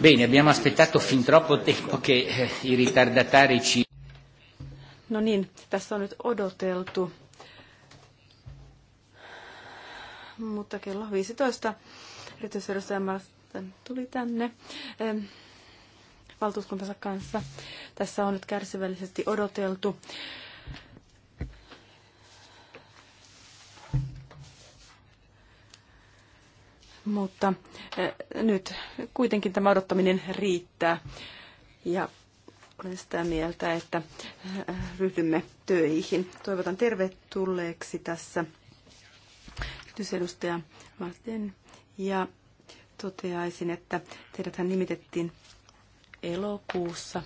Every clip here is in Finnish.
Bene, abbiamo aspettato fin troppo tempo che eh, i ritardatari ci... No niin, tässä on nyt odoteltu. Mutta kello 15 erityisedustaja Marsten tuli tänne valtuuskuntansa kanssa. Tässä on nyt kärsivällisesti odoteltu. Mutta eh, nyt kuitenkin tämä odottaminen riittää. Ja olen sitä mieltä, että eh, ryhdymme töihin. Toivotan tervetulleeksi tässä kysymysedustaja Martin. Ja toteaisin, että teidät hän nimitettiin elokuussa,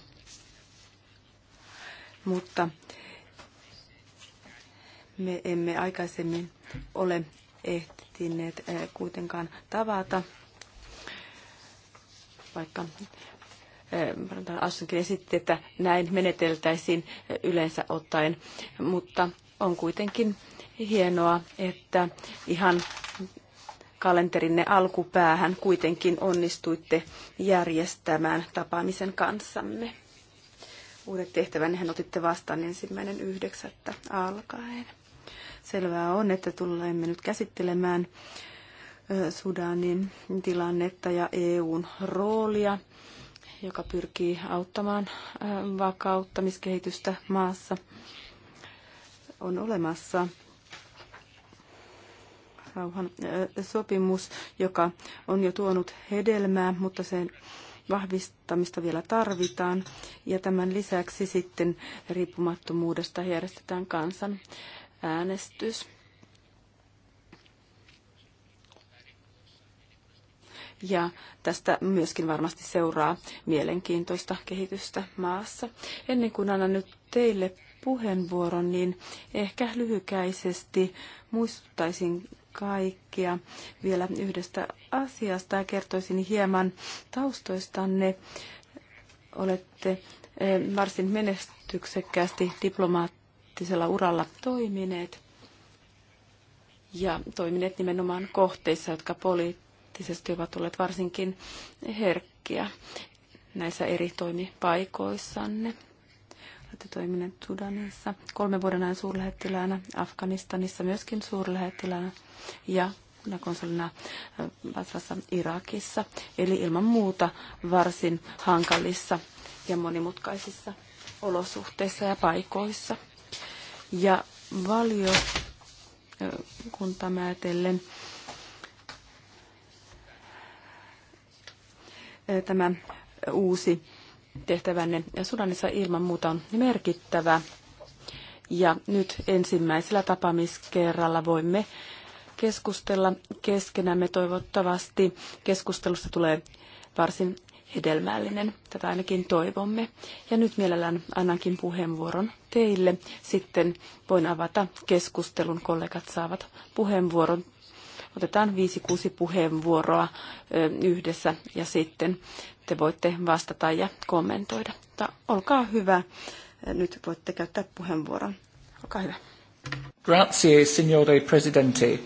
mutta me emme aikaisemmin ole ehtineet ehtineet eh, kuitenkaan tavata, vaikka eh, Assunkin esitti, että näin meneteltäisiin eh, yleensä ottaen, mutta on kuitenkin hienoa, että ihan kalenterinne alkupäähän kuitenkin onnistuitte järjestämään tapaamisen kanssamme. Uudet tehtävänne otitte vastaan ensimmäinen yhdeksättä alkaen. Selvää on, että tulemme nyt käsittelemään Sudanin tilannetta ja EUn roolia, joka pyrkii auttamaan vakauttamiskehitystä maassa. On olemassa rauhan sopimus, joka on jo tuonut hedelmää, mutta sen vahvistamista vielä tarvitaan. Ja tämän lisäksi sitten riippumattomuudesta järjestetään kansan äänestys. Ja tästä myöskin varmasti seuraa mielenkiintoista kehitystä maassa. Ennen kuin annan nyt teille puheenvuoron, niin ehkä lyhykäisesti muistuttaisin kaikkia vielä yhdestä asiasta ja kertoisin hieman taustoistanne. Olette eh, varsin menestyksekkäästi diplomaatti poliittisella uralla toimineet ja toimineet nimenomaan kohteissa, jotka poliittisesti ovat olleet varsinkin herkkiä näissä eri toimipaikoissanne. Olette toimineet Sudanissa, kolme vuoden ajan suurlähettiläänä, Afganistanissa myöskin suurlähettiläänä ja konsulina äh, Basrassa Irakissa. Eli ilman muuta varsin hankalissa ja monimutkaisissa olosuhteissa ja paikoissa ja valiokunta määtellen eh, tämä uusi tehtävänne Sudanissa ilman muuta on merkittävä. Ja nyt ensimmäisellä tapaamiskerralla voimme keskustella keskenämme. Toivottavasti keskustelusta tulee varsin hedelmällinen. Tätä ainakin toivomme. Ja nyt mielellään annankin puheenvuoron teille. Sitten voin avata keskustelun. Kollegat saavat puheenvuoron. Otetaan 5-6 puheenvuoroa yhdessä ja sitten te voitte vastata ja kommentoida. Mutta olkaa hyvä. Nyt voitte käyttää puheenvuoron. Olkaa hyvä. Grazie, signore Presidente.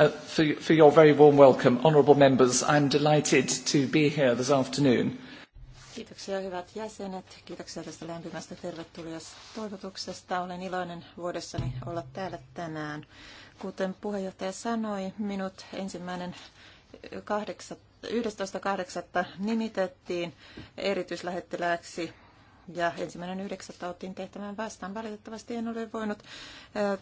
Uh, for, for your very warm welcome, honourable members. I'm delighted to be here this afternoon. Kiitoksia hyvät jäsenet. Kiitoksia tästä lämpimästä tervetulias toivotuksesta. Olen iloinen vuodessani olla täällä tänään. Kuten puheenjohtaja sanoi, minut ensimmäinen 11.8. nimitettiin erityislähettilääksi ja ensimmäinen 9. otin tehtävän vastaan. Valitettavasti en ole voinut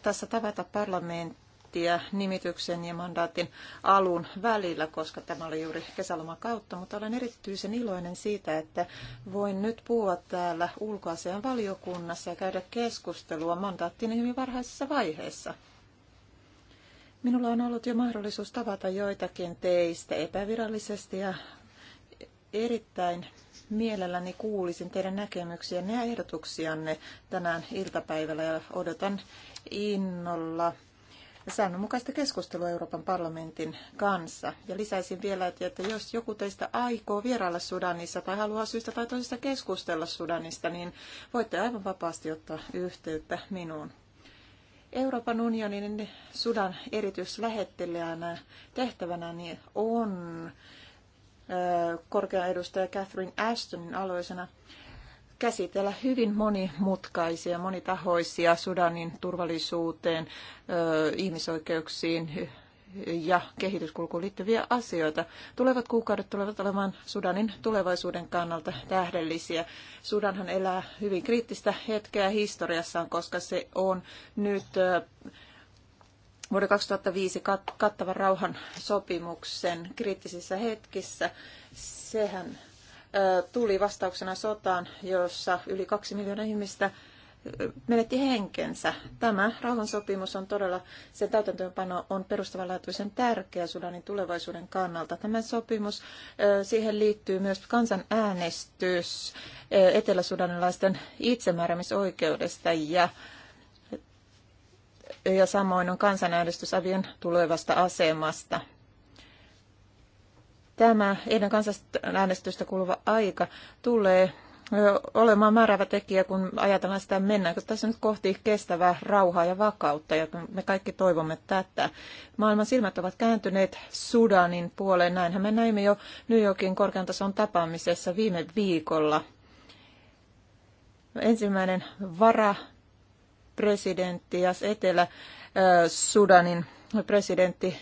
tässä tavata parlamenttia päätie nimityksen ja mandaatin alun välillä, koska tämä oli juuri kesäloma kautta, mutta olen erityisen iloinen siitä, että voin nyt puhua täällä ulkoasian valiokunnassa ja käydä keskustelua mandaattini hyvin varhaisessa vaiheessa. Minulla on ollut jo mahdollisuus tavata joitakin teistä epävirallisesti ja erittäin mielelläni kuulisin teidän näkemyksiänne ja ehdotuksianne tänään iltapäivällä ja odotan innolla säännönmukaista keskustelua Euroopan parlamentin kanssa. Ja lisäisin vielä, että jos joku teistä aikoo vierailla Sudanissa tai haluaa syystä tai toisesta keskustella Sudanista, niin voitte aivan vapaasti ottaa yhteyttä minuun. Euroopan unionin Sudan erityislähettelijänä tehtävänä niin on korkean edustaja Catherine Ashtonin aloisena käsitellä hyvin monimutkaisia, monitahoisia Sudanin turvallisuuteen, ihmisoikeuksiin ja kehityskulkuun liittyviä asioita. Tulevat kuukaudet tulevat olemaan Sudanin tulevaisuuden kannalta tähdellisiä. Sudanhan elää hyvin kriittistä hetkeä historiassaan, koska se on nyt vuoden 2005 kattavan rauhan sopimuksen kriittisissä hetkissä. Sehän tuli vastauksena sotaan, jossa yli kaksi miljoonaa ihmistä menetti henkensä. Tämä rauhansopimus on todella, sen täytäntöönpano on perustavanlaatuisen tärkeä Sudanin tulevaisuuden kannalta. Tämä sopimus, siihen liittyy myös kansanäänestys eteläsudanilaisten itsemääräämisoikeudesta ja ja samoin on kansanäänestys avien tulevasta asemasta. Tämä ennen kansanäänestystä kuluva aika tulee olemaan määräävä tekijä, kun ajatellaan sitä mennäänkö koska tässä nyt kohti kestävää rauhaa ja vakautta, ja me kaikki toivomme tätä. Maailman silmät ovat kääntyneet Sudanin puoleen, näinhän me näimme jo New Yorkin korkean tason tapaamisessa viime viikolla. Ensimmäinen varapresidentti ja Etelä-Sudanin presidentti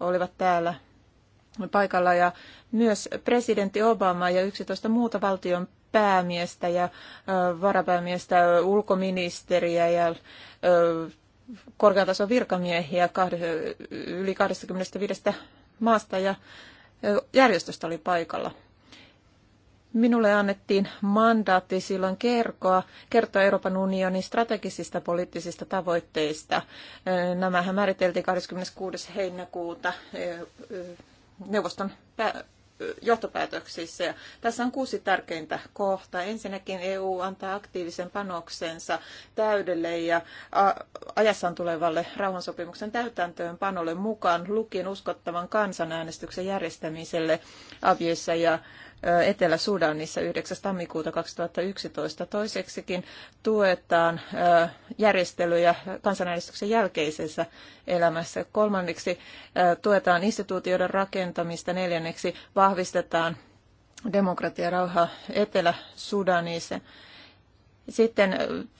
olivat täällä paikalla ja myös presidentti Obama ja 11 muuta valtion päämiestä ja varapäämiestä, ulkoministeriä ja korkean tason virkamiehiä yli 25 maasta ja järjestöstä oli paikalla. Minulle annettiin mandaatti silloin kertoa Euroopan unionin strategisista poliittisista tavoitteista. Nämähän määriteltiin 26. heinäkuuta neuvoston johtopäätöksissä. Ja tässä on kuusi tärkeintä kohtaa. Ensinnäkin EU antaa aktiivisen panoksensa täydelle ja ajassaan tulevalle rauhansopimuksen täytäntöön panolle mukaan lukien uskottavan kansanäänestyksen järjestämiselle Avioissa ja Etelä-Sudanissa 9. tammikuuta 2011. Toiseksikin tuetaan järjestelyjä kansanäänestyksen jälkeisessä elämässä. Kolmanneksi tuetaan instituutioiden rakentamista. Neljänneksi vahvistetaan demokratia ja rauha Etelä-Sudanissa. Sitten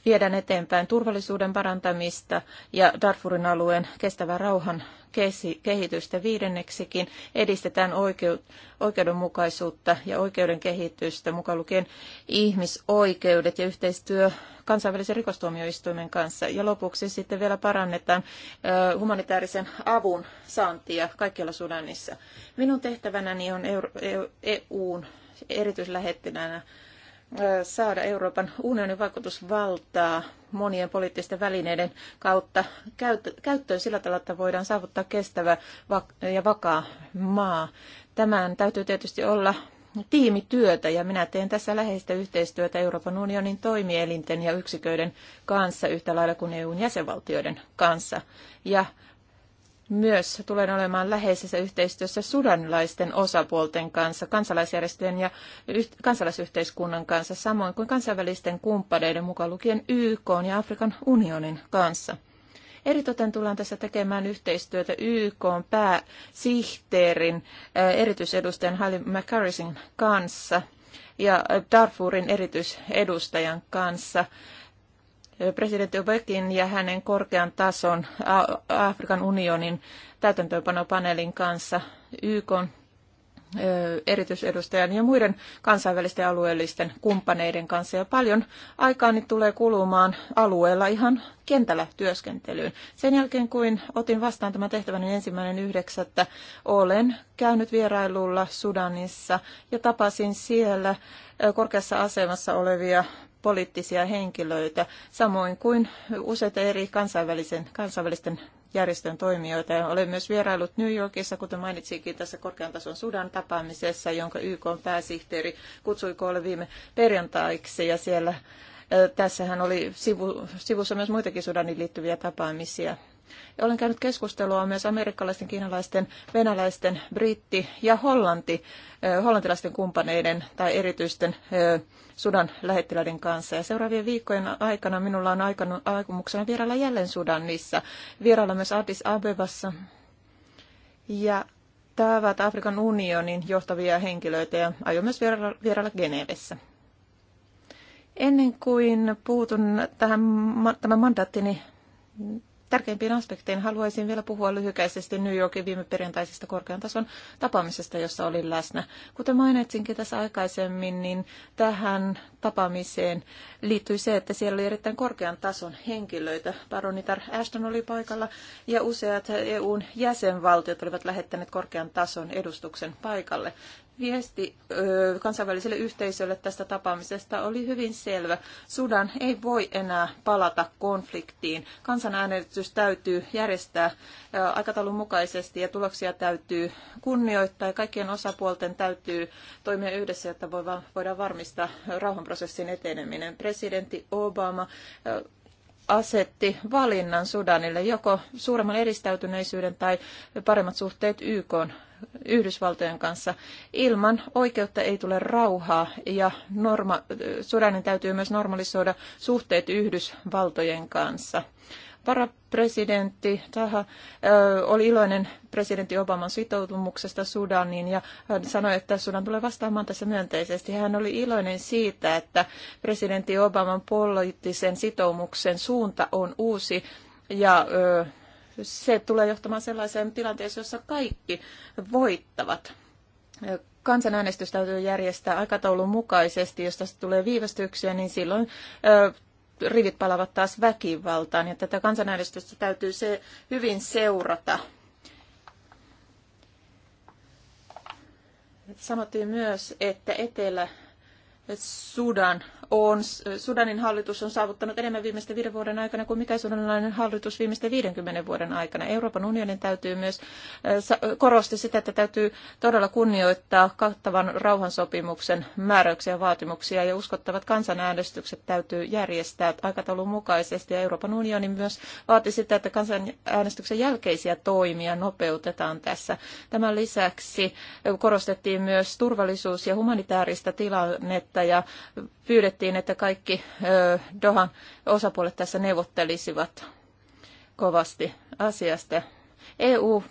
viedään eteenpäin turvallisuuden parantamista ja Darfurin alueen kestävän rauhan kehitystä viidenneksikin. Edistetään oikeudenmukaisuutta ja oikeuden kehitystä, mukaan lukien ihmisoikeudet ja yhteistyö kansainvälisen rikostuomioistuimen kanssa. Ja lopuksi sitten vielä parannetaan humanitaarisen avun saantia kaikkialla Sudanissa. Minun tehtävänäni on e- e- EUn erityislähettilänä saada Euroopan unionin vaikutusvaltaa monien poliittisten välineiden kautta käyttöön sillä tavalla, että voidaan saavuttaa kestävä ja vakaa maa. Tämän täytyy tietysti olla tiimityötä ja minä teen tässä läheistä yhteistyötä Euroopan unionin toimielinten ja yksiköiden kanssa yhtä lailla kuin EUn jäsenvaltioiden kanssa. Ja myös tulen olemaan läheisessä yhteistyössä sudanlaisten osapuolten kanssa, kansalaisjärjestöjen ja kansalaisyhteiskunnan kanssa, samoin kuin kansainvälisten kumppaneiden mukaan lukien YK ja Afrikan unionin kanssa. Eritoten tullaan tässä tekemään yhteistyötä YK pääsihteerin äh, erityisedustajan Halim McCarrisin kanssa ja Darfurin erityisedustajan kanssa presidentti Obekin ja hänen korkean tason Afrikan unionin täytäntöönpanopaneelin kanssa YK erityisedustajan ja muiden kansainvälisten alueellisten kumppaneiden kanssa. Ja paljon Nyt tulee kulumaan alueella ihan kentällä työskentelyyn. Sen jälkeen, kun otin vastaan tämän tehtävän niin ensimmäinen yhdeksättä, olen käynyt vierailulla Sudanissa ja tapasin siellä korkeassa asemassa olevia poliittisia henkilöitä, samoin kuin useita eri kansainvälisen, kansainvälisten järjestön toimijoita. Ja olen myös vierailut New Yorkissa, kuten mainitsinkin tässä korkean tason sudan tapaamisessa, jonka YK pääsihteeri kutsui koolle viime perjantaiksi. Ja siellä, tässähän oli sivu, sivussa myös muitakin Sudanin liittyviä tapaamisia. Olen käynyt keskustelua myös amerikkalaisten, kiinalaisten, venäläisten, britti- ja hollanti, hollantilaisten kumppaneiden tai erityisten Sudan lähettiläiden kanssa. Ja seuraavien viikkojen aikana minulla on aikomuksena vierailla jälleen Sudanissa, vierailla myös Addis Abebassa. Ja taavat Afrikan unionin johtavia henkilöitä ja aion myös vierailla Genevessä. Ennen kuin puutun tähän, tämän mandaattini Tärkeimpiin aspekteihin haluaisin vielä puhua lyhykäisesti New Yorkin viime perjantaisesta korkean tason tapaamisesta, jossa olin läsnä. Kuten mainitsinkin tässä aikaisemmin, niin tähän tapaamiseen liittyi se, että siellä oli erittäin korkean tason henkilöitä. Baronitar Ashton oli paikalla ja useat EUn jäsenvaltiot olivat lähettäneet korkean tason edustuksen paikalle viesti kansainväliselle yhteisölle tästä tapaamisesta oli hyvin selvä. Sudan ei voi enää palata konfliktiin. Kansanäänestys täytyy järjestää aikataulun mukaisesti ja tuloksia täytyy kunnioittaa ja kaikkien osapuolten täytyy toimia yhdessä, jotta voidaan varmistaa rauhanprosessin eteneminen. Presidentti Obama asetti valinnan Sudanille joko suuremman eristäytyneisyyden tai paremmat suhteet YK Yhdysvaltojen kanssa. Ilman oikeutta ei tule rauhaa ja norma- sodanin täytyy myös normalisoida suhteet Yhdysvaltojen kanssa. Varapresidentti Taha oli iloinen presidentti Obaman sitoutumuksesta Sudaniin ja hän sanoi, että Sudan tulee vastaamaan tässä myönteisesti. Hän oli iloinen siitä, että presidentti Obaman poliittisen sitoumuksen suunta on uusi ja ö, se tulee johtamaan sellaiseen tilanteeseen, jossa kaikki voittavat. Kansanäänestys täytyy järjestää aikataulun mukaisesti, jos tästä tulee viivästyksiä, niin silloin rivit palavat taas väkivaltaan. Ja tätä kansanäänestystä täytyy se hyvin seurata. Sanottiin myös, että Etelä- Sudan on, Sudanin hallitus on saavuttanut enemmän viimeisten viiden vuoden aikana kuin mikä sudanilainen hallitus viimeisten 50 vuoden aikana. Euroopan unionin täytyy myös eh, korostaa sitä, että täytyy todella kunnioittaa kattavan rauhansopimuksen määräyksiä ja vaatimuksia ja uskottavat kansanäänestykset täytyy järjestää aikataulun mukaisesti. Ja Euroopan unioni myös vaati sitä, että kansanäänestyksen jälkeisiä toimia nopeutetaan tässä. Tämän lisäksi korostettiin myös turvallisuus- ja humanitaarista tilannetta tilannetta ja pyydettiin, että kaikki Dohan osapuolet tässä neuvottelisivat kovasti asiasta. EU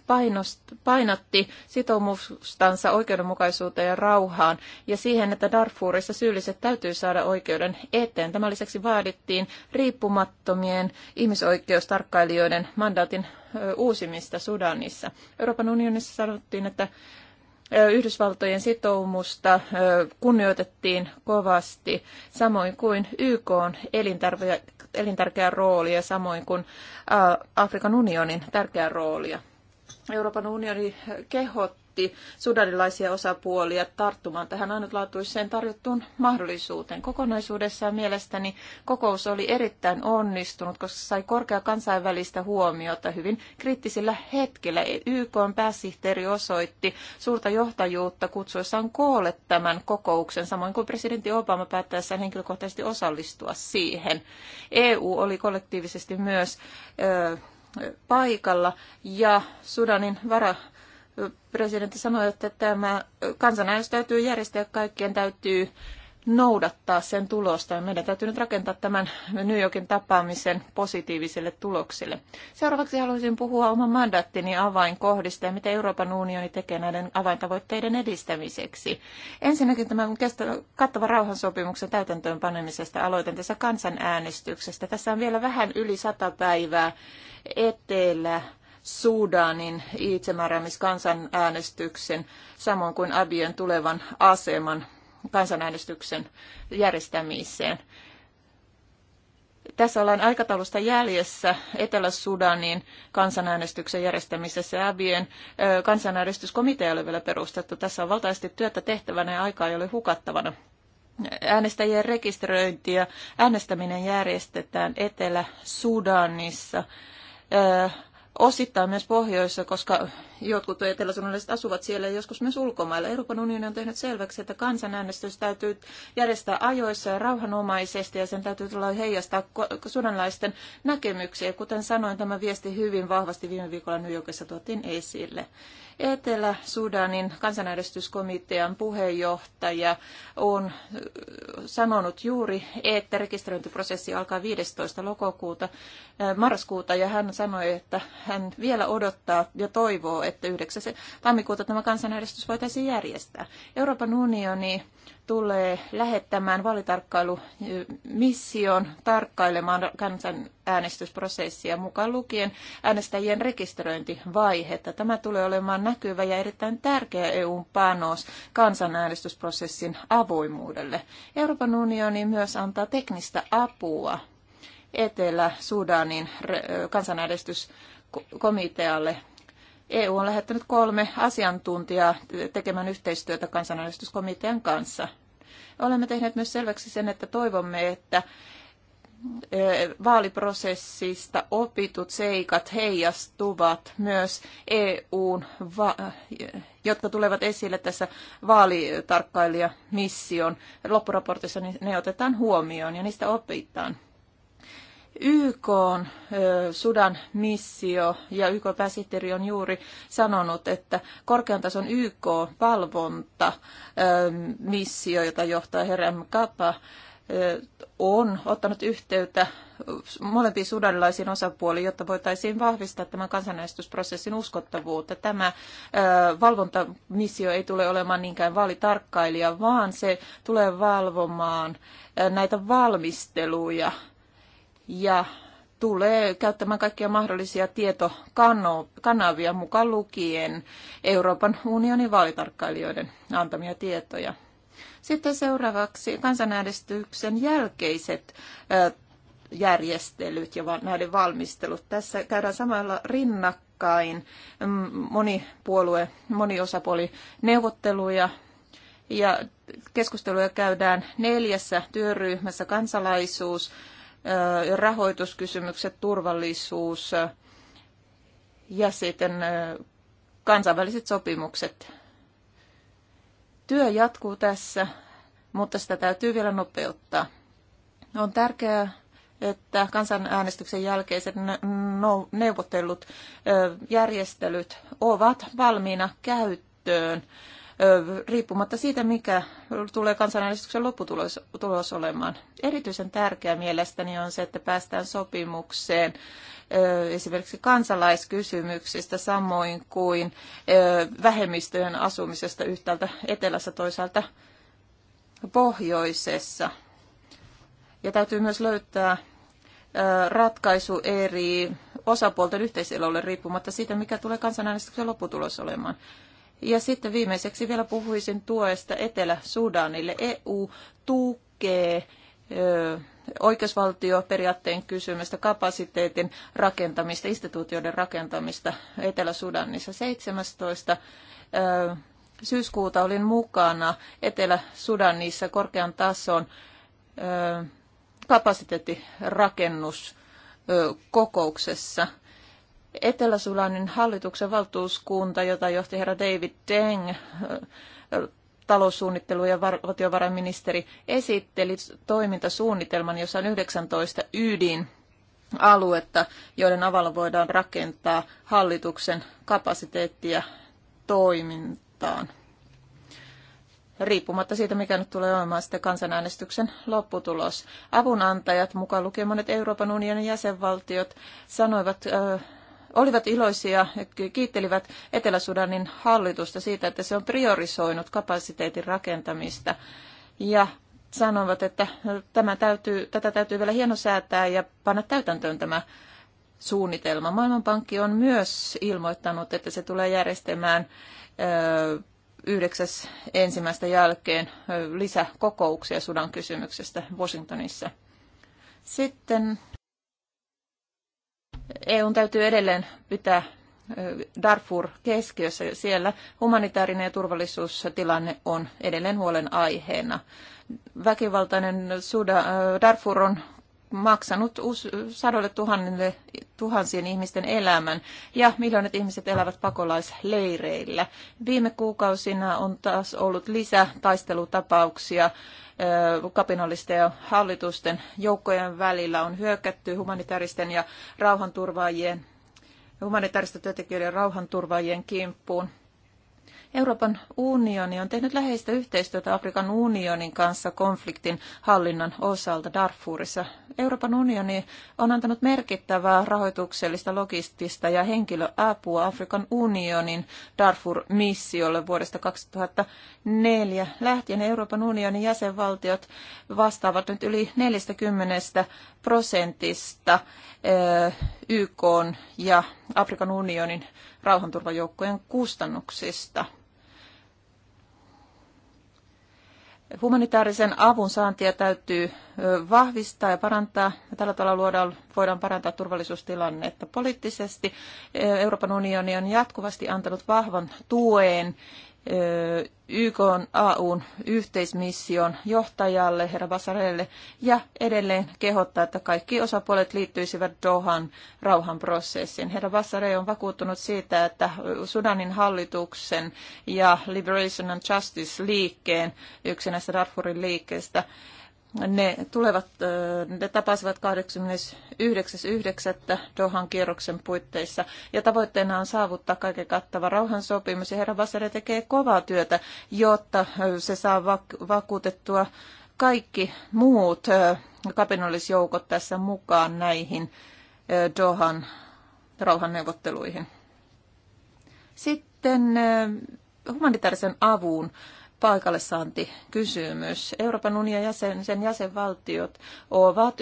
painotti sitoumustansa oikeudenmukaisuuteen ja rauhaan ja siihen, että Darfurissa syylliset täytyy saada oikeuden eteen. Tämän lisäksi vaadittiin riippumattomien ihmisoikeustarkkailijoiden mandaatin uusimista Sudanissa. Euroopan unionissa sanottiin, että Yhdysvaltojen sitoumusta kunnioitettiin kovasti, samoin kuin YK on elintärkeä, elintärkeä rooli ja samoin kuin Afrikan unionin tärkeä roolia. Euroopan unioni kehotti kehotti sudanilaisia osapuolia tarttumaan tähän ainutlaatuiseen tarjottuun mahdollisuuteen. Kokonaisuudessaan mielestäni kokous oli erittäin onnistunut, koska se sai korkea kansainvälistä huomiota hyvin kriittisillä hetkillä. YK pääsihteeri osoitti suurta johtajuutta kutsuessaan koolle tämän kokouksen, samoin kuin presidentti Obama päättäessään henkilökohtaisesti osallistua siihen. EU oli kollektiivisesti myös paikalla ja Sudanin vara, presidentti sanoi, että tämä kansanäänestys täytyy järjestää ja kaikkien täytyy noudattaa sen tulosta. Ja meidän täytyy nyt rakentaa tämän New Yorkin tapaamisen positiivisille tuloksille. Seuraavaksi haluaisin puhua oman mandaattini avainkohdista ja mitä Euroopan unioni tekee näiden avaintavoitteiden edistämiseksi. Ensinnäkin tämän kattava rauhansopimuksen täytäntöönpanemisesta aloitan tässä kansanäänestyksestä. Tässä on vielä vähän yli sata päivää etelä Sudanin äänestyksen, samoin kuin Abien tulevan aseman kansanäänestyksen järjestämiseen. Tässä ollaan aikataulusta jäljessä Etelä-Sudanin kansanäänestyksen järjestämisessä. Abien kansanäänestyskomitea ei ole vielä perustettu. Tässä on valtaisesti työtä tehtävänä ja aikaa ei ole hukattavana. Äänestäjien rekisteröinti ja äänestäminen järjestetään Etelä-Sudanissa osittain myös pohjoissa, koska jotkut eteläsuomalaiset asuvat siellä ja joskus myös ulkomailla. Euroopan unioni on tehnyt selväksi, että kansanäänestys täytyy järjestää ajoissa ja rauhanomaisesti ja sen täytyy tulla heijastaa sudanlaisten näkemyksiä. Kuten sanoin, tämä viesti hyvin vahvasti viime viikolla New Yorkissa tuotiin esille. Etelä-Sudanin kansanäänestyskomitean puheenjohtaja on äh, sanonut juuri, että rekisteröintiprosessi alkaa 15. lokakuuta, äh, marraskuuta, ja hän sanoi, että hän vielä odottaa ja toivoo, että 9. tammikuuta tämä kansanäänestys voitaisiin järjestää. Euroopan unioni tulee lähettämään vaalitarkkailumission tarkkailemaan kansanäänestysprosessia mukaan lukien äänestäjien rekisteröintivaihetta. Tämä tulee olemaan näkyvä ja erittäin tärkeä eu panos kansanäänestysprosessin avoimuudelle. Euroopan unioni myös antaa teknistä apua Etelä-Sudanin kansanäänestyskomitealle EU on lähettänyt kolme asiantuntijaa tekemään yhteistyötä kansanäänestyskomitean kanssa. Olemme tehneet myös selväksi sen, että toivomme, että e, vaaliprosessista opitut seikat heijastuvat myös EUn, jotka tulevat esille tässä vaalitarkkailijamission loppuraportissa, niin ne otetaan huomioon ja niistä opitaan. YK on Sudan missio ja YK pääsihteeri on juuri sanonut, että korkean tason YK valvonta missio, jota johtaa herra Kapa, on ottanut yhteyttä molempiin sudanilaisiin osapuoliin, jotta voitaisiin vahvistaa tämän kansanäistysprosessin uskottavuutta. Tämä valvontamissio ei tule olemaan niinkään vaalitarkkailija, vaan se tulee valvomaan näitä valmisteluja – ja tulee käyttämään kaikkia mahdollisia tietokanavia mukaan lukien Euroopan unionin vaalitarkkailijoiden antamia tietoja. Sitten seuraavaksi kansanäänestyksen jälkeiset järjestelyt ja näiden valmistelut. Tässä käydään samalla rinnakkain mm, monipuolue, moniosapuoli neuvotteluja ja keskusteluja käydään neljässä työryhmässä kansalaisuus, rahoituskysymykset, turvallisuus ja sitten kansainväliset sopimukset. Työ jatkuu tässä, mutta sitä täytyy vielä nopeuttaa. On tärkeää, että kansanäänestyksen jälkeiset no- neuvotellut järjestelyt ovat valmiina käyttöön riippumatta siitä, mikä tulee kansanäänestyksen lopputulos olemaan. Erityisen tärkeää mielestäni on se, että päästään sopimukseen esimerkiksi kansalaiskysymyksistä samoin kuin vähemmistöjen asumisesta yhtäältä etelässä toisaalta pohjoisessa. Ja täytyy myös löytää ratkaisu eri osapuolten yhteiselolle riippumatta siitä, mikä tulee kansanäänestyksen lopputulos olemaan. Ja sitten viimeiseksi vielä puhuisin tuesta Etelä-Sudanille. EU tukee oikeusvaltioperiaatteen kysymystä, kapasiteetin rakentamista, instituutioiden rakentamista Etelä-Sudanissa 17. Syyskuuta olin mukana Etelä-Sudanissa korkean tason kapasiteettirakennuskokouksessa. kokouksessa – etelä Etelä-Sudanin hallituksen valtuuskunta, jota johti herra David Deng, taloussuunnittelu- ja valtiovarainministeri, esitteli toimintasuunnitelman, jossa on 19 ydin aluetta, joiden avalla voidaan rakentaa hallituksen kapasiteettia toimintaan. Riippumatta siitä, mikä nyt tulee olemaan sitten kansanäänestyksen lopputulos. Avunantajat, mukaan lukien monet Euroopan unionin jäsenvaltiot, sanoivat äh, olivat iloisia ja kiittelivät Etelä-Sudanin hallitusta siitä, että se on priorisoinut kapasiteetin rakentamista ja sanovat, että tämä täytyy, tätä täytyy vielä hienosäätää ja panna täytäntöön tämä suunnitelma. Maailmanpankki on myös ilmoittanut, että se tulee järjestämään yhdeksäs ensimmäistä jälkeen lisäkokouksia sudan kysymyksestä Washingtonissa. Sitten EUn täytyy edelleen pitää Darfur keskiössä. Siellä humanitaarinen ja turvallisuustilanne on edelleen huolen aiheena. Väkivaltainen Suda, Darfur on maksanut sadoille tuhannille, tuhansien ihmisten elämän ja miljoonat ihmiset elävät pakolaisleireillä. Viime kuukausina on taas ollut lisää kapinallisten ja hallitusten joukkojen välillä on hyökätty humanitaaristen ja rauhanturvaajien humanitaaristen työntekijöiden ja rauhanturvaajien kimppuun. Euroopan unioni on tehnyt läheistä yhteistyötä Afrikan unionin kanssa konfliktin hallinnan osalta Darfurissa. Euroopan unioni on antanut merkittävää rahoituksellista, logistista ja henkilöapua Afrikan unionin Darfur-missiolle vuodesta 2004 lähtien. Euroopan unionin jäsenvaltiot vastaavat nyt yli 40 prosentista eh, YK ja Afrikan unionin rauhanturvajoukkojen kustannuksista. Humanitaarisen avun saantia täytyy vahvistaa ja parantaa. Tällä tavalla luodaan, voidaan parantaa turvallisuustilannetta. Poliittisesti Euroopan unioni on jatkuvasti antanut vahvan tuen YK on AUn yhteismission johtajalle, herra Basarelle, ja edelleen kehottaa, että kaikki osapuolet liittyisivät Dohan rauhanprosessiin. Herra Basare on vakuuttunut siitä, että Sudanin hallituksen ja Liberation and Justice liikkeen, yksi näistä Darfurin liikkeestä, ne, tulevat, ne tapasivat 89.9. Dohan kierroksen puitteissa ja tavoitteena on saavuttaa kaiken kattava rauhansopimus ja herra Vassare tekee kovaa työtä, jotta se saa vakuutettua kaikki muut kapinallisjoukot tässä mukaan näihin Dohan rauhanneuvotteluihin. Sitten humanitaarisen avun Paikalle saanti kysymys. Euroopan unionin jäsen, sen jäsenvaltiot ovat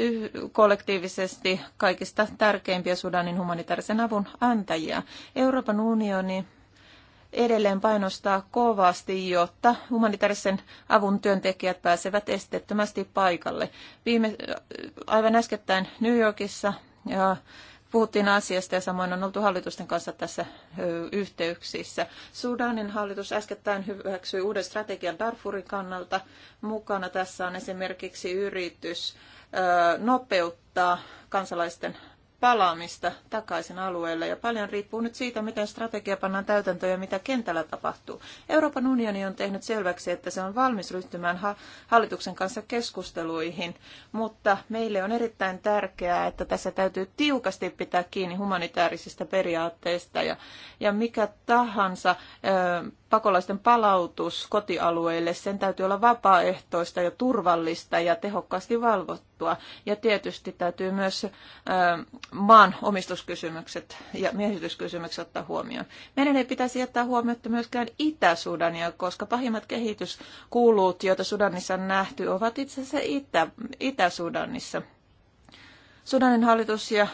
kollektiivisesti kaikista tärkeimpiä Sudanin humanitaarisen avun antajia. Euroopan unioni edelleen painostaa kovasti, jotta humanitaarisen avun työntekijät pääsevät estettömästi paikalle. Viime, äh, aivan äskettäin New Yorkissa ja puhuttiin asiasta ja samoin on oltu hallitusten kanssa tässä yhteyksissä. Sudanin hallitus äskettäin hyväksyi uuden strategian Darfurin kannalta. Mukana tässä on esimerkiksi yritys nopeuttaa kansalaisten palaamista takaisin alueelle ja paljon riippuu nyt siitä, miten strategia pannaan täytäntöön ja mitä kentällä tapahtuu. Euroopan unioni on tehnyt selväksi, että se on valmis ryhtymään hallituksen kanssa keskusteluihin, mutta meille on erittäin tärkeää, että tässä täytyy tiukasti pitää kiinni humanitaarisista periaatteista ja, ja mikä tahansa ö, pakolaisten palautus kotialueille, sen täytyy olla vapaaehtoista ja turvallista ja tehokkaasti valvottua hoidettua. Ja tietysti täytyy myös maan omistuskysymykset ja miehityskysymykset ottaa huomioon. Meidän ei pitäisi jättää huomiota myöskään Itä-Sudania, koska pahimmat kehityskulut, joita Sudanissa on nähty, ovat itse asiassa Itä, Itä-Sudanissa. Sudanin hallitus ja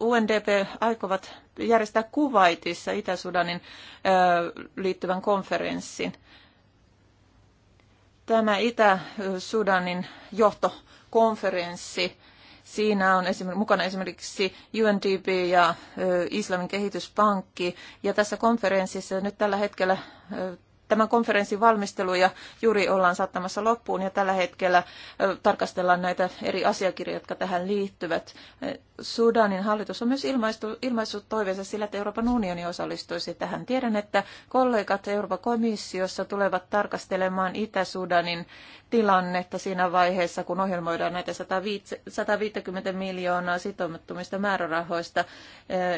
UNDP aikovat järjestää Kuwaitissa Itä-Sudanin liittyvän konferenssin. Tämä Itä-Sudanin johto konferenssi. Siinä on esimerkiksi, mukana esimerkiksi UNDP ja Islamin kehityspankki. Ja tässä konferenssissa nyt tällä hetkellä tämän konferenssin valmisteluja juuri ollaan saattamassa loppuun ja tällä hetkellä tarkastellaan näitä eri asiakirjoja, jotka tähän liittyvät. Sudanin hallitus on myös ilmaistu, ilmaissut toiveensa sillä, että Euroopan unioni osallistuisi tähän. Tiedän, että kollegat Euroopan komissiossa tulevat tarkastelemaan Itä-Sudanin tilannetta siinä vaiheessa, kun ohjelmoidaan näitä 150 miljoonaa sitoumattomista määrärahoista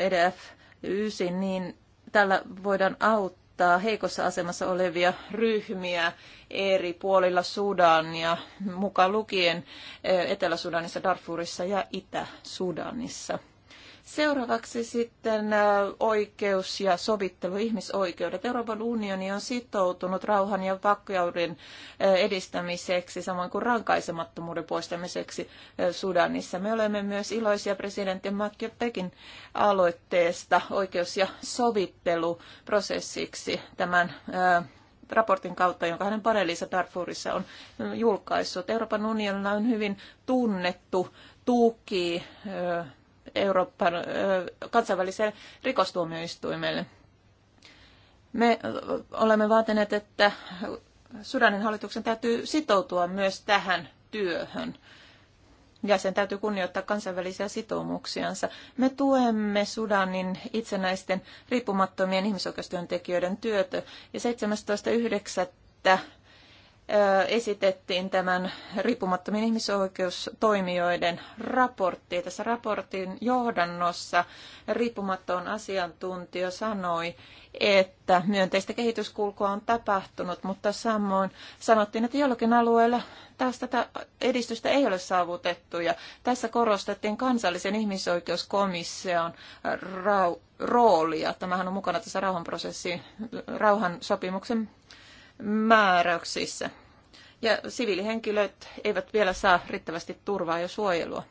EDF ysin, niin tällä voidaan auttaa auttaa heikossa asemassa olevia ryhmiä eri puolilla Sudania, mukaan lukien eh, Etelä-Sudanissa, Darfurissa ja Itä-Sudanissa. Seuraavaksi sitten äh, oikeus ja sovittelu, ihmisoikeudet. Euroopan unioni on sitoutunut rauhan ja vakauden äh, edistämiseksi, samoin kuin rankaisemattomuuden poistamiseksi äh, Sudanissa. Me olemme myös iloisia presidentti Pekin aloitteesta oikeus- ja sovitteluprosessiksi tämän raportin kautta, jonka hänen paneelinsa Darfurissa on julkaissut. Euroopan unionilla on hyvin tunnettu tuki Euroopan kansainväliseen rikostuomioistuimelle. Me olemme vaatineet, että Sudanin hallituksen täytyy sitoutua myös tähän työhön. Ja sen täytyy kunnioittaa kansainvälisiä sitoumuksiansa. Me tuemme Sudanin itsenäisten riippumattomien ihmisoikeustyöntekijöiden työtä. Ja 17.9 esitettiin tämän riippumattomien ihmisoikeustoimijoiden raportti. Tässä raportin johdannossa riippumaton asiantuntija sanoi, että myönteistä kehityskulkua on tapahtunut, mutta samoin sanottiin, että jollakin alueella taas tätä edistystä ei ole saavutettu. Ja tässä korostettiin kansallisen ihmisoikeuskomission rau- roolia. Tämähän on mukana tässä rauhan sopimuksen määräyksissä. Ja siviilihenkilöt eivät vielä saa riittävästi turvaa ja suojelua.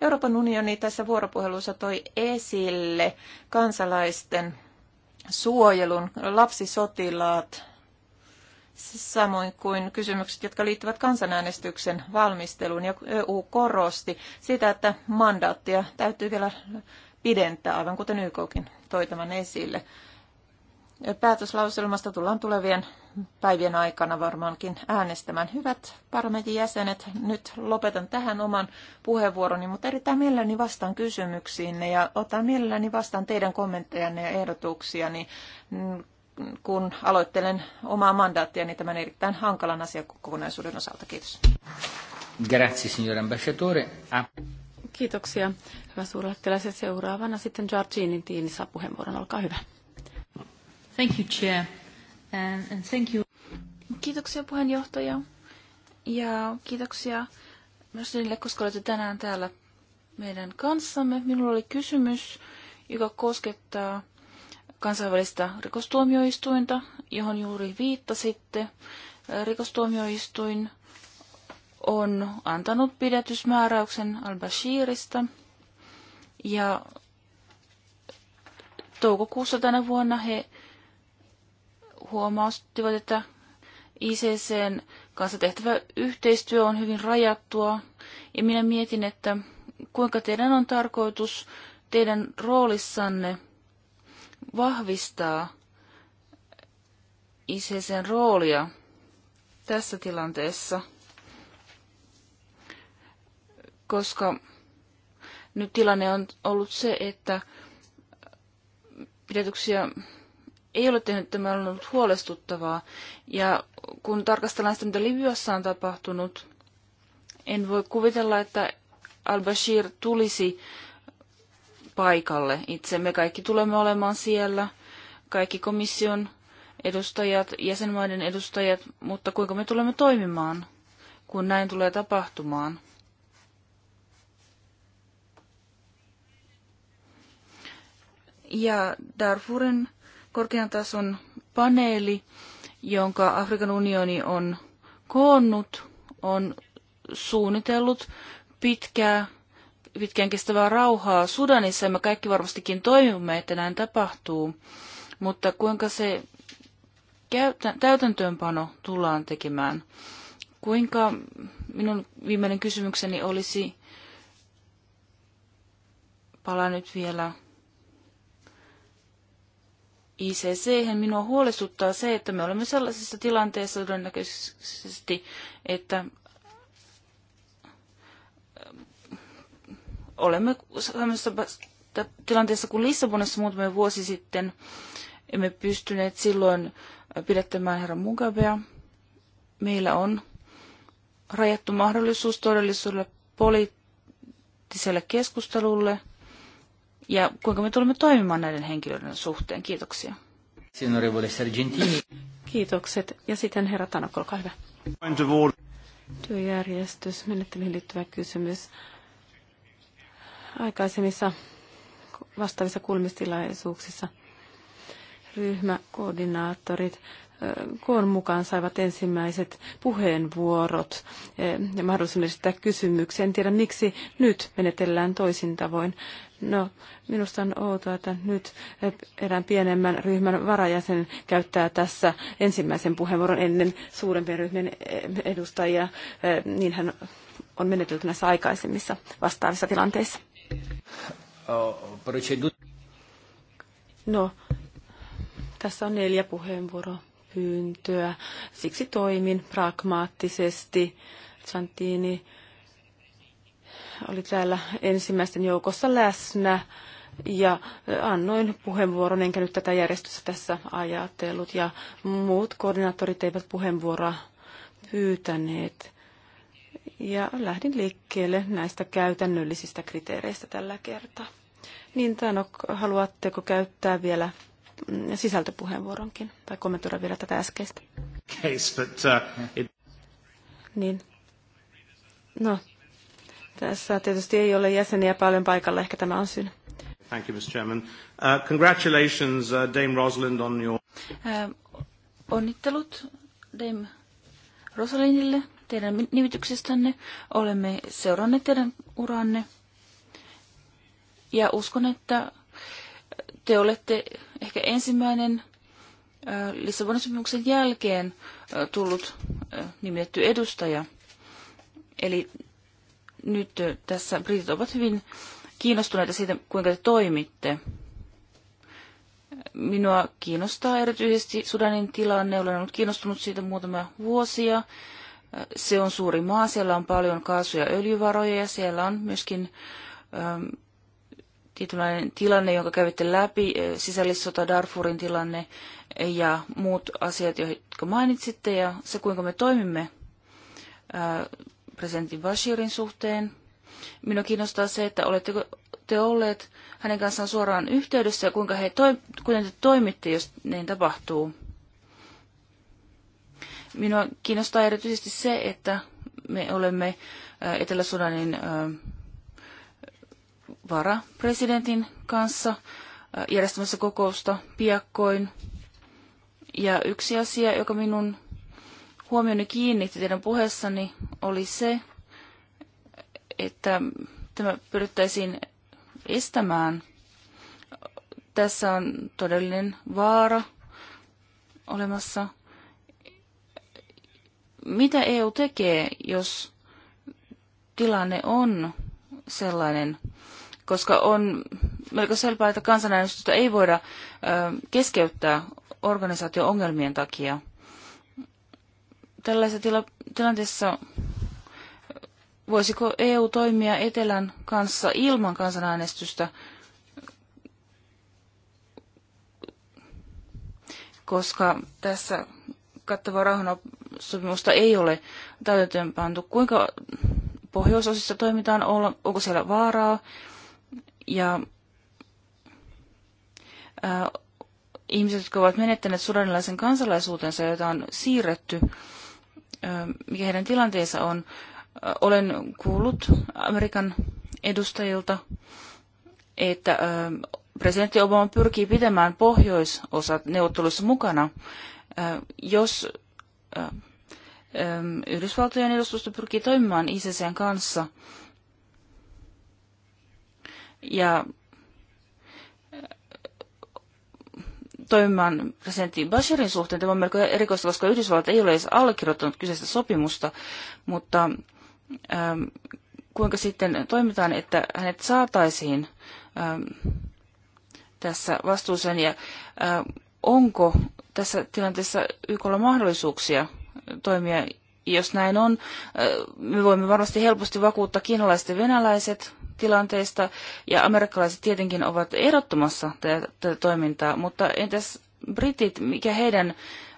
Euroopan unioni tässä vuoropuhelussa toi esille kansalaisten suojelun, lapsisotilaat, samoin kuin kysymykset, jotka liittyvät kansanäänestyksen valmisteluun. Ja EU korosti sitä, että mandaattia täytyy vielä pidentää, aivan kuten YKkin toi tämän esille. Päätöslauselmasta tullaan tulevien päivien aikana varmaankin äänestämään. Hyvät parlamentin jäsenet, nyt lopetan tähän oman puheenvuoroni, mutta erittäin mielelläni vastaan kysymyksiinne ja otan mielelläni vastaan teidän kommenttejanne ja ehdotuksiani, kun aloittelen omaa mandaattiani niin tämän erittäin hankalan asiakokonaisuuden osalta. Kiitos. Grazie, signor ambasciatore. Kiitoksia, hyvä suurlähettiläs. Seuraavana sitten Giorginin tiini saa puheenvuoron. Olkaa hyvä. Thank you, Chair. And thank you. Kiitoksia puheenjohtaja ja kiitoksia myös niille, koska olette tänään täällä meidän kanssamme. Minulla oli kysymys, joka koskettaa kansainvälistä rikostuomioistuinta, johon juuri viittasitte. Rikostuomioistuin on antanut pidätysmääräyksen al-Bashirista ja toukokuussa tänä vuonna he huomauttivat, että ICCn kanssa tehtävä yhteistyö on hyvin rajattua. Ja minä mietin, että kuinka teidän on tarkoitus teidän roolissanne vahvistaa ICCn roolia tässä tilanteessa, koska nyt tilanne on ollut se, että pidetyksiä ei ole tehnyt, tämä on ollut huolestuttavaa. Ja kun tarkastellaan sitä, mitä Libyassa on tapahtunut, en voi kuvitella, että al-Bashir tulisi paikalle itse. Me kaikki tulemme olemaan siellä, kaikki komission edustajat, jäsenmaiden edustajat, mutta kuinka me tulemme toimimaan, kun näin tulee tapahtumaan? Ja Darfurin korkean tason paneeli, jonka Afrikan unioni on koonnut, on suunnitellut pitkää, pitkään kestävää rauhaa Sudanissa, ja me kaikki varmastikin toimimme, että näin tapahtuu. Mutta kuinka se täytäntöönpano tullaan tekemään? Kuinka, minun viimeinen kysymykseni olisi, palaan nyt vielä ICC. Minua huolestuttaa se, että me olemme sellaisessa tilanteessa todennäköisesti, että äh, olemme samassa tilanteessa kuin Lissabonissa muutama vuosi sitten. Emme pystyneet silloin äh, pidättämään herra Mugabea. Meillä on rajattu mahdollisuus todellisuudelle poliittiselle keskustelulle – ja kuinka me tulemme toimimaan näiden henkilöiden suhteen. Kiitoksia. Kiitokset. Ja sitten herra Tanak, olkaa hyvä. Työjärjestys, menettelyyn liittyvä kysymys. Aikaisemmissa vastaavissa kulmistilaisuuksissa ryhmäkoordinaattorit koon mukaan saivat ensimmäiset puheenvuorot ja mahdollisuuden esittää kysymyksiä. En tiedä, miksi nyt menetellään toisin tavoin. No, minusta on outoa, että nyt erään pienemmän ryhmän varajäsen käyttää tässä ensimmäisen puheenvuoron ennen suurempien ryhmien eh, edustajia. Eh, niin hän on menetelty näissä aikaisemmissa vastaavissa tilanteissa. No, tässä on neljä puheenvuoroa pyyntöä. Siksi toimin pragmaattisesti. Santini, oli täällä ensimmäisten joukossa läsnä ja annoin puheenvuoron, enkä nyt tätä järjestystä tässä ajatellut. Ja muut koordinaattorit eivät puheenvuoroa pyytäneet. Ja lähdin liikkeelle näistä käytännöllisistä kriteereistä tällä kertaa. Niin Tano, haluatteko käyttää vielä mm, sisältöpuheenvuoronkin tai kommentoida vielä tätä äskeistä? Case, but, uh, it... Niin. No, tässä tietysti ei ole jäseniä paljon paikalla, ehkä tämä on syy. Thank you, Mr. Chairman. Uh, congratulations, uh, Dame Rosalind, on your... Uh, onnittelut Dame Rosalindille teidän nimityksestänne. Olemme seuranneet teidän uranne. Ja uskon, että te olette ehkä ensimmäinen uh, Lissabonin sopimuksen jälkeen uh, tullut uh, nimetty edustaja. Eli nyt tässä britit ovat hyvin kiinnostuneita siitä, kuinka te toimitte. Minua kiinnostaa erityisesti Sudanin tilanne. Olen ollut kiinnostunut siitä muutamia vuosia. Se on suuri maa, siellä on paljon kaasu- ja öljyvaroja ja siellä on myöskin ähm, tietynlainen tilanne, jonka kävitte läpi, sisällissota, Darfurin tilanne ja muut asiat, jotka mainitsitte ja se, kuinka me toimimme äh, presidentti Bashirin suhteen. Minua kiinnostaa se, että oletteko te olleet hänen kanssaan suoraan yhteydessä ja kuinka he toi, kuten te toimitte, jos niin tapahtuu. Minua kiinnostaa erityisesti se, että me olemme äh, Etelä-Sudanin äh, varapresidentin kanssa äh, järjestämässä kokousta piakkoin. Ja yksi asia, joka minun huomioni kiinnitti teidän puheessani, oli se, että tämä pyrittäisiin estämään. Tässä on todellinen vaara olemassa. Mitä EU tekee, jos tilanne on sellainen, koska on melko selvää, että kansanäänestystä ei voida keskeyttää organisaation ongelmien takia – tällaisessa tila- tilanteessa voisiko EU toimia Etelän kanssa ilman kansanäänestystä, koska tässä kattavaa rauhansopimusta ei ole täytäntöönpantu. Kuinka pohjoisosissa toimitaan, onko siellä vaaraa ja ää, ihmiset, jotka ovat menettäneet sudanilaisen kansalaisuutensa, joita on siirretty mikä heidän tilanteensa on. Olen kuullut Amerikan edustajilta, että presidentti Obama pyrkii pitämään pohjoisosat neuvotteluissa mukana. Jos Yhdysvaltojen edustusto pyrkii toimimaan ICCn kanssa ja toimimaan presidentti Bashirin suhteen. Tämä on melko erikoista, koska Yhdysvallat ei ole edes allekirjoittanut kyseistä sopimusta, mutta ähm, kuinka sitten toimitaan, että hänet saataisiin ähm, tässä vastuuseen ja äh, onko tässä tilanteessa YKlla mahdollisuuksia toimia jos näin on, äh, me voimme varmasti helposti vakuuttaa kiinalaiset ja venäläiset tilanteesta, ja amerikkalaiset tietenkin ovat ehdottomassa tätä toimintaa, mutta entäs britit, mikä heidän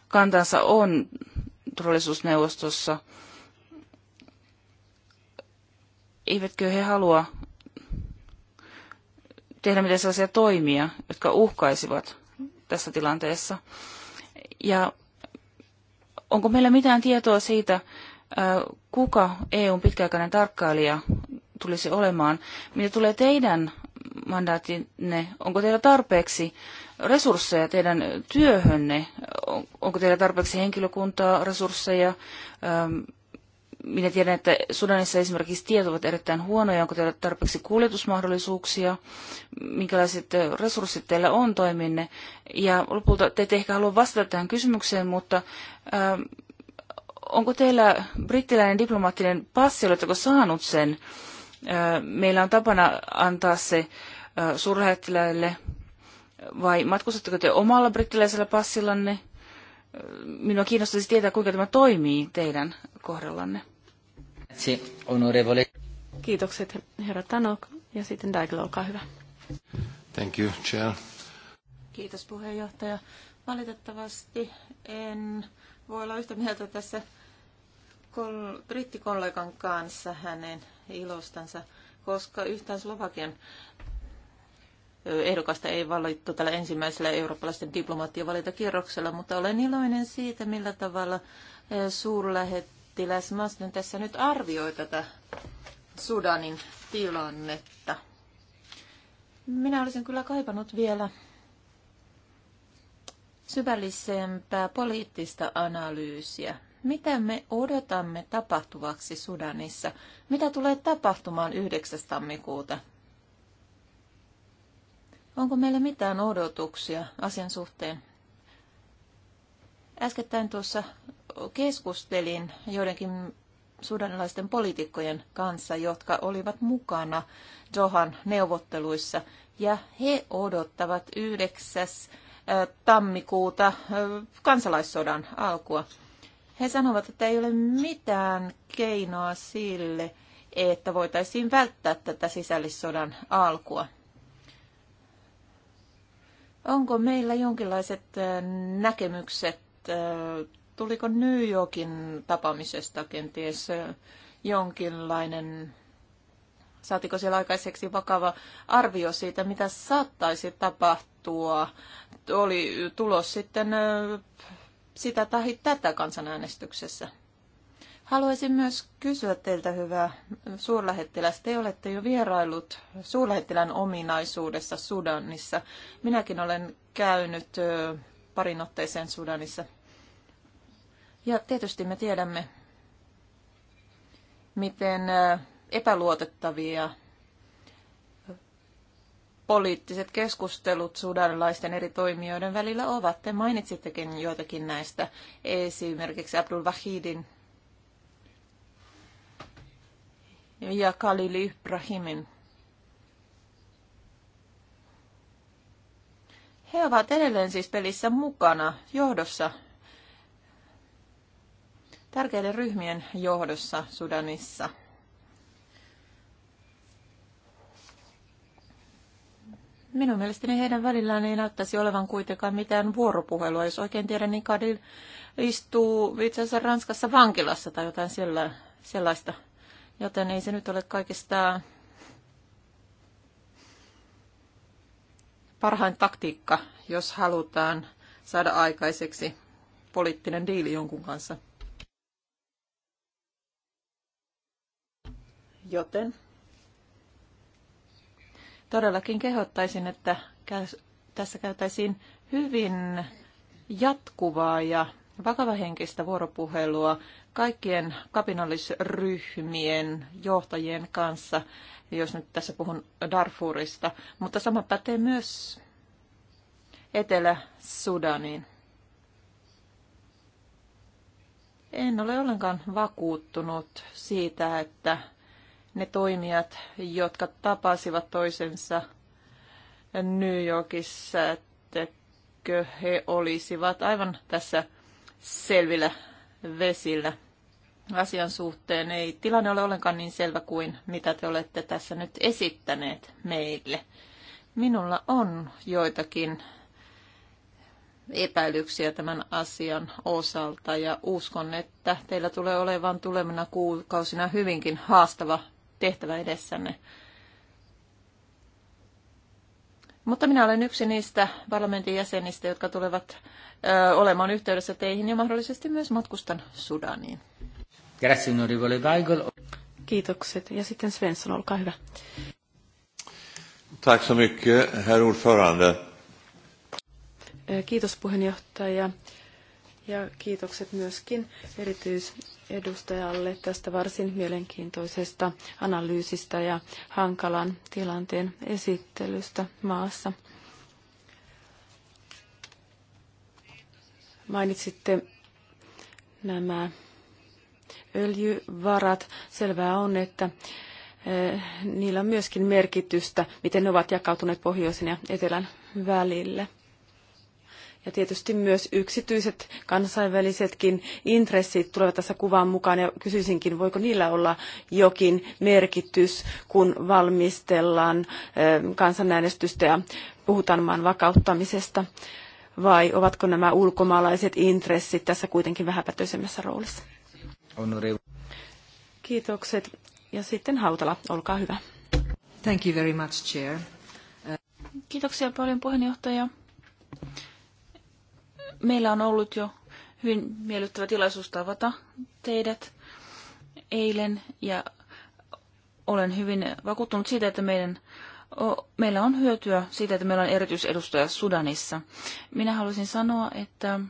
kantansa on turvallisuusneuvostossa? Eivätkö he halua tehdä mitään sellaisia toimia, jotka uhkaisivat tässä tilanteessa? Ja onko meillä mitään tietoa siitä, äh, kuka EUn pitkäaikainen tarkkailija tulisi olemaan. Mitä tulee teidän mandaattinne? Onko teillä tarpeeksi resursseja teidän työhönne? Onko teillä tarpeeksi henkilökuntaa, resursseja? Ähm, minä tiedän, että Sudanissa esimerkiksi tiedot ovat erittäin huonoja. Onko teillä tarpeeksi kuljetusmahdollisuuksia? Minkälaiset resurssit teillä on toiminne? Ja lopulta te ette ehkä halua vastata tähän kysymykseen, mutta ähm, onko teillä brittiläinen diplomaattinen passi, oletteko saanut sen? meillä on tapana antaa se suurlähettiläille, vai matkustatteko te omalla brittiläisellä passillanne? Minua kiinnostaisi tietää, kuinka tämä toimii teidän kohdallanne. Kiitokset, herra Tanok. Ja sitten Daigel, olkaa hyvä. Thank you, Chair. Kiitos, puheenjohtaja. Valitettavasti en voi olla yhtä mieltä tässä kol- brittikollegan kanssa hänen ilostansa, koska yhtään Slovakian ehdokasta ei valittu tällä ensimmäisellä eurooppalaisten diplomaattien mutta olen iloinen siitä, millä tavalla suurlähettiläs Masnen tässä nyt arvioi tätä Sudanin tilannetta. Minä olisin kyllä kaipannut vielä syvällisempää poliittista analyysiä mitä me odotamme tapahtuvaksi Sudanissa? Mitä tulee tapahtumaan 9. tammikuuta? Onko meillä mitään odotuksia asian suhteen? Äskettäin tuossa keskustelin joidenkin sudanilaisten poliitikkojen kanssa, jotka olivat mukana johan neuvotteluissa, ja he odottavat 9. tammikuuta kansalaissodan alkua. He sanovat, että ei ole mitään keinoa sille, että voitaisiin välttää tätä sisällissodan alkua. Onko meillä jonkinlaiset näkemykset, tuliko New Yorkin tapaamisesta kenties jonkinlainen, saatiko siellä aikaiseksi vakava arvio siitä, mitä saattaisi tapahtua? Oli tulos sitten sitä tahi tätä kansanäänestyksessä. Haluaisin myös kysyä teiltä, hyvä suurlähettiläs, te olette jo vierailut suurlähettilän ominaisuudessa Sudanissa. Minäkin olen käynyt parin otteeseen Sudanissa. Ja tietysti me tiedämme, miten epäluotettavia poliittiset keskustelut sudanilaisten eri toimijoiden välillä ovat. Te mainitsittekin joitakin näistä, esimerkiksi Abdul Wahidin ja Khalil Ibrahimin. He ovat edelleen siis pelissä mukana, johdossa, tärkeiden ryhmien johdossa Sudanissa – Minun mielestäni heidän välillään ei näyttäisi olevan kuitenkaan mitään vuoropuhelua. Jos oikein tiedän, niin Kadil istuu itse asiassa Ranskassa vankilassa tai jotain siellä, sellaista. Joten ei se nyt ole kaikista parhain taktiikka, jos halutaan saada aikaiseksi poliittinen diili jonkun kanssa. Joten todellakin kehottaisin, että tässä käytäisiin hyvin jatkuvaa ja vakavahenkistä vuoropuhelua kaikkien kapinallisryhmien johtajien kanssa, jos nyt tässä puhun Darfurista, mutta sama pätee myös Etelä-Sudaniin. En ole ollenkaan vakuuttunut siitä, että ne toimijat, jotka tapasivat toisensa New Yorkissa, että he olisivat aivan tässä selvillä vesillä asian suhteen. Ei tilanne ole ollenkaan niin selvä kuin mitä te olette tässä nyt esittäneet meille. Minulla on joitakin epäilyksiä tämän asian osalta ja uskon, että teillä tulee olevan tulevina kuukausina hyvinkin haastava tehtävä edessänne. Mutta minä olen yksi niistä parlamentin jäsenistä, jotka tulevat ö, olemaan yhteydessä teihin ja mahdollisesti myös matkustan Sudaniin. Kiitokset. Ja sitten Svensson, olkaa hyvä. Tack så mycket, herr ordförande. Kiitos puheenjohtaja ja kiitokset myöskin erityis edustajalle tästä varsin mielenkiintoisesta analyysistä ja hankalan tilanteen esittelystä maassa. Mainitsitte nämä öljyvarat. Selvää on, että eh, niillä on myöskin merkitystä, miten ne ovat jakautuneet pohjoisen ja etelän välille. Ja tietysti myös yksityiset kansainvälisetkin intressit tulevat tässä kuvan mukaan ja kysyisinkin, voiko niillä olla jokin merkitys, kun valmistellaan eh, kansanäänestystä ja puhutaan maan vakauttamisesta, vai ovatko nämä ulkomaalaiset intressit tässä kuitenkin vähäpätöisemmässä roolissa? Kiitokset. Ja sitten Hautala, olkaa hyvä. Thank you very much, Chair. Kiitoksia paljon puheenjohtaja. Meillä on ollut jo hyvin miellyttävä tilaisuus tavata teidät eilen ja olen hyvin vakuuttunut siitä, että meidän, o, meillä on hyötyä siitä, että meillä on erityisedustaja Sudanissa. Minä haluaisin sanoa, että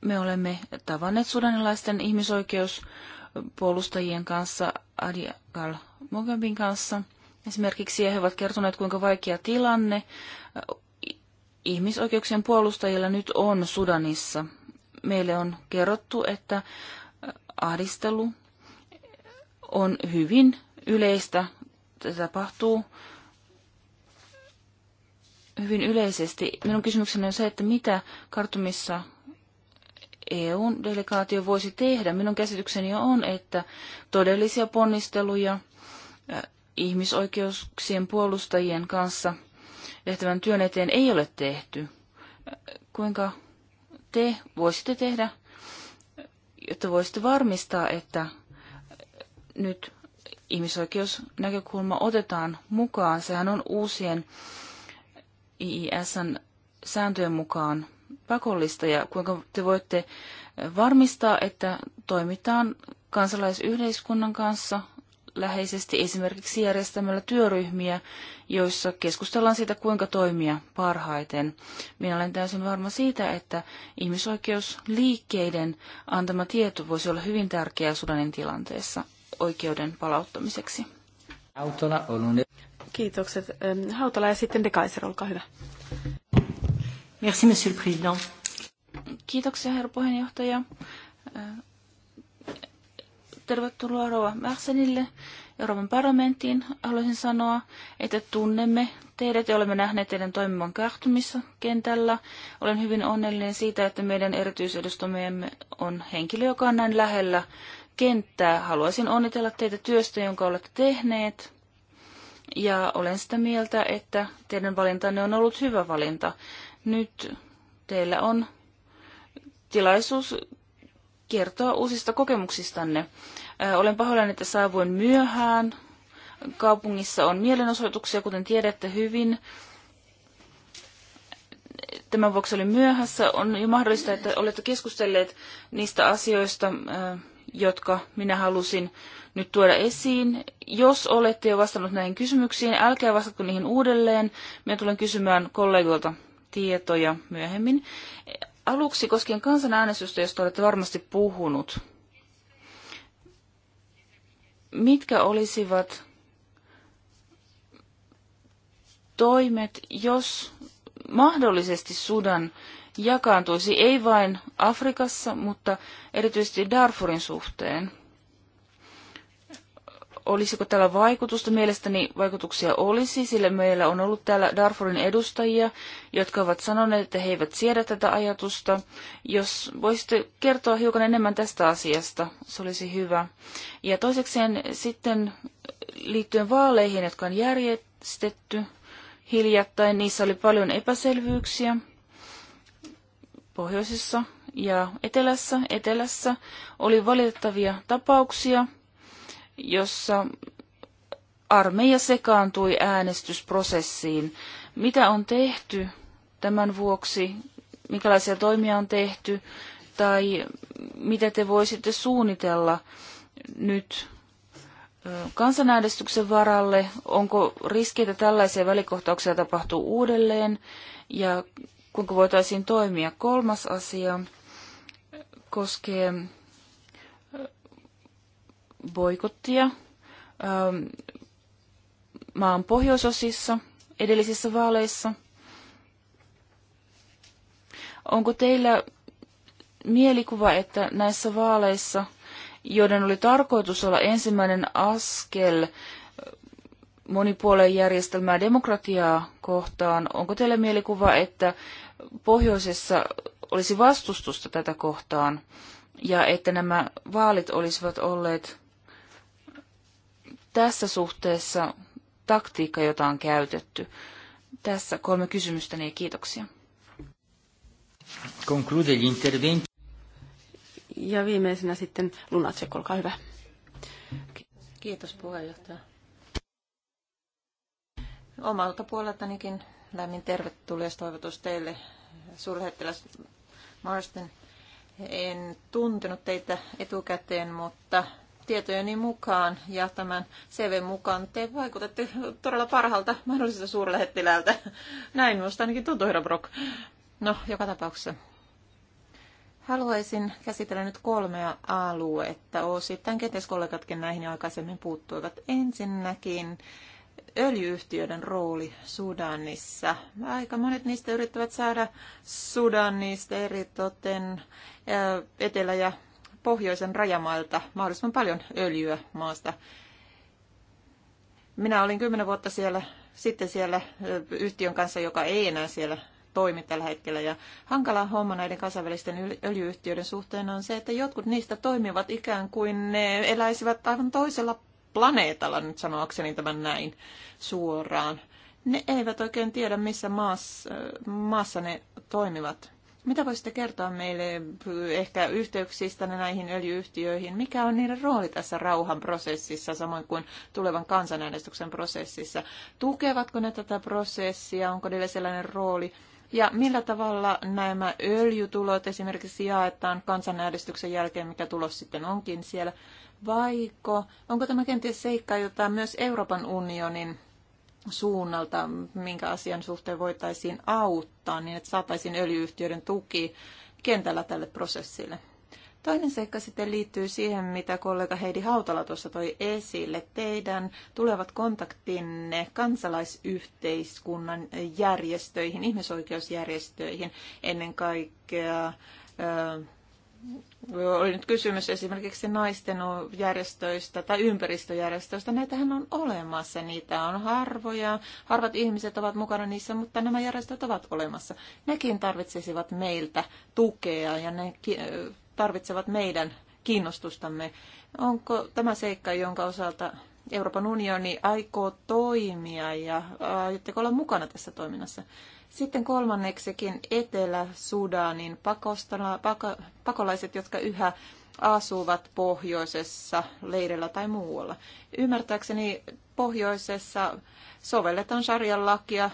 me olemme tavanneet sudanilaisten ihmisoikeuspuolustajien kanssa, Adi Gal Mogambin kanssa esimerkiksi, ja he ovat kertoneet, kuinka vaikea tilanne ihmisoikeuksien puolustajilla nyt on Sudanissa. Meille on kerrottu, että ahdistelu on hyvin yleistä. Tätä tapahtuu hyvin yleisesti. Minun kysymykseni on se, että mitä kartumissa eu delegaatio voisi tehdä. Minun käsitykseni on, että todellisia ponnisteluja äh, ihmisoikeuksien puolustajien kanssa – tehtävän työn eteen ei ole tehty. Kuinka te voisitte tehdä, jotta voisitte varmistaa, että nyt ihmisoikeusnäkökulma otetaan mukaan. Sehän on uusien IISn sääntöjen mukaan pakollista ja kuinka te voitte varmistaa, että toimitaan kansalaisyhteiskunnan kanssa läheisesti esimerkiksi järjestämällä työryhmiä, joissa keskustellaan siitä, kuinka toimia parhaiten. Minä olen täysin varma siitä, että ihmisoikeusliikkeiden antama tieto voisi olla hyvin tärkeää Sudanin tilanteessa oikeuden palauttamiseksi. Autola on... Kiitokset. Hautala ja sitten De Kaiser, olkaa hyvä. Merci, monsieur le président. Kiitoksia, herra puheenjohtaja tervetuloa Rova Mähsenille Euroopan parlamenttiin. Haluaisin sanoa, että tunnemme teidät ja olemme nähneet teidän toimivan kartumissa kentällä. Olen hyvin onnellinen siitä, että meidän erityisedustamiemme on henkilö, joka on näin lähellä kenttää. Haluaisin onnitella teitä työstä, jonka olette tehneet. Ja olen sitä mieltä, että teidän valintanne on ollut hyvä valinta. Nyt teillä on tilaisuus kertoa uusista kokemuksistanne. Olen pahoillani, että saavuin myöhään. Kaupungissa on mielenosoituksia, kuten tiedätte hyvin. Tämän vuoksi olin myöhässä. On jo mahdollista, että olette keskustelleet niistä asioista, jotka minä halusin nyt tuoda esiin. Jos olette jo vastannut näihin kysymyksiin, älkää vastatko niihin uudelleen. Minä tulen kysymään kollegoilta tietoja myöhemmin. Aluksi koskien kansanäänestystä, josta olette varmasti puhunut. Mitkä olisivat toimet, jos mahdollisesti Sudan jakaantuisi ei vain Afrikassa, mutta erityisesti Darfurin suhteen? olisiko tällä vaikutusta? Mielestäni vaikutuksia olisi, sillä meillä on ollut täällä Darfurin edustajia, jotka ovat sanoneet, että he eivät siedä tätä ajatusta. Jos voisitte kertoa hiukan enemmän tästä asiasta, se olisi hyvä. Ja toisekseen sitten liittyen vaaleihin, jotka on järjestetty hiljattain, niissä oli paljon epäselvyyksiä pohjoisessa ja etelässä. Etelässä oli valitettavia tapauksia jossa armeija sekaantui äänestysprosessiin. Mitä on tehty tämän vuoksi? Mikälaisia toimia on tehty? Tai mitä te voisitte suunnitella nyt kansanäänestyksen varalle? Onko riski, että tällaisia välikohtauksia tapahtuu uudelleen? Ja kuinka voitaisiin toimia? Kolmas asia koskee boikottia ähm, maan pohjoisosissa edellisissä vaaleissa. Onko teillä mielikuva, että näissä vaaleissa, joiden oli tarkoitus olla ensimmäinen askel äh, monipuolen järjestelmää demokratiaa kohtaan, onko teillä mielikuva, että pohjoisessa olisi vastustusta tätä kohtaan ja että nämä vaalit olisivat olleet tässä suhteessa taktiikka, jota on käytetty. Tässä kolme kysymystä, niin kiitoksia. Conclude gli interventi. Ja viimeisenä sitten Lunacek, olkaa hyvä. Kiitos puheenjohtaja. Omalta puoleltanikin lämmin tervetulias toivotus teille suurlähettiläs Marsten. En tuntenut teitä etukäteen, mutta tietojeni mukaan ja tämän CV mukaan te vaikutatte todella parhaalta mahdollisesta suurlähettilältä. Näin minusta ainakin tuntuu, herra Brock. No, joka tapauksessa. Haluaisin käsitellä nyt kolmea aluetta. Osittain kenties kollegatkin näihin aikaisemmin puuttuivat. Ensinnäkin öljyyhtiöiden rooli Sudanissa. Aika monet niistä yrittävät saada Sudanista toten Etelä- ja pohjoisen rajamailta mahdollisimman paljon öljyä maasta. Minä olin kymmenen vuotta siellä, sitten siellä yhtiön kanssa, joka ei enää siellä toimi tällä hetkellä. Ja hankala homma näiden kansainvälisten öljyyhtiöiden suhteen on se, että jotkut niistä toimivat ikään kuin ne eläisivät aivan toisella planeetalla, nyt sanoakseni tämän näin suoraan. Ne eivät oikein tiedä, missä maassa, maassa ne toimivat. Mitä voisitte kertoa meille ehkä yhteyksistä näihin öljyyhtiöihin? Mikä on niiden rooli tässä rauhanprosessissa, samoin kuin tulevan kansanäänestyksen prosessissa? Tukevatko ne tätä prosessia? Onko niillä sellainen rooli? Ja millä tavalla nämä öljytulot esimerkiksi jaetaan kansanäänestyksen jälkeen, mikä tulos sitten onkin siellä? Vaiko onko tämä kenties seikka, jota myös Euroopan unionin suunnalta, minkä asian suhteen voitaisiin auttaa, niin että saataisiin öljyyhtiöiden tuki kentällä tälle prosessille. Toinen seikka sitten liittyy siihen, mitä kollega Heidi Hautala tuossa toi esille. Teidän tulevat kontaktinne kansalaisyhteiskunnan järjestöihin, ihmisoikeusjärjestöihin, ennen kaikkea oli nyt kysymys esimerkiksi naisten järjestöistä tai ympäristöjärjestöistä, näitähän on olemassa, niitä on harvoja, harvat ihmiset ovat mukana niissä, mutta nämä järjestöt ovat olemassa. Nekin tarvitsisivat meiltä tukea ja ne tarvitsevat meidän kiinnostustamme. Onko tämä seikka, jonka osalta Euroopan unioni aikoo toimia ja aiotteko olla mukana tässä toiminnassa? Sitten kolmanneksikin Etelä-Sudanin pakolaiset, jotka yhä asuvat pohjoisessa leirillä tai muualla. Ymmärtääkseni pohjoisessa sovelletaan sarjan lakia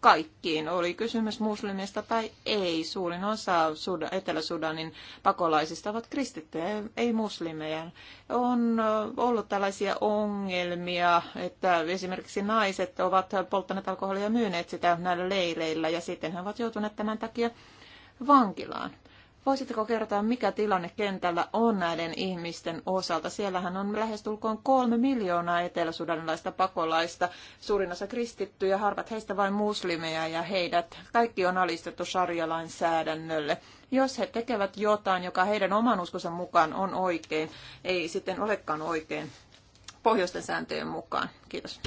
kaikkiin, oli kysymys muslimista tai ei. Suurin osa Etelä-Sudanin pakolaisista ovat kristittyjä, ei muslimeja. On ollut tällaisia ongelmia, että esimerkiksi naiset ovat polttaneet alkoholia ja myyneet sitä näillä leireillä ja sitten he ovat joutuneet tämän takia vankilaan. Voisitteko kertoa, mikä tilanne kentällä on näiden ihmisten osalta? Siellähän on lähestulkoon kolme miljoonaa eteläsudanilaista pakolaista, suurin osa kristittyjä, harvat heistä vain muslimeja ja heidät. Kaikki on alistettu sarjalainsäädännölle. Jos he tekevät jotain, joka heidän oman uskonsa mukaan on oikein, ei sitten olekaan oikein pohjoisten sääntöjen mukaan. Kiitos.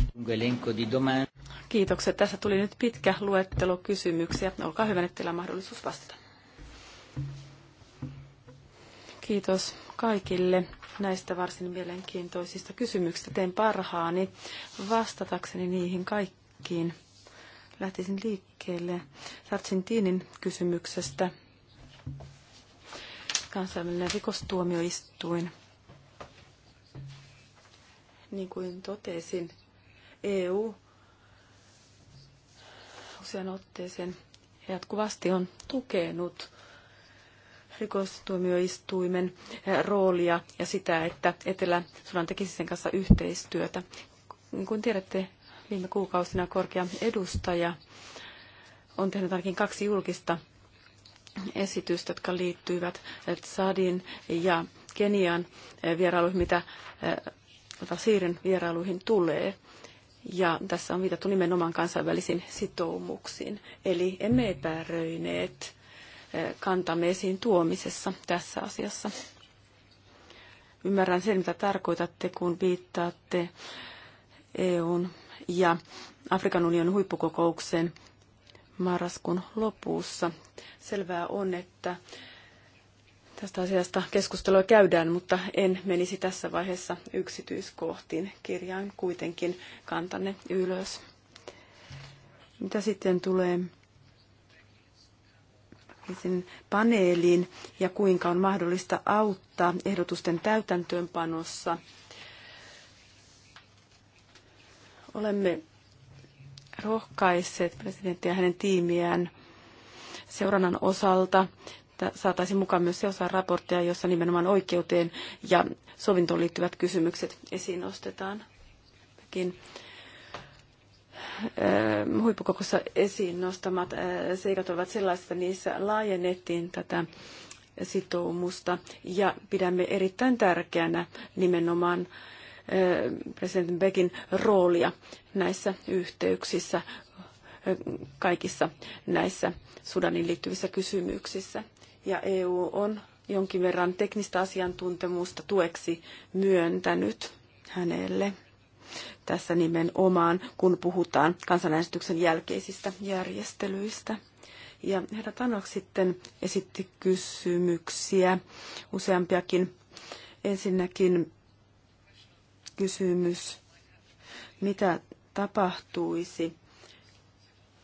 Kiitokset. Tässä tuli nyt pitkä luettelo kysymyksiä. Olkaa hyvä, että teillä on mahdollisuus vastata. Kiitos kaikille näistä varsin mielenkiintoisista kysymyksistä. Teen parhaani vastatakseni niihin kaikkiin. Lähtisin liikkeelle tiinin kysymyksestä. Kansainvälinen rikostuomioistuin. Niin kuin totesin, EU usean otteeseen jatkuvasti on tukenut rikostuomioistuimen eh, roolia ja sitä, että Etelä-Sudan tekisi sen kanssa yhteistyötä. Niin kuin tiedätte, viime kuukausina korkea edustaja on tehnyt ainakin kaksi julkista esitystä, jotka liittyvät eh, Tsadin ja Kenian eh, vierailuihin, mitä Siirin vierailuihin tulee. Ja tässä on viitattu nimenomaan kansainvälisiin sitoumuksiin. Eli emme epäröineet kantamme esiin tuomisessa tässä asiassa. Ymmärrän sen, mitä tarkoitatte, kun viittaatte EUn ja Afrikan unionin huippukokoukseen marraskuun lopussa. Selvää on, että tästä asiasta keskustelua käydään, mutta en menisi tässä vaiheessa yksityiskohtiin. Kirjaan kuitenkin kantanne ylös. Mitä sitten tulee sen paneeliin ja kuinka on mahdollista auttaa ehdotusten täytäntöönpanossa. Olemme rohkaisseet presidenttiä ja hänen tiimiään seurannan osalta. Saataisiin mukaan myös se osa raporttia, jossa nimenomaan oikeuteen ja sovintoon liittyvät kysymykset esiin nostetaan. Mäkin Äh, huippukokossa esiin nostamat äh, seikat ovat sellaiset, että niissä laajennettiin tätä sitoumusta ja pidämme erittäin tärkeänä nimenomaan äh, presidentin Bekin roolia näissä yhteyksissä, kaikissa näissä Sudanin liittyvissä kysymyksissä. Ja EU on jonkin verran teknistä asiantuntemusta tueksi myöntänyt hänelle tässä nimenomaan, kun puhutaan kansanäänestyksen jälkeisistä järjestelyistä. Ja herra Tanak sitten esitti kysymyksiä, useampiakin. Ensinnäkin kysymys, mitä tapahtuisi,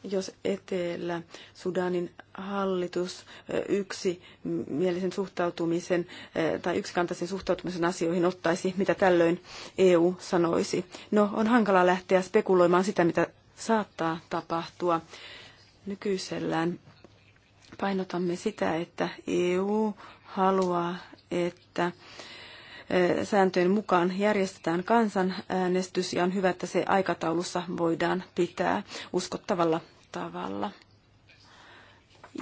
jos Etelä-Sudanin hallitus yksimielisen suhtautumisen tai yksikantaisen suhtautumisen asioihin ottaisi, mitä tällöin EU sanoisi. No, on hankala lähteä spekuloimaan sitä, mitä saattaa tapahtua nykyisellään. Painotamme sitä, että EU haluaa, että sääntöjen mukaan järjestetään kansanäänestys ja on hyvä, että se aikataulussa voidaan pitää uskottavalla tavalla.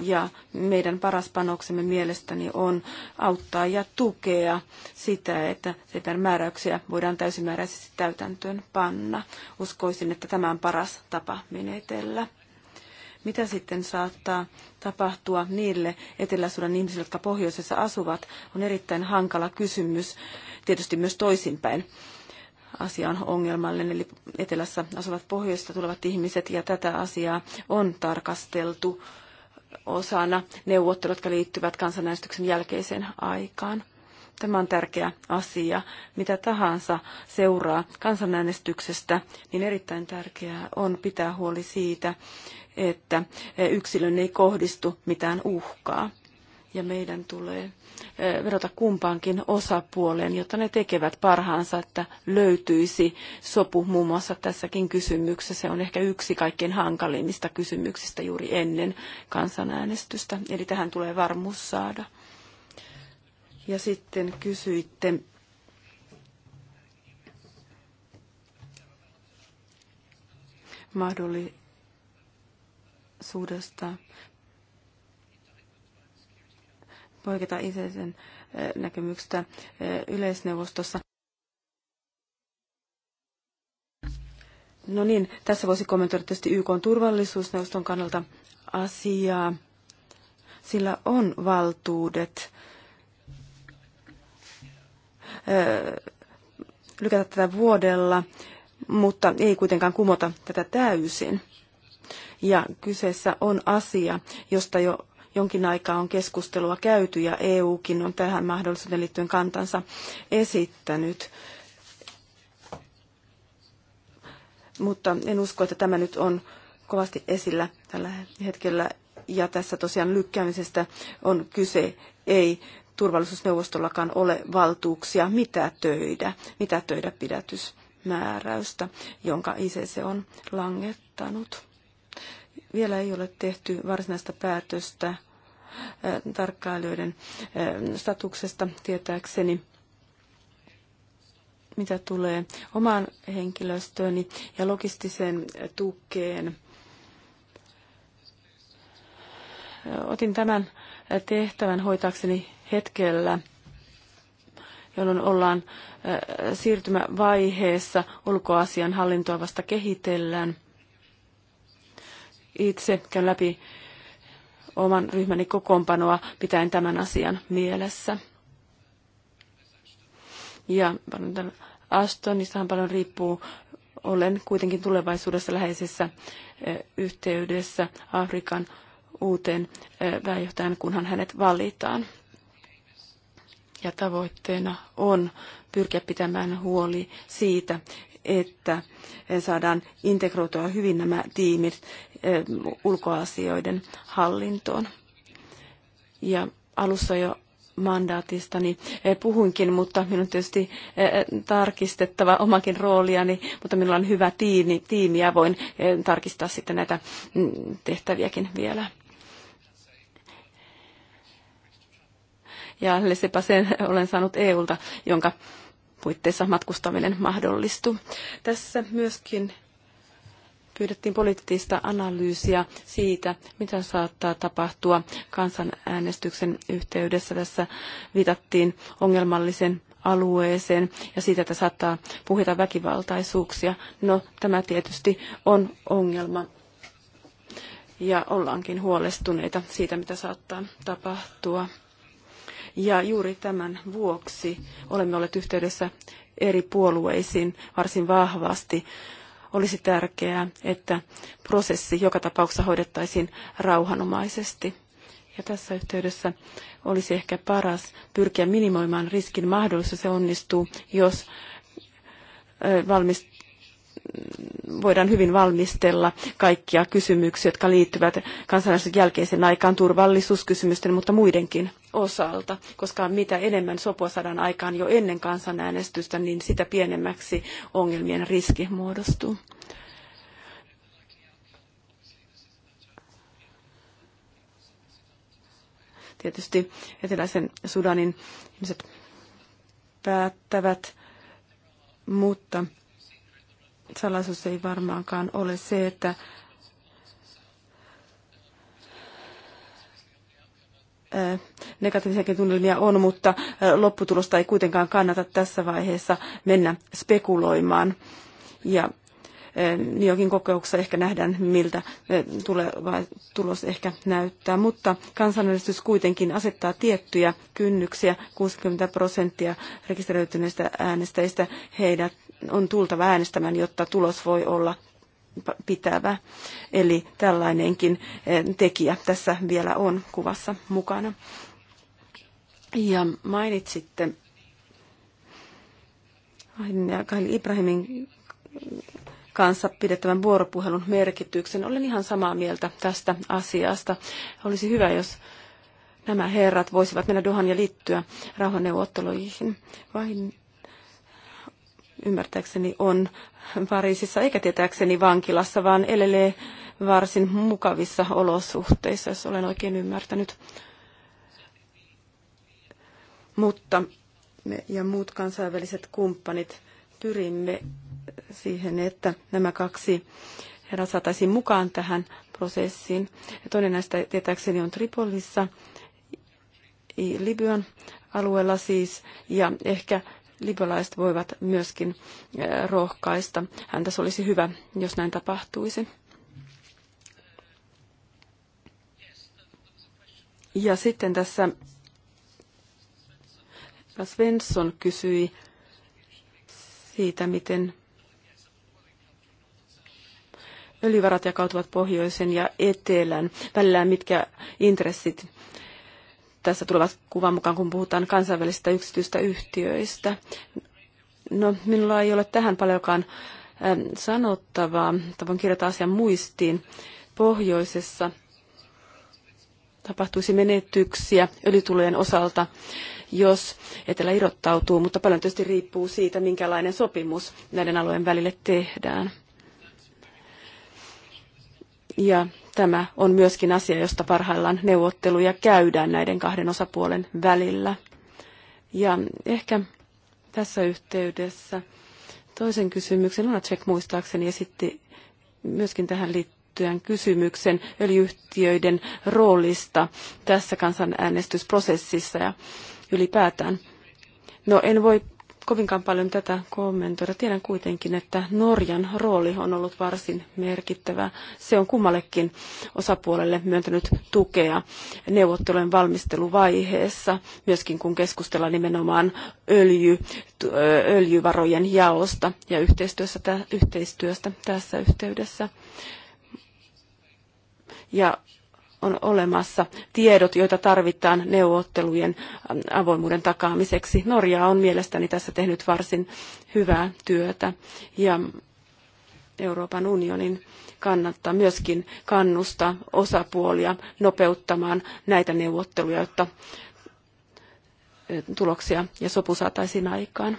Ja meidän paras panoksemme mielestäni on auttaa ja tukea sitä, että sitä määräyksiä voidaan täysimääräisesti täytäntöön panna. Uskoisin, että tämä on paras tapa menetellä. Mitä sitten saattaa tapahtua niille Etelä-Sudan ihmisille, jotka pohjoisessa asuvat, on erittäin hankala kysymys, tietysti myös toisinpäin asia on ongelmallinen, eli etelässä asuvat pohjoista tulevat ihmiset, ja tätä asiaa on tarkasteltu osana neuvottelut, jotka liittyvät kansanäänestyksen jälkeiseen aikaan. Tämä on tärkeä asia. Mitä tahansa seuraa kansanäänestyksestä, niin erittäin tärkeää on pitää huoli siitä, että yksilön ei kohdistu mitään uhkaa. Ja meidän tulee eh, vedota kumpaankin osapuoleen, jotta ne tekevät parhaansa, että löytyisi sopu muun muassa tässäkin kysymyksessä. Se on ehkä yksi kaikkein hankalimmista kysymyksistä juuri ennen kansanäänestystä, eli tähän tulee varmuus saada. Ja sitten kysyitte mahdollisuudesta poiketa isäisen näkemyksestä yleisneuvostossa. No niin, tässä voisi kommentoida tietysti YK turvallisuusneuvoston kannalta asiaa. Sillä on valtuudet lykätä tätä vuodella, mutta ei kuitenkaan kumota tätä täysin. Ja kyseessä on asia, josta jo jonkin aikaa on keskustelua käyty ja EUkin on tähän mahdollisuuteen liittyen kantansa esittänyt. Mutta en usko, että tämä nyt on kovasti esillä tällä hetkellä ja tässä tosiaan lykkäämisestä on kyse, ei turvallisuusneuvostollakaan ole valtuuksia mitä töitä, mitä töitä pidätysmääräystä, jonka ICC on langettanut. Vielä ei ole tehty varsinaista päätöstä äh, tarkkailijoiden äh, statuksesta tietääkseni mitä tulee omaan henkilöstööni ja logistiseen tukeen. Otin tämän tehtävän hoitaakseni hetkellä, jolloin ollaan siirtymävaiheessa, ulkoasian hallintoa vasta kehitellään. Itse käyn läpi oman ryhmäni kokoonpanoa pitäen tämän asian mielessä. Ja Astonistahan paljon riippuu. Olen kuitenkin tulevaisuudessa läheisessä yhteydessä Afrikan uuteen pääjohtajan, kunhan hänet valitaan ja tavoitteena on pyrkiä pitämään huoli siitä, että saadaan integroitua hyvin nämä tiimit eh, ulkoasioiden hallintoon. Ja alussa jo mandaatistani eh, puhuinkin, mutta minun on tietysti eh, tarkistettava omakin rooliani, mutta minulla on hyvä tiimi, tiimi ja voin tarkistaa sitten näitä mm, tehtäviäkin vielä. ja lesepä sen olen saanut EUlta, jonka puitteissa matkustaminen mahdollistuu. Tässä myöskin pyydettiin poliittista analyysiä siitä, mitä saattaa tapahtua kansanäänestyksen yhteydessä. Tässä viitattiin ongelmallisen alueeseen ja siitä, että saattaa puhita väkivaltaisuuksia. No, tämä tietysti on ongelma ja ollaankin huolestuneita siitä, mitä saattaa tapahtua. Ja juuri tämän vuoksi olemme olleet yhteydessä eri puolueisiin varsin vahvasti. Olisi tärkeää, että prosessi joka tapauksessa hoidettaisiin rauhanomaisesti. Ja tässä yhteydessä olisi ehkä paras pyrkiä minimoimaan riskin mahdollisuus, se onnistuu, jos valmist voidaan hyvin valmistella kaikkia kysymyksiä, jotka liittyvät kansanäänestyksen jälkeisen aikaan turvallisuuskysymysten, mutta muidenkin osalta, koska mitä enemmän sopua saadaan aikaan jo ennen kansanäänestystä, niin sitä pienemmäksi ongelmien riski muodostuu. Tietysti eteläisen Sudanin ihmiset päättävät, mutta salaisuus ei varmaankaan ole se, että negatiivisiakin tunnelmia on, mutta lopputulosta ei kuitenkaan kannata tässä vaiheessa mennä spekuloimaan. Ja Yorkin kokouksessa ehkä nähdään, miltä tuleva tulos ehkä näyttää. Mutta kansanäänestys kuitenkin asettaa tiettyjä kynnyksiä. 60 prosenttia rekisteröityneistä äänestäjistä heidät on tultava äänestämään, jotta tulos voi olla pitävä. Eli tällainenkin tekijä tässä vielä on kuvassa mukana. Ja mainitsitte ja Ibrahimin kanssa pidettävän vuoropuhelun merkityksen. Olen ihan samaa mieltä tästä asiasta. Olisi hyvä, jos nämä herrat voisivat mennä Dohan ja liittyä rauhanneuvotteluihin. Vain ymmärtääkseni on Pariisissa eikä tietääkseni vankilassa, vaan elelee varsin mukavissa olosuhteissa, jos olen oikein ymmärtänyt. Mutta me ja muut kansainväliset kumppanit pyrimme siihen, että nämä kaksi herra saataisiin mukaan tähän prosessiin. Toinen näistä tietääkseni on Tripolissa, Libyan alueella siis, ja ehkä libyalaiset voivat myöskin rohkaista. Hän tässä olisi hyvä, jos näin tapahtuisi. Ja sitten tässä Svensson kysyi siitä, miten öljyvarat jakautuvat pohjoisen ja etelän välillä, mitkä intressit tässä tulevat kuvan mukaan, kun puhutaan kansainvälisistä yksityistä yhtiöistä. No, minulla ei ole tähän paljonkaan ähm, sanottavaa, mutta voin kirjata asian muistiin. Pohjoisessa tapahtuisi menetyksiä öljytulojen osalta, jos etelä irrottautuu, mutta paljon tietysti riippuu siitä, minkälainen sopimus näiden alueen välille tehdään. Ja tämä on myöskin asia, josta parhaillaan neuvotteluja käydään näiden kahden osapuolen välillä. Ja ehkä tässä yhteydessä toisen kysymyksen Lunacek muistaakseni esitti myöskin tähän liittyen kysymyksen öljyhtiöiden roolista tässä kansanäänestysprosessissa ja ylipäätään. No en voi kovinkaan paljon tätä kommentoida. Tiedän kuitenkin, että Norjan rooli on ollut varsin merkittävä. Se on kummallekin osapuolelle myöntänyt tukea neuvottelujen valmisteluvaiheessa, myöskin kun keskustellaan nimenomaan öljy, öljyvarojen jaosta ja yhteistyöstä tässä yhteydessä. Ja on olemassa tiedot, joita tarvitaan neuvottelujen ähm, avoimuuden takaamiseksi. Norja on mielestäni tässä tehnyt varsin hyvää työtä ja Euroopan unionin kannattaa myöskin kannustaa osapuolia nopeuttamaan näitä neuvotteluja, jotta tuloksia ja sopu saataisiin aikaan.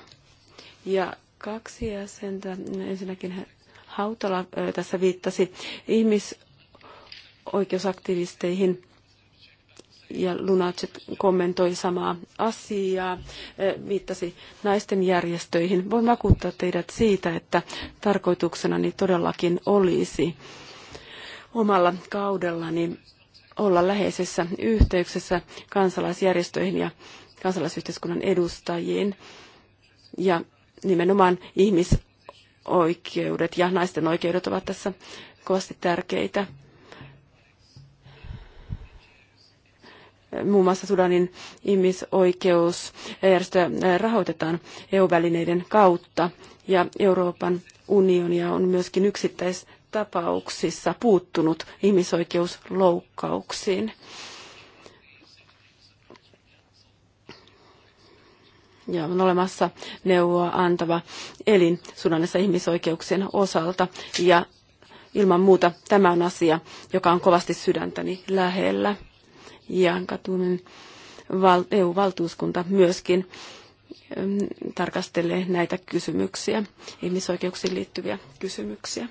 Ja kaksi jäsentä, ensinnäkin Hautala tässä viittasi ihmis oikeusaktivisteihin. Ja Lunacet kommentoi samaa asiaa, eh, viittasi naisten järjestöihin. Voin vakuuttaa teidät siitä, että tarkoituksenani todellakin olisi omalla kaudellani olla läheisessä yhteyksessä kansalaisjärjestöihin ja kansalaisyhteiskunnan edustajiin. Ja nimenomaan ihmisoikeudet ja naisten oikeudet ovat tässä kovasti tärkeitä. muun muassa Sudanin ihmisoikeusjärjestö rahoitetaan EU-välineiden kautta ja Euroopan unionia on myöskin yksittäistapauksissa puuttunut ihmisoikeusloukkauksiin. ja on olemassa neuvoa antava elin Sudanissa ihmisoikeuksien osalta. Ja ilman muuta tämä on asia, joka on kovasti sydäntäni lähellä. Jan Katunen EU-valtuuskunta myöskin ähm, tarkastelee näitä kysymyksiä, ihmisoikeuksiin liittyviä kysymyksiä.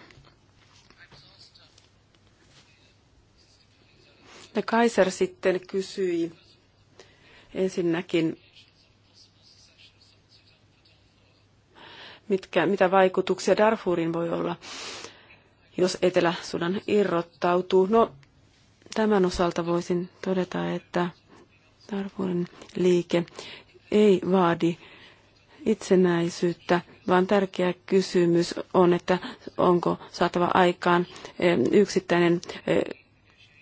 Ja Kaiser sitten kysyi ensinnäkin, mitkä, mitä vaikutuksia Darfurin voi olla, jos Etelä-Sudan irrottautuu. No, tämän osalta voisin todeta, että Darfurin liike ei vaadi itsenäisyyttä, vaan tärkeä kysymys on, että onko saatava aikaan yksittäinen e,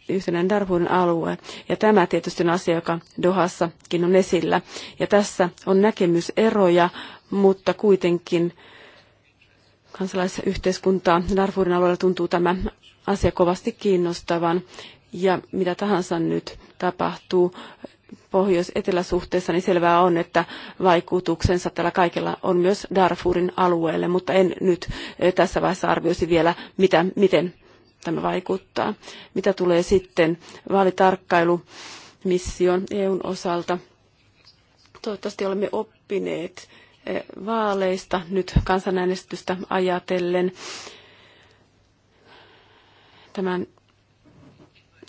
yhtenäinen Darfurin alue. Ja tämä tietysti on asia, joka Dohassakin on esillä. Ja tässä on näkemyseroja, mutta kuitenkin kansalaisyhteiskuntaa Darfurin alueella tuntuu tämä asia kovasti kiinnostavan ja mitä tahansa nyt tapahtuu pohjois-eteläsuhteessa, niin selvää on, että vaikutuksensa tällä kaikella on myös Darfurin alueelle, mutta en nyt eh, tässä vaiheessa arvioisi vielä, mitä, miten tämä vaikuttaa. Mitä tulee sitten vaalitarkkailumission EUn osalta? Toivottavasti olemme oppineet eh, vaaleista nyt kansanäänestystä ajatellen. Tämän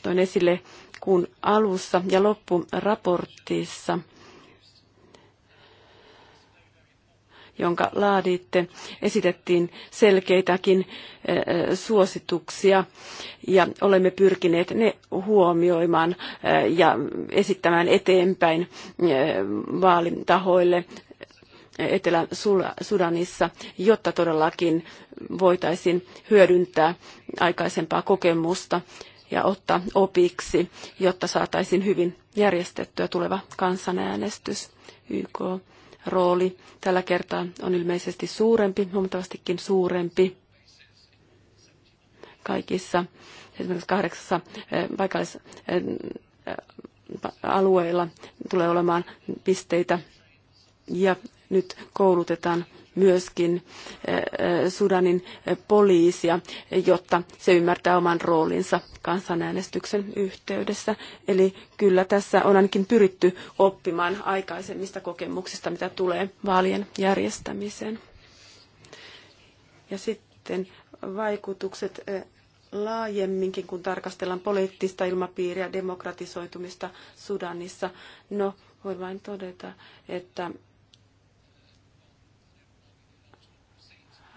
toin esille kuun alussa ja loppuraportissa, jonka laaditte, esitettiin selkeitäkin eh, suosituksia ja olemme pyrkineet ne huomioimaan eh, ja esittämään eteenpäin eh, vaalitahoille Etelä-Sudanissa, jotta todellakin voitaisiin hyödyntää aikaisempaa kokemusta ja ottaa opiksi, jotta saataisiin hyvin järjestettyä tuleva kansanäänestys. YK rooli tällä kertaa on ilmeisesti suurempi, huomattavastikin suurempi kaikissa esimerkiksi kahdeksassa eh, paikallisalueilla eh, tulee olemaan pisteitä ja nyt koulutetaan myöskin eh, eh, Sudanin eh, poliisia, jotta se ymmärtää oman roolinsa kansanäänestyksen yhteydessä. Eli kyllä tässä on ainakin pyritty oppimaan aikaisemmista kokemuksista, mitä tulee vaalien järjestämiseen. Ja sitten vaikutukset laajemminkin, kun tarkastellaan poliittista ilmapiiriä, demokratisoitumista Sudanissa. No, voin vain todeta, että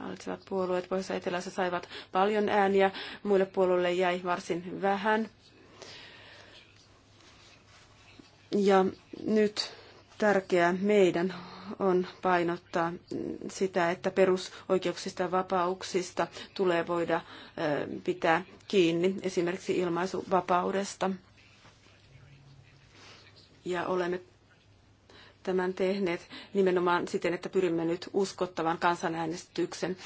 hallitsevat puolueet pohjois etelässä saivat paljon ääniä, muille puolueille jäi varsin vähän. Ja nyt tärkeää meidän on painottaa sitä, että perusoikeuksista ja vapauksista tulee voida pitää kiinni, esimerkiksi ilmaisuvapaudesta. Ja olemme tämän tehneet nimenomaan siten, että pyrimme nyt uskottavan kansanäänestyksen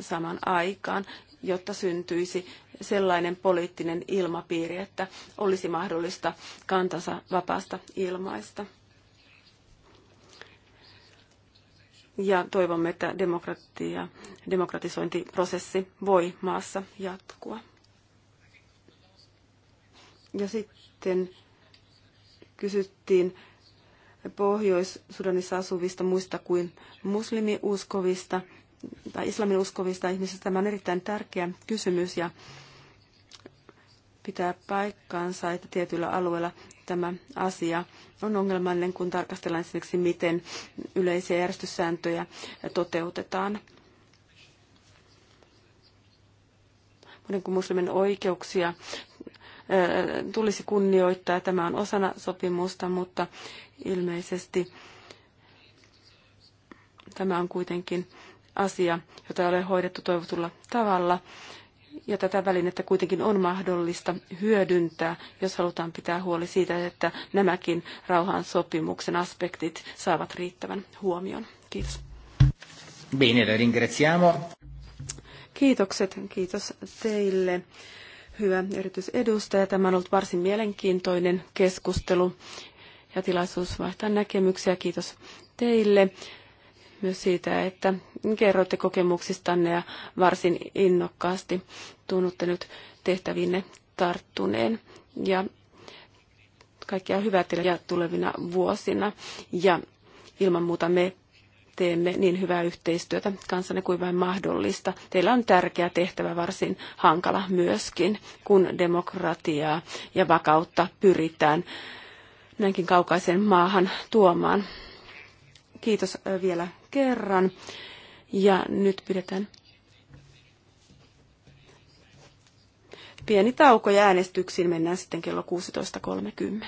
saman aikaan, jotta syntyisi sellainen poliittinen ilmapiiri, että olisi mahdollista kantansa vapaasta ilmaista. Ja toivomme, että demokratia, demokratisointiprosessi voi maassa jatkua. Ja sitten kysyttiin Pohjois-Sudanissa asuvista muista kuin muslimiuskovista tai islaminuskovista, ihmisistä. Tämä on erittäin tärkeä kysymys ja pitää paikkaansa, että tietyillä alueilla tämä asia on ongelmallinen, kun tarkastellaan esimerkiksi, miten yleisiä järjestyssääntöjä toteutetaan. Monen kuin muslimin oikeuksia tulisi kunnioittaa. Tämä on osana sopimusta, mutta ilmeisesti tämä on kuitenkin asia, jota ei ole hoidettu toivotulla tavalla. Ja tätä välinettä kuitenkin on mahdollista hyödyntää, jos halutaan pitää huoli siitä, että nämäkin rauhan sopimuksen aspektit saavat riittävän huomion. Kiitos. Bene, ringraziamo. Kiitokset, kiitos teille hyvä erityisedustaja. Tämä on ollut varsin mielenkiintoinen keskustelu ja tilaisuus vaihtaa näkemyksiä. Kiitos teille myös siitä, että kerroitte kokemuksistanne ja varsin innokkaasti tunnutte nyt tehtävinne tarttuneen. Ja kaikkea hyvää teille ja tulevina vuosina. Ja ilman muuta me teemme niin hyvää yhteistyötä kanssanne kuin vain mahdollista. Teillä on tärkeä tehtävä, varsin hankala myöskin, kun demokratiaa ja vakautta pyritään näinkin kaukaisen maahan tuomaan. Kiitos vielä kerran. Ja nyt pidetään pieni tauko ja äänestyksiin mennään sitten kello 16.30.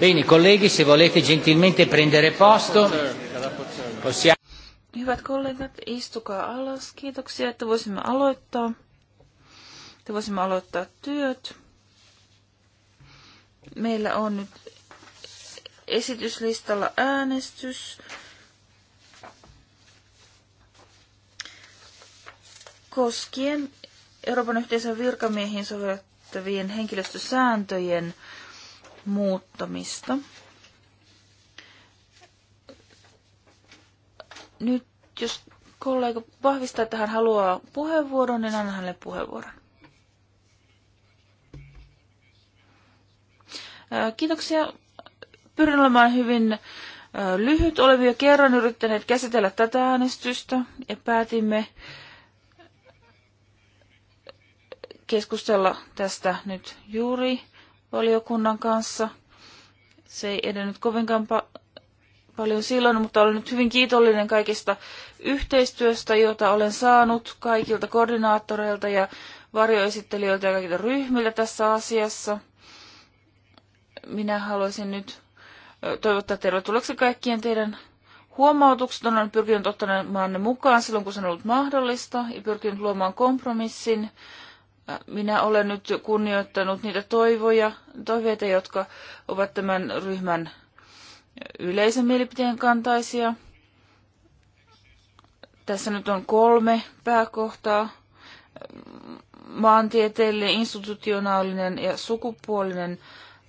Bene, colleghi, se volete gentilmente prendere posto, possiamo... Hyvät kollegat, istukaa alas. Kiitoksia, että voisimme aloittaa. Että voisimme aloittaa työt. Meillä on nyt esityslistalla äänestys. Koskien Euroopan yhteisön virkamiehiin sovellettavien henkilöstösääntöjen muuttamista. Nyt jos kollega vahvistaa, että hän haluaa puheenvuoron, niin anna hänelle puheenvuoron. Kiitoksia. Pyrin olemaan hyvin lyhyt. Olemme jo kerran yrittäneet käsitellä tätä äänestystä ja päätimme keskustella tästä nyt juuri valiokunnan kanssa. Se ei edennyt kovinkaan pa- paljon silloin, mutta olen nyt hyvin kiitollinen kaikista yhteistyöstä, jota olen saanut kaikilta koordinaattoreilta ja varjoesittelijöiltä ja kaikilta ryhmiltä tässä asiassa. Minä haluaisin nyt toivottaa tervetulleeksi kaikkien teidän huomautukset. Olen pyrkinyt ottamaan ne mukaan silloin, kun se on ollut mahdollista ja pyrkinyt luomaan kompromissin minä olen nyt kunnioittanut niitä toivoja, toiveita, jotka ovat tämän ryhmän yleisen mielipiteen kantaisia. Tässä nyt on kolme pääkohtaa. Maantieteellinen, institutionaalinen ja sukupuolinen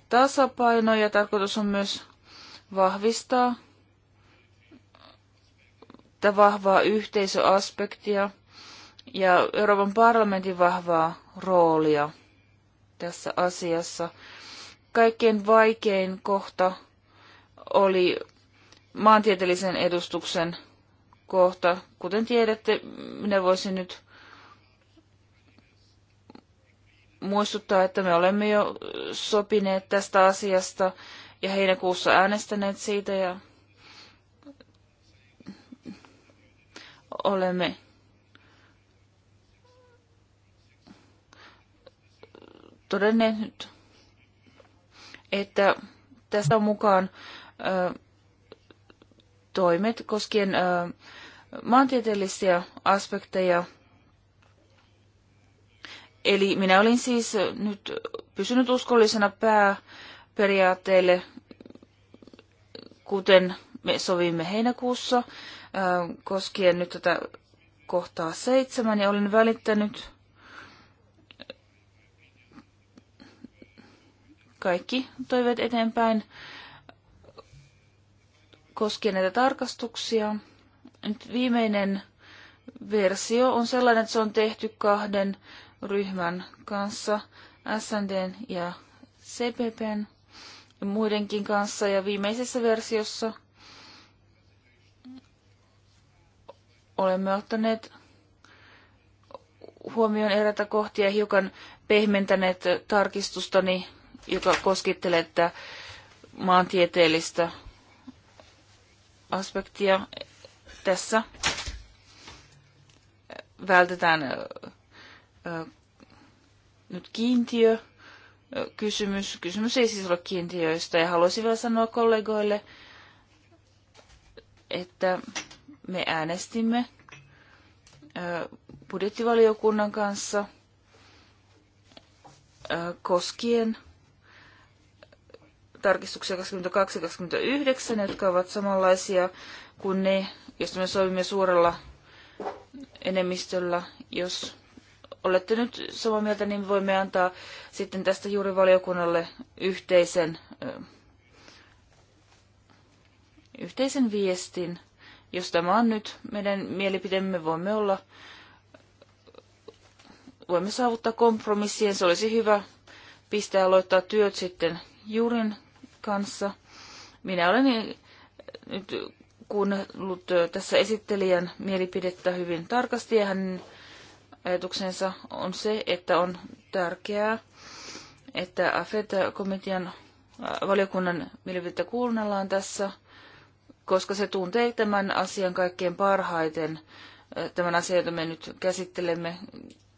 tasapaino ja tarkoitus on myös vahvistaa tätä vahvaa yhteisöaspektia ja Euroopan parlamentin vahvaa roolia tässä asiassa. Kaikkein vaikein kohta oli maantieteellisen edustuksen kohta. Kuten tiedätte, minä voisin nyt muistuttaa, että me olemme jo sopineet tästä asiasta ja heinäkuussa äänestäneet siitä ja olemme Todennäköisesti, että tästä on mukaan ö, toimet koskien ö, maantieteellisiä aspekteja. Eli minä olin siis nyt pysynyt uskollisena pääperiaatteille, kuten me sovimme heinäkuussa, ö, koskien nyt tätä kohtaa seitsemän, ja olin välittänyt kaikki toiveet eteenpäin koskien näitä tarkastuksia. Nyt viimeinen versio on sellainen, että se on tehty kahden ryhmän kanssa, SND ja CPPn ja muidenkin kanssa. Ja viimeisessä versiossa olemme ottaneet huomioon erätä kohtia ja hiukan pehmentäneet tarkistustani joka koskittelee tätä maantieteellistä aspektia tässä. Vältetään nyt kiintiö kysymys. Kysymys ei siis ole kiintiöistä ja haluaisin vielä sanoa kollegoille, että me äänestimme budjettivaliokunnan kanssa koskien tarkistuksia 22-29, jotka ovat samanlaisia kuin ne, joista me sovimme suurella enemmistöllä. Jos olette nyt samaa mieltä, niin voimme antaa sitten tästä juuri valiokunnalle yhteisen, yhteisen viestin. Jos tämä on nyt meidän mielipiteemme, voimme olla voimme saavuttaa kompromissien. Se olisi hyvä pistää aloittaa työt sitten juurin kanssa. Minä olen nyt kuunnellut tässä esittelijän mielipidettä hyvin tarkasti ja hänen ajatuksensa on se, että on tärkeää, että AFET-komitean äh, valiokunnan mielipidettä kuunnellaan tässä, koska se tuntee tämän asian kaikkein parhaiten. Äh, tämän asian, jota me nyt käsittelemme,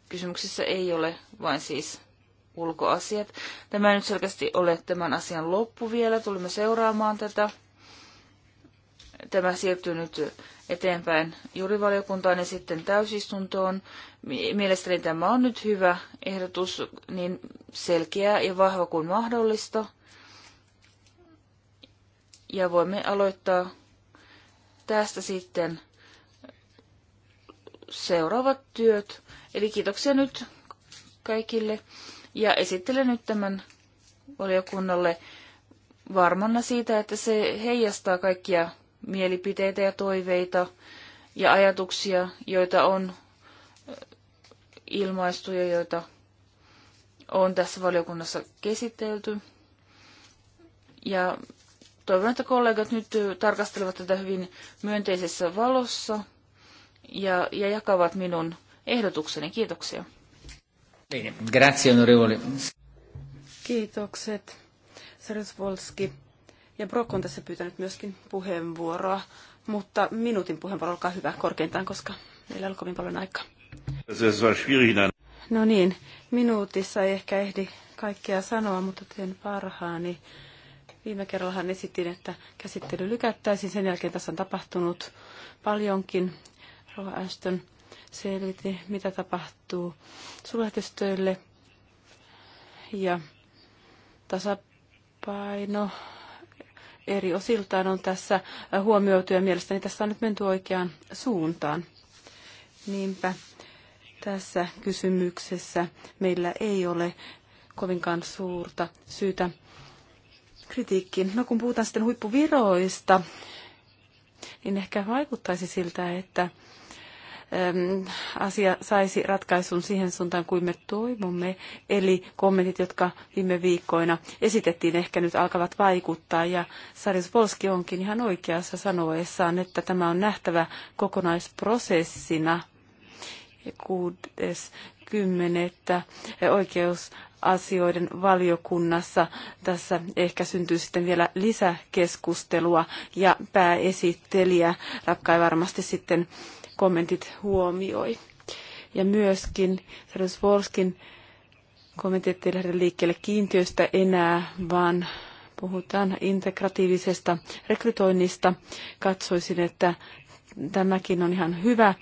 kysymyksessä ei ole vain siis ulkoasiat. Tämä ei nyt selkeästi ole tämän asian loppu vielä. Tulemme seuraamaan tätä. Tämä siirtyy nyt eteenpäin juurivaliokuntaan ja sitten täysistuntoon. Mielestäni tämä on nyt hyvä ehdotus, niin selkeä ja vahva kuin mahdollista. Ja voimme aloittaa tästä sitten seuraavat työt. Eli kiitoksia nyt kaikille ja esittelen nyt tämän valiokunnalle varmana siitä, että se heijastaa kaikkia mielipiteitä ja toiveita ja ajatuksia, joita on ilmaistu ja joita on tässä valiokunnassa käsitelty. Ja toivon, että kollegat nyt tarkastelevat tätä hyvin myönteisessä valossa ja, ja jakavat minun ehdotukseni. Kiitoksia. Bene, grazie onorevole. Kiitokset, Ja Brock on tässä pyytänyt myöskin puheenvuoroa, mutta minuutin puheenvuoro, olkaa hyvä korkeintaan, koska meillä on kovin paljon aikaa. No niin, minuutissa ei ehkä ehdi kaikkea sanoa, mutta teen parhaani. Viime kerrallahan esitin, että käsittely lykättäisiin. Sen jälkeen tässä on tapahtunut paljonkin. Rova Ashton selvitti, mitä tapahtuu suljetystöille ja tasapaino eri osiltaan on tässä huomioitu ja mielestäni tässä on nyt menty oikeaan suuntaan. Niinpä tässä kysymyksessä meillä ei ole kovinkaan suurta syytä kritiikkiin. No kun puhutaan sitten huippuviroista, niin ehkä vaikuttaisi siltä, että asia saisi ratkaisun siihen suuntaan kuin me toivomme. Eli kommentit, jotka viime viikkoina esitettiin, ehkä nyt alkavat vaikuttaa. Ja Saris Polski onkin ihan oikeassa sanoessaan, että tämä on nähtävä kokonaisprosessina kuudes kymmenettä oikeus asioiden valiokunnassa. Tässä ehkä syntyy sitten vielä lisäkeskustelua ja pääesittelijä Rakkai varmasti sitten kommentit huomioi. Ja myöskin Sarasvorskin kommentti, ettei lähde liikkeelle kiintiöstä enää, vaan puhutaan integratiivisesta rekrytoinnista. Katsoisin, että tämäkin on ihan hyvä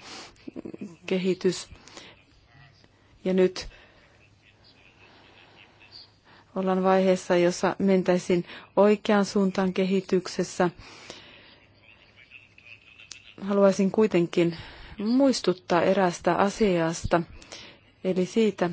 kehitys. Ja nyt ollaan vaiheessa, jossa mentäisin oikeaan suuntaan kehityksessä haluaisin kuitenkin muistuttaa eräästä asiasta, eli siitä,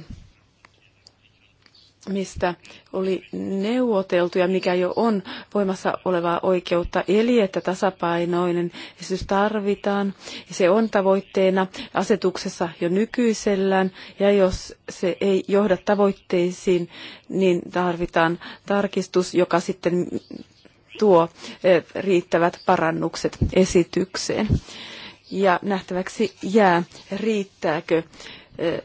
mistä oli neuvoteltu ja mikä jo on voimassa olevaa oikeutta, eli että tasapainoinen esitys tarvitaan. ja Se on tavoitteena asetuksessa jo nykyisellään, ja jos se ei johda tavoitteisiin, niin tarvitaan tarkistus, joka sitten tuo eh, riittävät parannukset esitykseen. Ja nähtäväksi jää, riittääkö eh,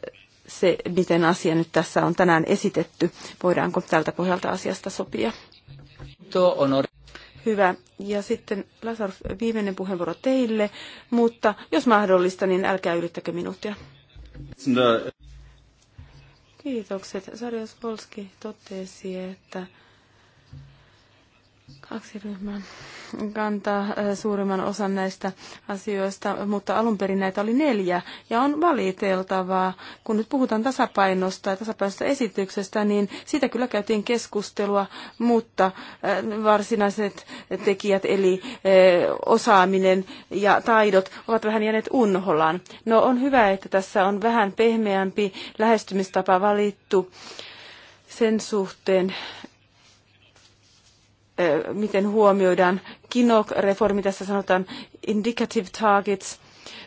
se, miten asia nyt tässä on tänään esitetty. Voidaanko tältä pohjalta asiasta sopia? Hyvä. Ja sitten Lasar, viimeinen puheenvuoro teille, mutta jos mahdollista, niin älkää ylittäkö minuuttia. No. Kiitokset. Sarja Polski totesi, että Kaksi ryhmää kantaa äh, suurimman osan näistä asioista, mutta alun perin näitä oli neljä. Ja on valiteltavaa, kun nyt puhutaan tasapainosta ja tasapainosta esityksestä, niin siitä kyllä käytiin keskustelua, mutta äh, varsinaiset tekijät eli äh, osaaminen ja taidot ovat vähän jääneet unholaan. No on hyvä, että tässä on vähän pehmeämpi lähestymistapa valittu sen suhteen, miten huomioidaan KINOK-reformi, tässä sanotaan indicative targets,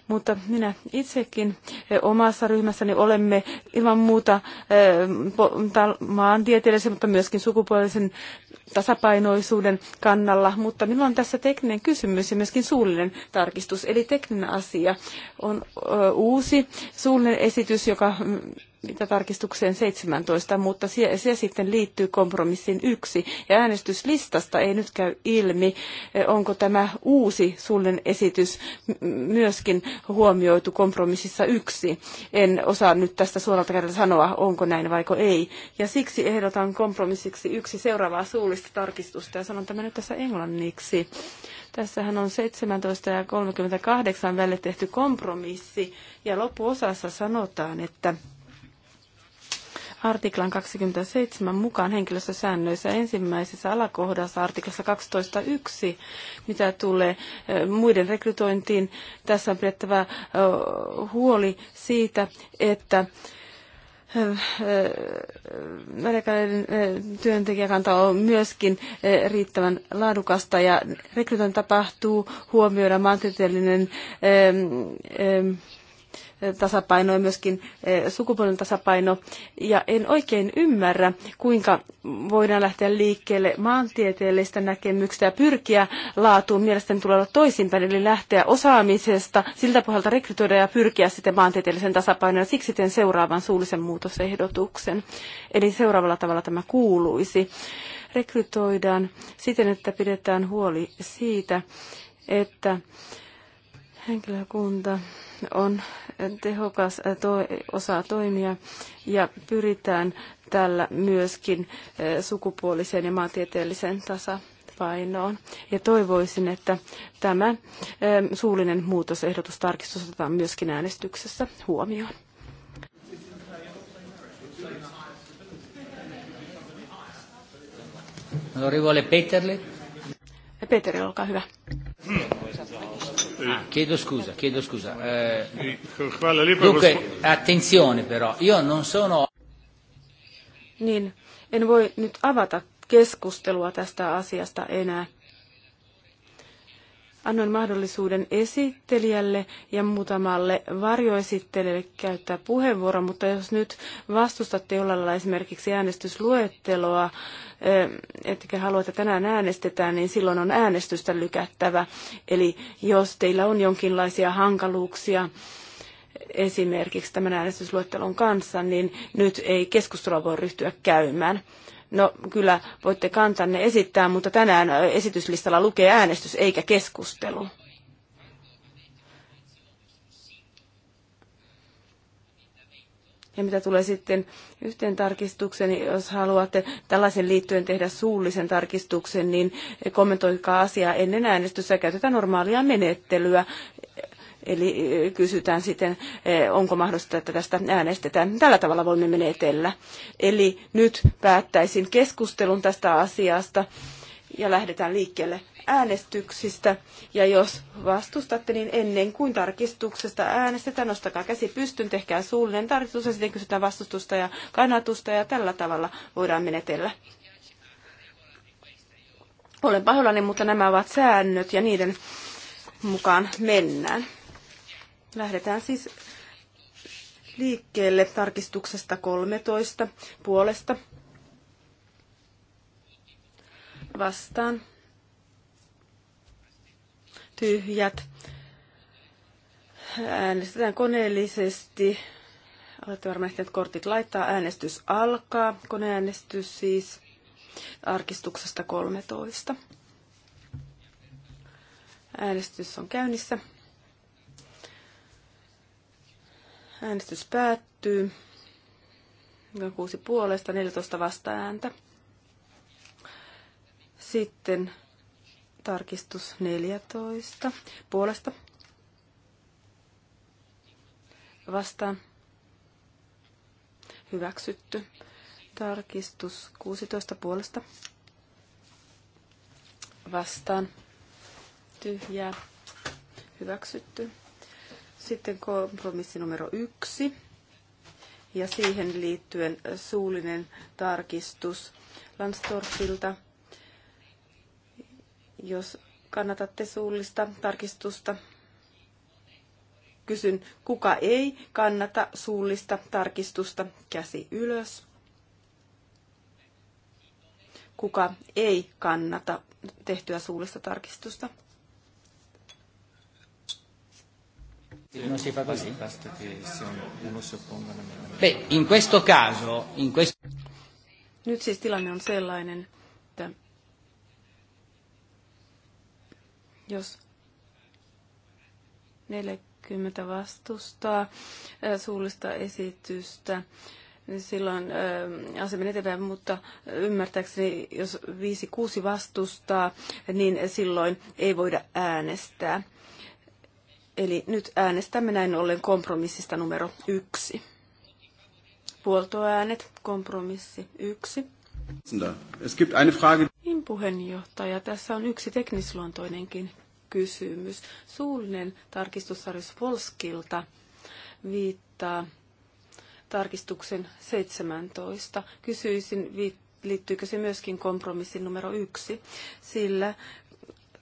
mutta minä itsekin omassa ryhmässäni olemme ilman muuta maantieteellisen, mutta myöskin sukupuolisen tasapainoisuuden kannalla. Mutta minulla on tässä tekninen kysymys ja myöskin suullinen tarkistus, eli tekninen asia on uusi suullinen esitys, joka mm, mitä tarkistukseen 17, mutta se, se sitten liittyy kompromissin yksi. Ja äänestyslistasta ei nyt käy ilmi, e, onko tämä uusi sullen esitys myöskin huomioitu kompromississa yksi. En osaa nyt tästä suoralta kertaa sanoa, onko näin vaiko ei. Ja siksi ehdotan kompromissiksi yksi seuraavaa suullista tarkistusta, ja sanon tämä nyt tässä englanniksi. Tässähän on 17 ja 38 välillä tehty kompromissi, ja loppuosassa sanotaan, että artiklan 27 mukaan henkilöstösäännöissä ensimmäisessä alakohdassa artiklassa 12.1, mitä tulee muiden rekrytointiin. Tässä on pidettävä huoli siitä, että Välikäinen työntekijäkanta on myöskin riittävän laadukasta ja rekrytointi tapahtuu huomioida maantieteellinen tasapaino ja myöskin e, sukupuolen tasapaino. Ja en oikein ymmärrä, kuinka voidaan lähteä liikkeelle maantieteellistä näkemyksistä ja pyrkiä laatuun. Mielestäni tulee olla toisinpäin, eli lähteä osaamisesta, siltä pohjalta rekrytoida ja pyrkiä sitten maantieteellisen tasapainoon. Siksi teen seuraavan suullisen muutosehdotuksen. Eli seuraavalla tavalla tämä kuuluisi. Rekrytoidaan siten, että pidetään huoli siitä, että henkilökunta on tehokas to- osa toimia ja pyritään tällä myöskin sukupuoliseen ja maantieteelliseen tasapainoon. Ja toivoisin, että tämä suullinen muutosehdotus tarkistus otetaan myöskin äänestyksessä huomioon. Onorevole Peteri, olkaa hyvä. Hmm. Ah, chiedo scusa, chiedo scusa. Eh, dunque, attenzione però, io non sono... Niin, en voi nyt avata keskustelua tästä asiasta enää annoin mahdollisuuden esittelijälle ja muutamalle varjoesittelijälle käyttää puheenvuoro, mutta jos nyt vastustatte jollain lailla esimerkiksi äänestysluetteloa, eh, ettekä halua, että tänään äänestetään, niin silloin on äänestystä lykättävä. Eli jos teillä on jonkinlaisia hankaluuksia, esimerkiksi tämän äänestysluettelon kanssa, niin nyt ei keskustelua voi ryhtyä käymään. No kyllä voitte kantanne esittää, mutta tänään esityslistalla lukee äänestys eikä keskustelu. Ja mitä tulee sitten yhteen tarkistukseen, niin jos haluatte tällaisen liittyen tehdä suullisen tarkistuksen, niin kommentoikaa asiaa ennen äänestystä. Käytetään normaalia menettelyä, Eli kysytään sitten, onko mahdollista, että tästä äänestetään. Tällä tavalla voimme menetellä. Eli nyt päättäisin keskustelun tästä asiasta ja lähdetään liikkeelle äänestyksistä. Ja jos vastustatte, niin ennen kuin tarkistuksesta äänestetään, nostakaa käsi pystyn, tehkää suullinen tarkistus ja sitten kysytään vastustusta ja kannatusta ja tällä tavalla voidaan menetellä. Olen pahoillani, mutta nämä ovat säännöt ja niiden mukaan mennään. Lähdetään siis liikkeelle tarkistuksesta 13 puolesta vastaan. Tyhjät. Äänestetään koneellisesti. Olette varmaan ehtineet kortit laittaa. Äänestys alkaa. Koneäänestys siis arkistuksesta 13. Äänestys on käynnissä. Äänestys päättyy. 6 puolesta, 14 ääntä. Sitten tarkistus 14 puolesta. Vastaan. Hyväksytty. Tarkistus 16 puolesta. Vastaan. Tyhjää. Hyväksytty. Sitten kompromissi numero yksi ja siihen liittyen suullinen tarkistus Lansdorfilta. Jos kannatatte suullista tarkistusta, kysyn, kuka ei kannata suullista tarkistusta, käsi ylös. Kuka ei kannata tehtyä suullista tarkistusta? Non si fa così? Basta che uno si opponga alla mia domanda. Beh, in questo caso, in questo... Nyt siis tilanne on sellainen, että jos 40 vastustaa suullista esitystä, niin silloin asia menetetään, mutta ymmärtääkseni, jos 5-6 vastustaa, niin silloin ei voida äänestää. Eli nyt äänestämme näin ollen kompromissista numero yksi. Puoltoäänet, kompromissi yksi. Es gibt eine Frage. Niin, puheenjohtaja, tässä on yksi teknisluontoinenkin kysymys. Suullinen tarkistussarjus Volskilta viittaa tarkistuksen 17. Kysyisin, liittyykö se myöskin kompromissin numero yksi, sillä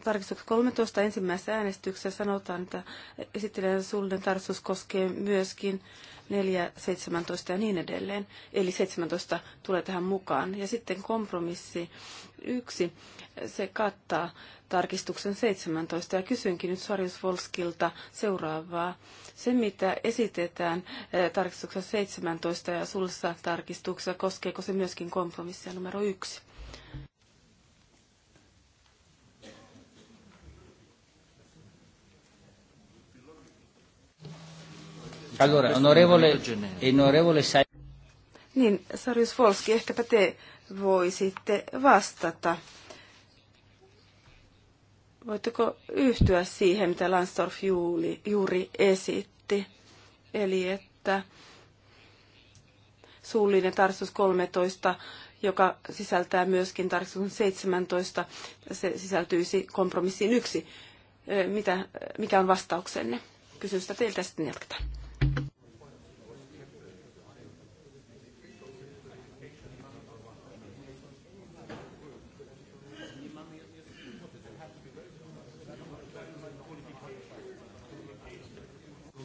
tarkistuksessa 13 ensimmäisessä äänestyksessä sanotaan, että esittelijän suullinen tarkistus koskee myöskin 4, 17 ja niin edelleen. Eli 17 tulee tähän mukaan. Ja sitten kompromissi 1, se kattaa tarkistuksen 17. Ja kysynkin nyt Sarius Volskilta seuraavaa. Se, mitä esitetään eh, tarkistuksessa 17 ja sulissa tarkistuksessa, koskeeko se myöskin kompromissia numero 1? Allora, onorevole, onorevole Sai... Niin, Sarius Volski, ehkäpä te voisitte vastata. Voitteko yhtyä siihen, mitä Lansdorf juuri, juuri esitti? Eli että suullinen tarkistus 13, joka sisältää myöskin tarkistus 17, se sisältyisi kompromissiin yksi. Mitä, mikä on vastauksenne? Kysyn sitä teiltä sitten jatketaan.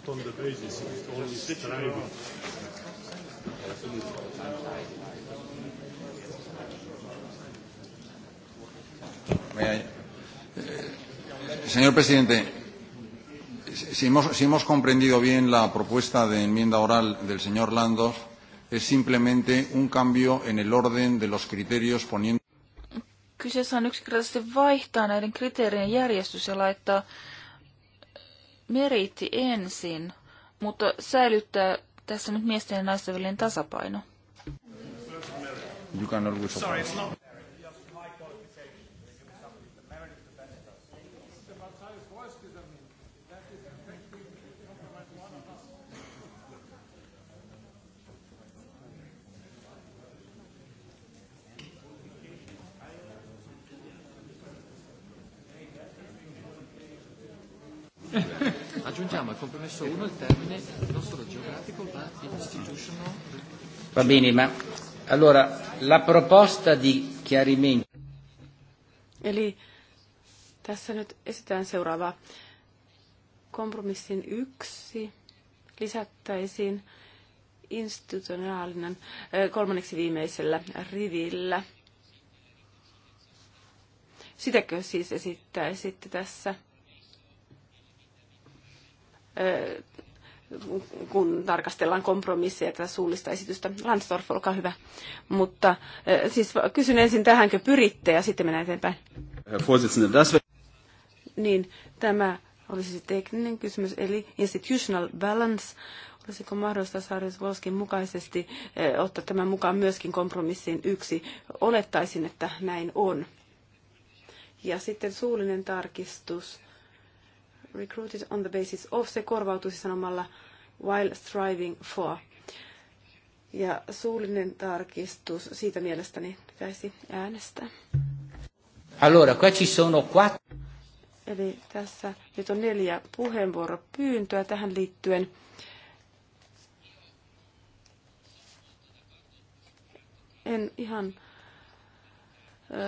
not on the basis of only striving. Eh, señor presidente, si hemos, si hemos comprendido bien la propuesta de enmienda oral del señor Landos, es simplemente un cambio en el orden de los criterios poniendo. Kyseessä on yksinkertaisesti vaihtaa näiden kriteerien järjestys ja laittaa meriitti ensin, mutta säilyttää tässä nyt miesten ja naisten välinen tasapaino. You Sorry, it's not... aggiungiamo al compromesso 1 il termine non solo geografico ma institutional. Va bene, ma allora la proposta di chiarimento. Eli tässä nyt esitetään seuraava Kompromissin yksi lisättäisiin institutionaalinen kolmanneksi viimeisellä rivillä. Sitäkö siis esittäisitte tässä? kun tarkastellaan kompromisseja tätä suullista esitystä. Lansdorf, olkaa hyvä. Mutta siis kysyn ensin tähänkö pyritte ja sitten mennään eteenpäin. Niin, tämä olisi se tekninen kysymys, eli institutional balance. Olisiko mahdollista Saarius-Volskin mukaisesti ottaa tämän mukaan myöskin kompromissiin yksi? Olettaisin, että näin on. Ja sitten suullinen tarkistus recruited on the basis of, se korvautuisi sanomalla while striving for. Ja suullinen tarkistus, siitä mielestäni pitäisi äänestää. Allora, qua ci sono quattro. Eli tässä nyt on neljä puheenvuoropyyntöä tähän liittyen. En ihan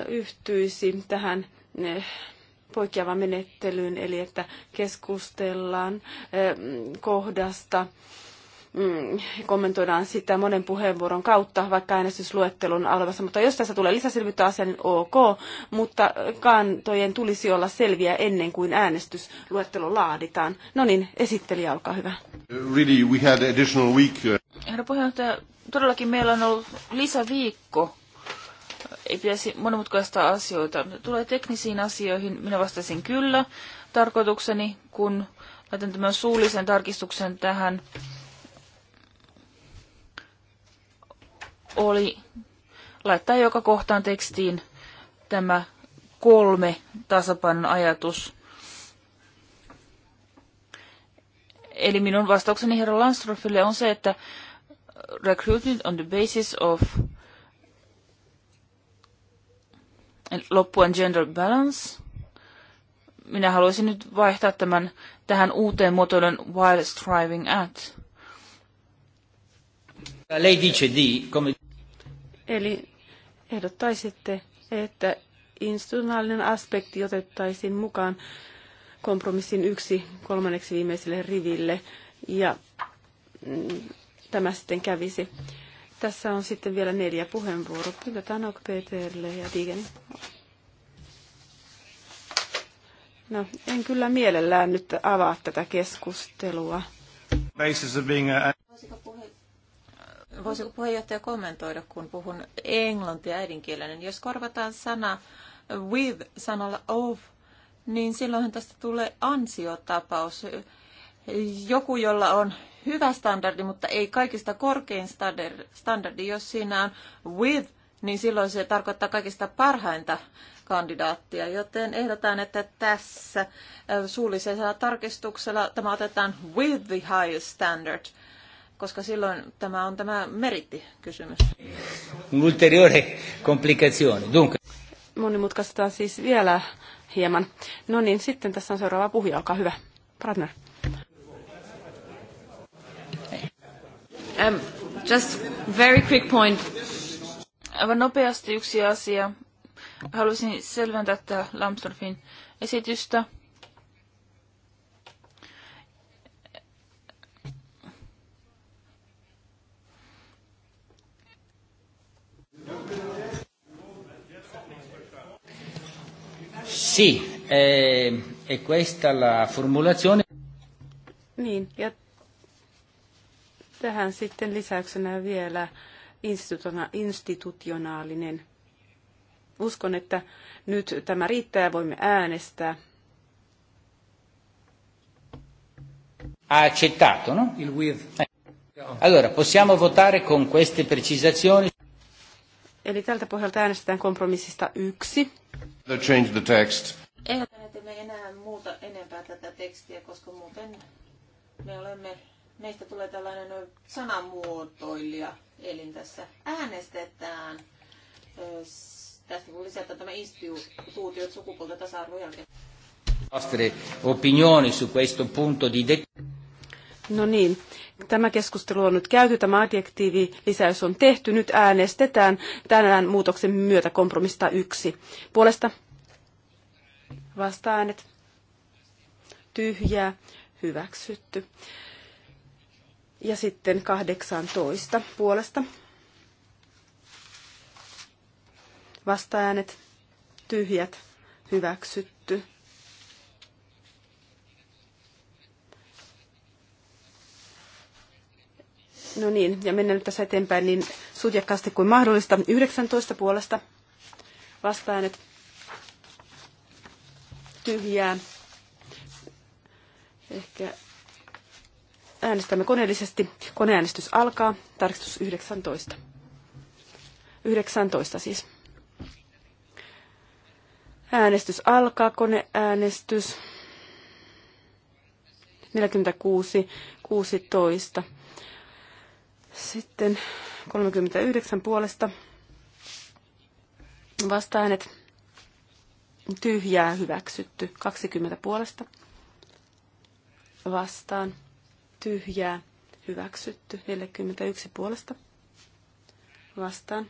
yhtyisi tähän eh, poikkeava menettelyyn, eli että keskustellaan eh, kohdasta, mm, kommentoidaan sitä monen puheenvuoron kautta, vaikka äänestysluettelun alvassa. Mutta jos tässä tulee lisäselvyyttä asiaan, niin ok, mutta kantojen tulisi olla selviä ennen kuin äänestysluettelo laaditaan. No niin, esittelijä, olkaa hyvä. Really, we had additional week. Eh. Herra puheenjohtaja, todellakin meillä on ollut lisäviikko ei pitäisi monimutkaistaa asioita. Tulee teknisiin asioihin, minä vastasin kyllä. Tarkoitukseni, kun laitan tämän suullisen tarkistuksen tähän, oli laittaa joka kohtaan tekstiin tämä kolme tasapainon ajatus. Eli minun vastaukseni herra Landstroffille on se, että recruitment on the basis of loppuen gender balance. Minä haluaisin nyt vaihtaa tämän tähän uuteen muotoilun while striving at. Lei dice di, come... Eli ehdottaisitte, että institutionaalinen aspekti otettaisiin mukaan kompromissin yksi kolmanneksi viimeiselle riville ja mm, tämä sitten kävisi tässä on sitten vielä neljä puheenvuoropyyntöä Tanok, Peterille ja Digeni. No, en kyllä mielellään nyt avaa tätä keskustelua. Voisiko puheenjohtaja kommentoida, kun puhun englantia äidinkielinen? Jos korvataan sana with sanalla of, niin silloinhan tästä tulee ansiotapaus joku, jolla on hyvä standardi, mutta ei kaikista korkein standardi. Jos siinä on with, niin silloin se tarkoittaa kaikista parhainta kandidaattia, joten ehdotan, että tässä suullisella tarkistuksella tämä otetaan with the highest standard, koska silloin tämä on tämä merittikysymys. Ulteriore complicazione. Dunque. Monimutkaistetaan siis vielä hieman. No niin, sitten tässä on seuraava puhuja, olkaa hyvä. Partner. Um, just very quick point. Aivan nopeasti yksi asia. Haluaisin selventää tätä Lambsdorffin esitystä. Sì, eh, è questa la formulazione. Niin, ja Tähän sitten lisäyksenä vielä institutionaalinen. Uskon, että nyt tämä riittää ja voimme äänestää. Ha accettato, no? Il with. Allora, possiamo votare con queste precisazioni. Eli tältä pohjalta äänestetään kompromissista yksi. Change the text. Ehdotan, että me enää muuta enempää tätä tekstiä, koska muuten me olemme meistä tulee tällainen sanamuotoilija elin tässä. Äänestetään tästä, kun lisätään tämä instituutio sukupuolta tasa arvo jälkeen. opinioni su questo punto di No niin, tämä keskustelu on nyt käyty, tämä adjektiivi lisäys on tehty, nyt äänestetään tänään muutoksen myötä kompromista yksi. Puolesta vasta-äänet, tyhjää, hyväksytty. Ja sitten 18 puolesta. Vastaäänet tyhjät hyväksytty. No niin, ja mennään nyt tässä eteenpäin niin sutjakkaasti kuin mahdollista. 19 puolesta vastaäänet tyhjää. Ehkä äänestämme koneellisesti. Koneäänestys alkaa. Tarkistus 19. 19 siis. Äänestys alkaa. Koneäänestys. 46, 16. Sitten 39 puolesta. Vastaäänet. tyhjää hyväksytty. 20 puolesta vastaan tyhjää, hyväksytty. 41 puolesta vastaan,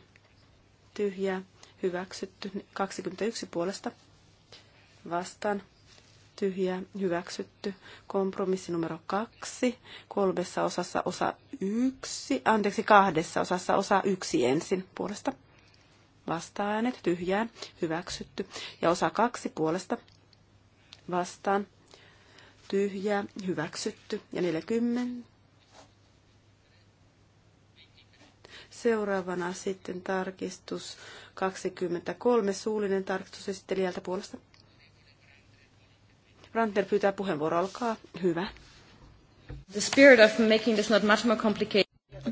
tyhjää, hyväksytty. 21 puolesta vastaan, tyhjää, hyväksytty. Kompromissi numero kaksi, kolmessa osassa osa yksi, anteeksi kahdessa osassa osa yksi ensin puolesta. vastaan, tyhjää, hyväksytty. Ja osa kaksi puolesta vastaan, tyhjä hyväksytty. Ja 40. Seuraavana sitten tarkistus 23, suullinen tarkistus esittelijältä puolesta. Ranter pyytää puheenvuoro, olkaa hyvä. The spirit of making this not much more complicated.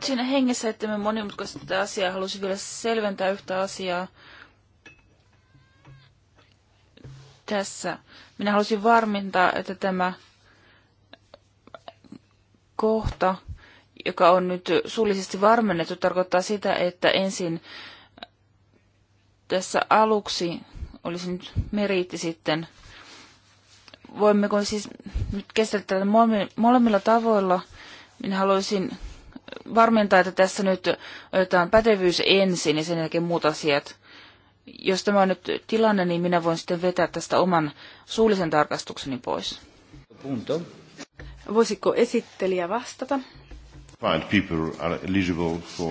Siinä hengessä, että me monimutkaista tätä asiaa, halusin vielä selventää yhtä asiaa tässä. Minä halusin varmintaa, että tämä kohta, joka on nyt suullisesti varmennettu, tarkoittaa sitä, että ensin tässä aluksi olisi nyt meriitti sitten. Voimmeko siis nyt kestää tällä molemmilla tavoilla? Minä haluaisin varmentaa, että tässä nyt otetaan pätevyys ensin ja sen jälkeen muut asiat. Jos tämä on nyt tilanne, niin minä voin sitten vetää tästä oman suullisen tarkastukseni pois. Punto. Voisiko esittelijä vastata? For...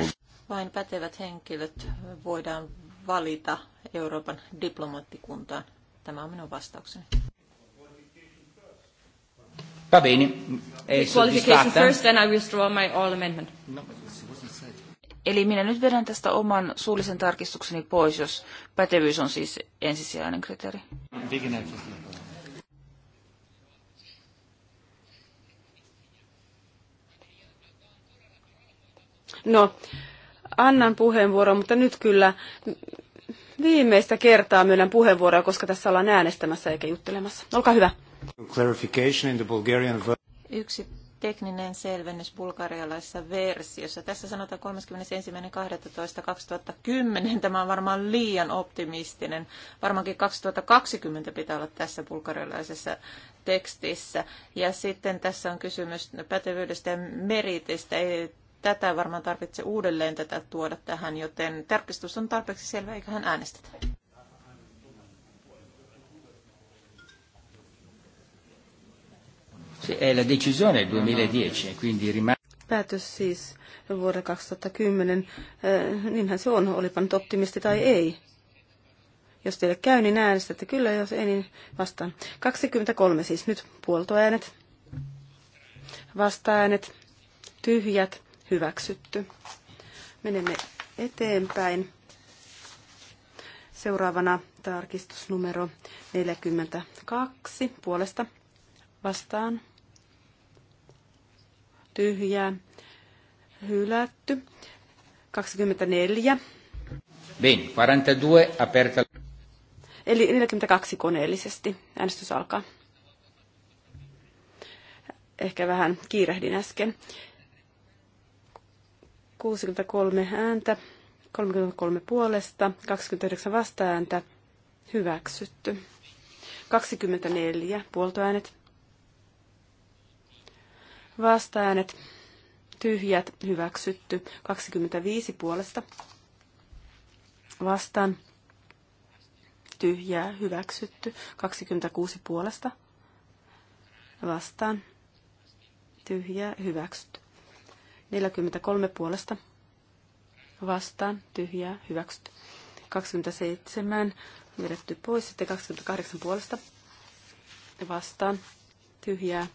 Vain pätevät henkilöt voidaan valita Euroopan diplomaattikuntaan. Tämä on minun vastaukseni. Va bene. Eh, Qualification first, then I withdraw my all amendment. No, Eli minä nyt vedän tästä oman suullisen tarkistukseni pois, jos pätevyys on siis ensisijainen kriteeri. Big enough. No, annan puheenvuoron, mutta nyt kyllä viimeistä kertaa myönnän puheenvuoroa, koska tässä ollaan äänestämässä eikä juttelemassa. Olkaa hyvä. Yksi tekninen selvennys bulgarialaisessa versiossa. Tässä sanotaan 31.12.2010. Tämä on varmaan liian optimistinen. Varmaankin 2020 pitää olla tässä bulgarialaisessa tekstissä. Ja sitten tässä on kysymys pätevyydestä ja meritistä. Ei tätä varmaan tarvitse uudelleen tätä tuoda tähän, joten tarkistus on tarpeeksi selvä, eiköhän äänestetä. Päätös siis vuoden 2010, eh, niinhän se on, olipa nyt optimisti tai ei. Jos teille käy, niin äänestätte kyllä, jos ei, niin vastaan. 23 siis nyt puoltoäänet, vastaäänet, tyhjät, hyväksytty. Menemme eteenpäin. Seuraavana tarkistusnumero 42 puolesta vastaan. Tyhjää. Hylätty. 24. Bene, 42 aperta. Eli 42 koneellisesti. Äänestys alkaa. Ehkä vähän kiirehdin äsken. 63 ääntä, 33 puolesta, 29 vastaääntä, hyväksytty. 24 puoltoäänet, vastaäänet, tyhjät, hyväksytty. 25 puolesta, vastaan, tyhjää, hyväksytty. 26 puolesta, vastaan, tyhjää, hyväksytty. 43 puolesta vastaan, tyhjää, hyväksytty. 27 vedetty pois, sitten 28 puolesta vastaan, tyhjää,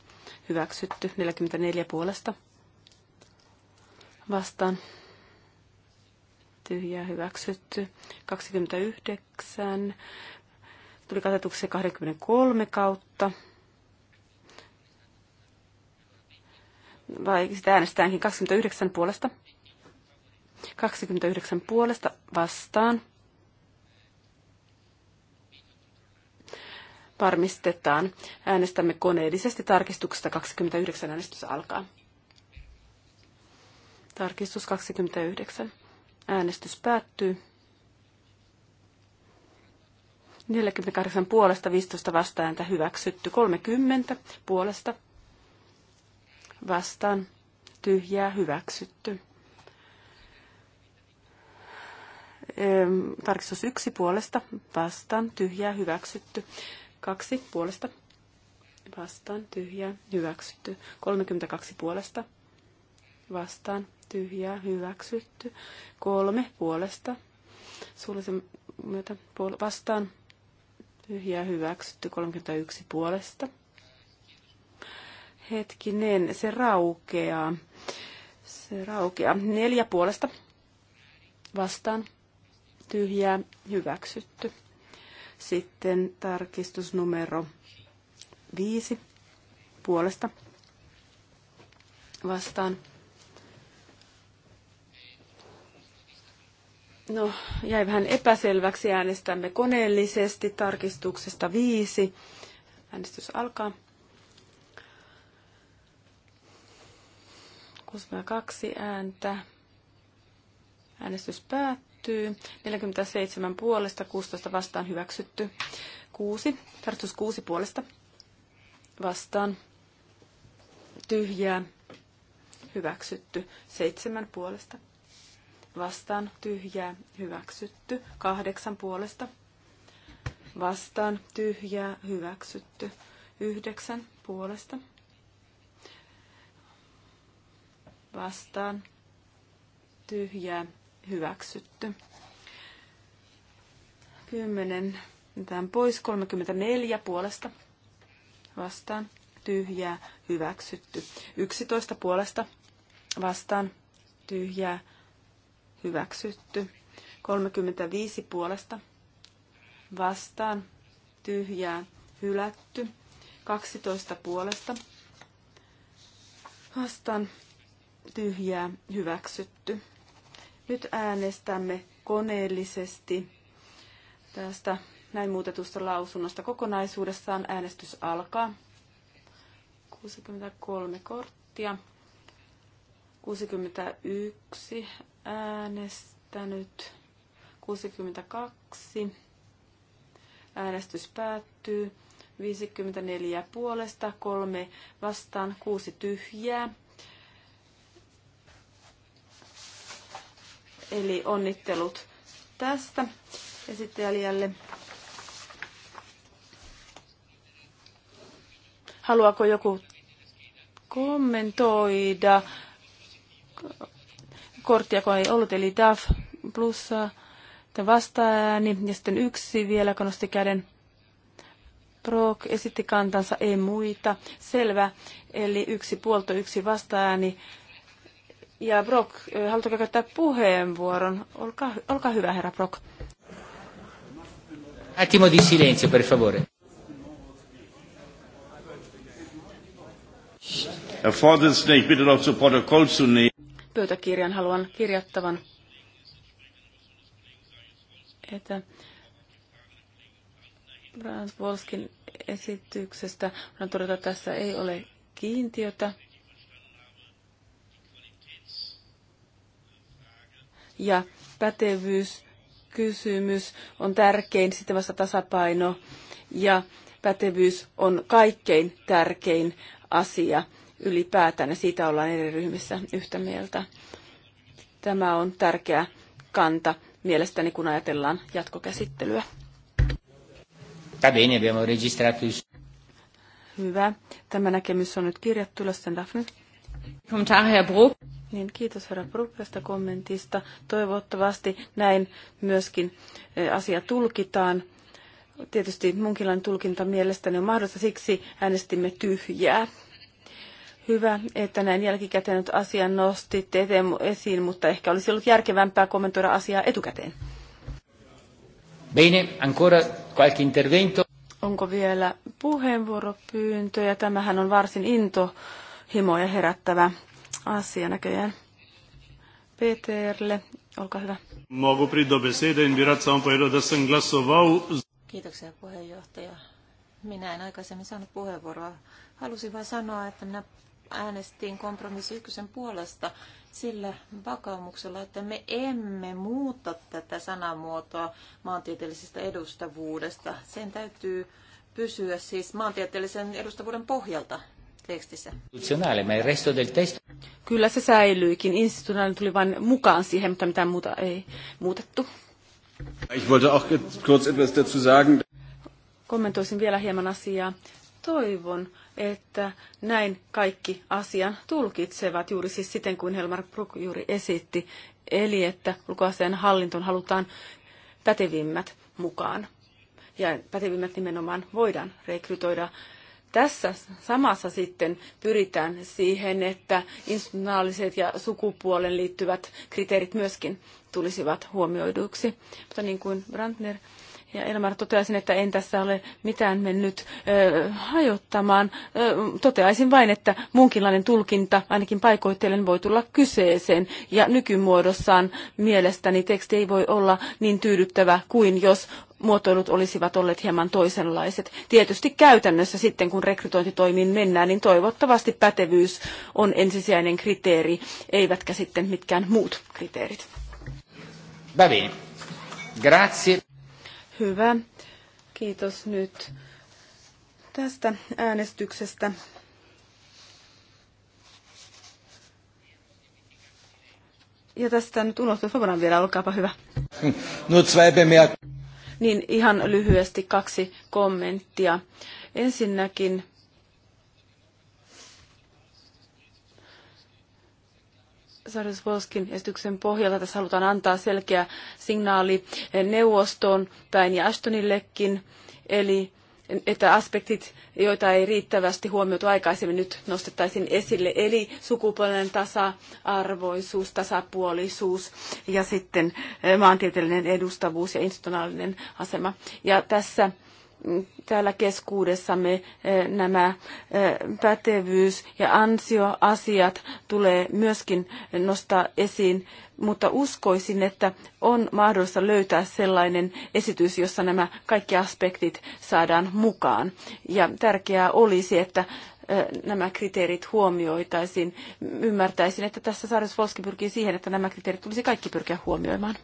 hyväksytty. 44 puolesta vastaan, tyhjää, hyväksytty. 29 tuli katetuksi 23 kautta. vai sitä äänestäänkin 29 puolesta. 29 puolesta vastaan. Varmistetaan. Äänestämme koneellisesti tarkistuksesta 29 äänestys alkaa. Tarkistus 29. Äänestys päättyy. 48 puolesta, 15 vastaääntä hyväksytty, 30 puolesta vastaan tyhjää hyväksytty. Tarkistus yksi puolesta vastaan tyhjää hyväksytty. Kaksi puolesta vastaan tyhjää hyväksytty. 32 puolesta vastaan tyhjää hyväksytty. Kolme puolesta suullisen myötä vastaan tyhjää hyväksytty. 31 puolesta Hetkinen, se raukeaa. Se raukeaa. Neljä puolesta vastaan. Tyhjää hyväksytty. Sitten tarkistusnumero viisi puolesta vastaan. No, jäi vähän epäselväksi. Äänestämme koneellisesti tarkistuksesta viisi. Äänestys alkaa. 62 ääntä. Äänestys päättyy. 47 puolesta, 16 vastaan hyväksytty. 6. Tarkoitus 6 puolesta. Vastaan. Tyhjää. Hyväksytty. 7 puolesta. Vastaan. Tyhjää. Hyväksytty. 8 puolesta. Vastaan. Tyhjää. Hyväksytty. 9 puolesta vastaan tyhjää hyväksytty. 10 tämän pois 34 puolesta vastaan tyhjää hyväksytty. 11 puolesta vastaan tyhjää hyväksytty. 35 puolesta vastaan tyhjää hylätty. 12 puolesta vastaan tyhjää hyväksytty. Nyt äänestämme koneellisesti tästä näin muutetusta lausunnosta. Kokonaisuudessaan äänestys alkaa. 63 korttia. 61 äänestänyt. 62. Äänestys päättyy. 54 puolesta, 3 vastaan, 6 tyhjää. Eli onnittelut tästä esittelijälle. Haluaako joku kommentoida? korttia, kun ei ollut, eli DAF plus vastaääni ja sitten yksi vielä, kun nosti käden. Brock esitti kantansa, ei muita. Selvä. Eli yksi puolto, yksi vastaääni ja Brock, haluatko käyttää puheenvuoron? Olkaa, olkaa hyvä, herra Brock. Attimo di silenzio, per favore. Herr Vorsitzender, bitte noch zu Protokoll zu nehmen. Pöytäkirjan haluan kirjattavan, että Brans Wolskin esityksestä on todeta, että tässä ei ole kiintiötä. ja pätevyyskysymys on tärkein, sitten vasta tasapaino ja pätevyys on kaikkein tärkein asia ylipäätään ja siitä ollaan eri ryhmissä yhtä mieltä. Tämä on tärkeä kanta mielestäni, kun ajatellaan jatkokäsittelyä. Hyvä. Tämä näkemys on nyt kirjattu ylös, Daphne. Kommentar, Herr Bruck. Niin, kiitos herra Brook kommentista. Toivottavasti näin myöskin eh, asia tulkitaan. Tietysti munkinlainen tulkinta mielestäni on mahdollista, siksi äänestimme tyhjää. Hyvä, että näin jälkikäteen nyt asian nostitte eteen, esiin, mutta ehkä olisi ollut järkevämpää kommentoida asiaa etukäteen. Bene, ancora qualche intervento. Onko vielä puheenvuoropyyntöjä? Tämähän on varsin intohimoja herättävä asia näköjään. Peterle, olkaa hyvä. Mogu priti besede in virat samo povedal, da sem Kiitoksia puheenjohtaja. Minä en aikaisemmin saanut puheenvuoroa. Halusin vain sanoa, että minä äänestin kompromissi ykkösen puolesta sillä vakaumuksella, että me emme muuta tätä sanamuotoa maantieteellisestä edustavuudesta. Sen täytyy pysyä siis maantieteellisen edustavuuden pohjalta tekstissä. Kyllä se säilyikin. Institutionaalinen tuli vain mukaan siihen, mutta mitään muuta ei muutettu. Ich wollte auch kurz etwas dazu sagen. Kommentoisin vielä hieman asiaa. Toivon, että näin kaikki asian tulkitsevat juuri siis siten kuin Helmar Bruck juuri esitti. Eli että ulkoasian hallintoon halutaan pätevimmät mukaan. Ja pätevimmät nimenomaan voidaan rekrytoida tässä samassa sitten pyritään siihen, että institutionaaliset ja sukupuolen liittyvät kriteerit myöskin tulisivat huomioiduiksi. Mutta niin kuin Brandner ja Elmar toteaisin, että en tässä ole mitään mennyt ö, hajottamaan. Ö, toteaisin vain, että muunkinlainen tulkinta ainakin paikoitellen voi tulla kyseeseen. Ja nykymuodossaan mielestäni teksti ei voi olla niin tyydyttävä kuin jos muotoilut olisivat olleet hieman toisenlaiset. Tietysti käytännössä sitten, kun rekrytointitoimiin mennään, niin toivottavasti pätevyys on ensisijainen kriteeri, eivätkä sitten mitkään muut kriteerit. Bene. Grazie. Hyvä. Kiitos nyt tästä äänestyksestä. Ja tästä nyt unohtunut kokonaan vielä, olkaapa hyvä. No zwei bemerkungen niin ihan lyhyesti kaksi kommenttia. Ensinnäkin Sarjus Volskin esityksen pohjalta tässä halutaan antaa selkeä signaali eh, neuvostoon päin ja Ashtonillekin, eli että aspektit, joita ei riittävästi huomioitu aikaisemmin, nyt nostettaisiin esille. Eli sukupuolen tasa-arvoisuus, tasapuolisuus ja sitten eh, maantieteellinen edustavuus ja institutionaalinen asema. Ja tässä täällä keskuudessamme eh, nämä eh, pätevyys- ja ansioasiat tulee myöskin nostaa esiin, mutta uskoisin, että on mahdollista löytää sellainen esitys, jossa nämä kaikki aspektit saadaan mukaan. Ja tärkeää olisi, että nämä kriteerit huomioitaisiin. Ymmärtäisin, että tässä Saaris Volski pyrkii siihen, että nämä kriteerit tulisi kaikki pyrkiä huomioimaan.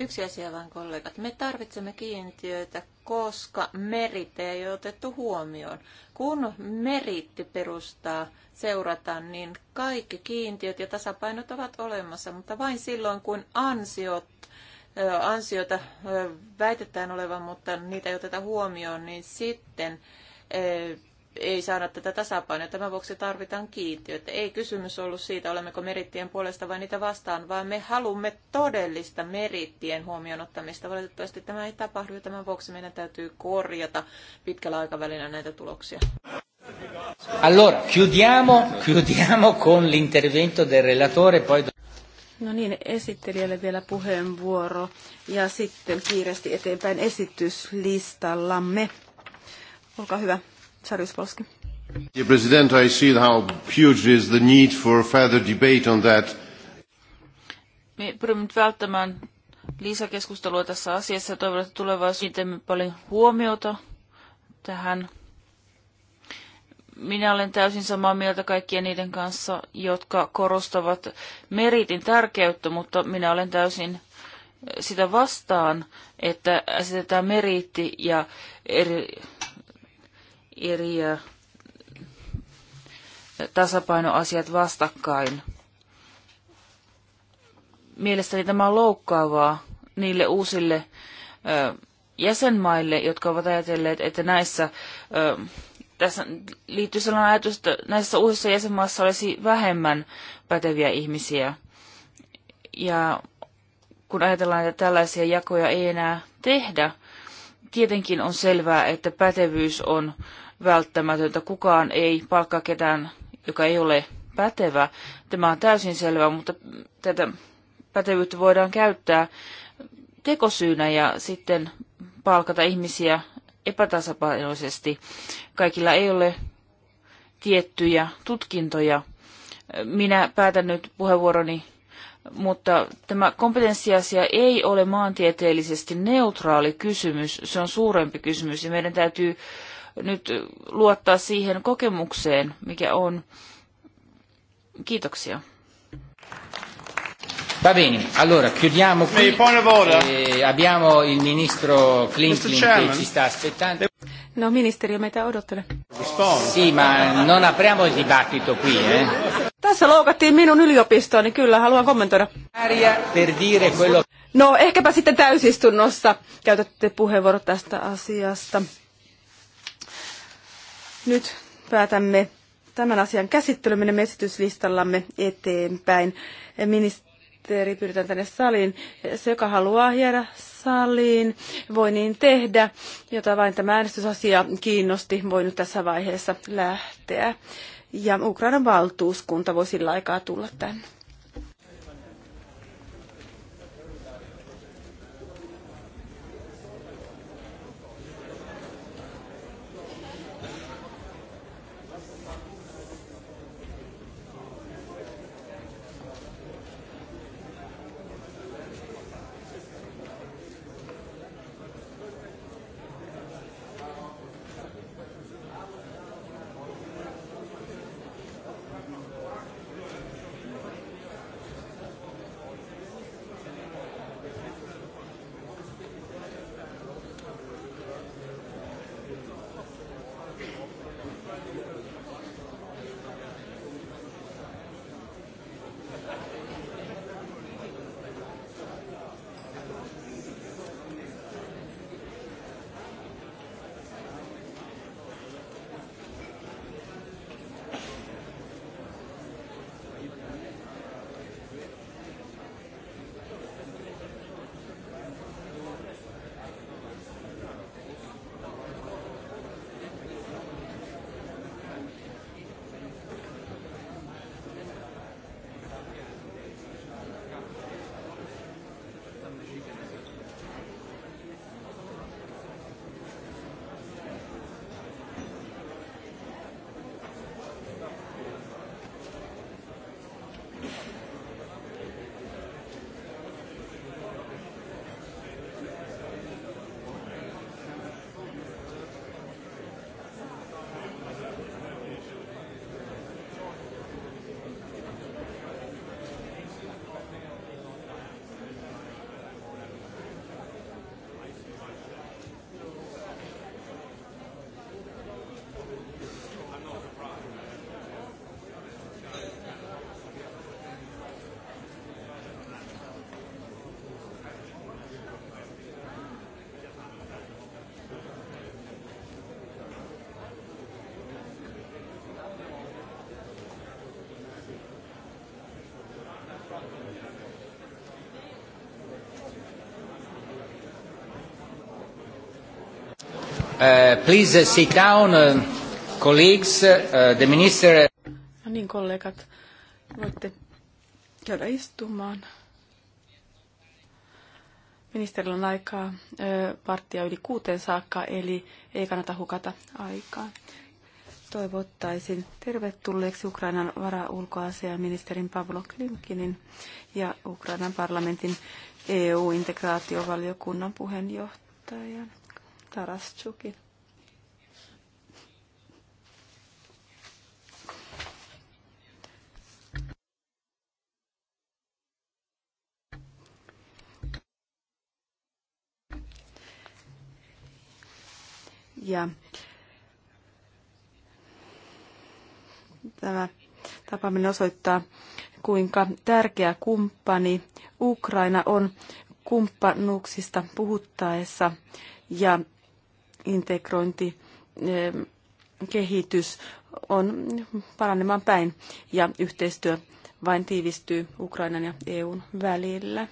Yksi asia vaan kollegat. Me tarvitsemme kiintiöitä, koska merit ei ole otettu huomioon. Kun meritti perustaa seurataan, niin kaikki kiintiöt ja tasapainot ovat olemassa, mutta vain silloin, kun ansiot ansiota väitetään olevan, mutta niitä ei oteta huomioon, niin sitten ei saada tätä tasapainoa. Tämän vuoksi tarvitaan Että Ei kysymys ollut siitä, olemmeko merittien puolesta vai niitä vastaan, vaan me haluamme todellista merittien huomioon ottamista. Valitettavasti tämä ei tapahdu ja tämän vuoksi meidän täytyy korjata pitkällä aikavälillä näitä tuloksia. Allora, chiudiamo, chiudiamo con l'intervento del relatore, poi... No niin, esittelijälle vielä puheenvuoro ja sitten kiireesti eteenpäin esityslistallamme. Olkaa hyvä, Sarius Polski. Dear President, I see how huge is the need for further debate on that. Me pyrimme nyt välttämään lisäkeskustelua tässä asiassa ja toivon, että tulevaisuudessa paljon huomiota tähän minä olen täysin samaa mieltä kaikkien niiden kanssa, jotka korostavat meritin tärkeyttä, mutta minä olen täysin sitä vastaan, että esitetään meriitti ja eri eri tasapainoasiat vastakkain. Mielestäni tämä on loukkaavaa niille uusille jäsenmaille, jotka ovat ajatelleet, että näissä, tässä liittyy sellainen ajatus, että näissä uusissa jäsenmaissa olisi vähemmän päteviä ihmisiä. Ja kun ajatellaan, että tällaisia jakoja ei enää tehdä, tietenkin on selvää, että pätevyys on välttämätöntä. Kukaan ei palkkaa ketään, joka ei ole pätevä. Tämä on täysin selvä, mutta tätä pätevyyttä voidaan käyttää tekosyynä ja sitten palkata ihmisiä epätasapainoisesti. Kaikilla ei ole tiettyjä tutkintoja. Minä päätän nyt puheenvuoroni, mutta tämä kompetenssiasia ei ole maantieteellisesti neutraali kysymys. Se on suurempi kysymys ja meidän täytyy nyt luottaa siihen kokemukseen, mikä on. Kiitoksia. Va bene, allora chiudiamo qui. Eh, abbiamo il ministro Clinton che ci sta aspettando. No, ministeri, meitä odottelee. Sì, ma non apriamo il dibattito qui, eh. Tässä loukattiin minun yliopistoani, kyllä, haluan kommentoida. per dire quello... No, ehkäpä sitten täysistunnossa käytätte puheenvuoro tästä asiasta. Nyt päätämme tämän asian käsittely. Menemme esityslistallamme eteenpäin. Ministeri pyritään tänne saliin. Se, joka haluaa jäädä saliin, voi niin tehdä, jota vain tämä äänestysasia kiinnosti, voi nyt tässä vaiheessa lähteä. Ja Ukrainan valtuuskunta voi sillä aikaa tulla tänne. Eh, please eh, sit down, eh, colleagues, the minister. No niin, kollegat, voitte käydä istumaan. Ministerillä on aikaa varttia yli kuuteen saakka, eli ei kannata hukata aikaa. Toivottaisin tervetulleeksi Ukrainan varaulkoasiaministerin Pavlo Klimkinin ja Ukrainan parlamentin EU-integraatiovaliokunnan puheenjohtajan. Taraschukin. Ja tämä tapaaminen osoittaa, kuinka tärkeä kumppani Ukraina on kumppanuuksista puhuttaessa ja integrointi, eh, kehitys on paranemaan päin ja yhteistyö vain tiivistyy Ukrainan ja EUn välillä.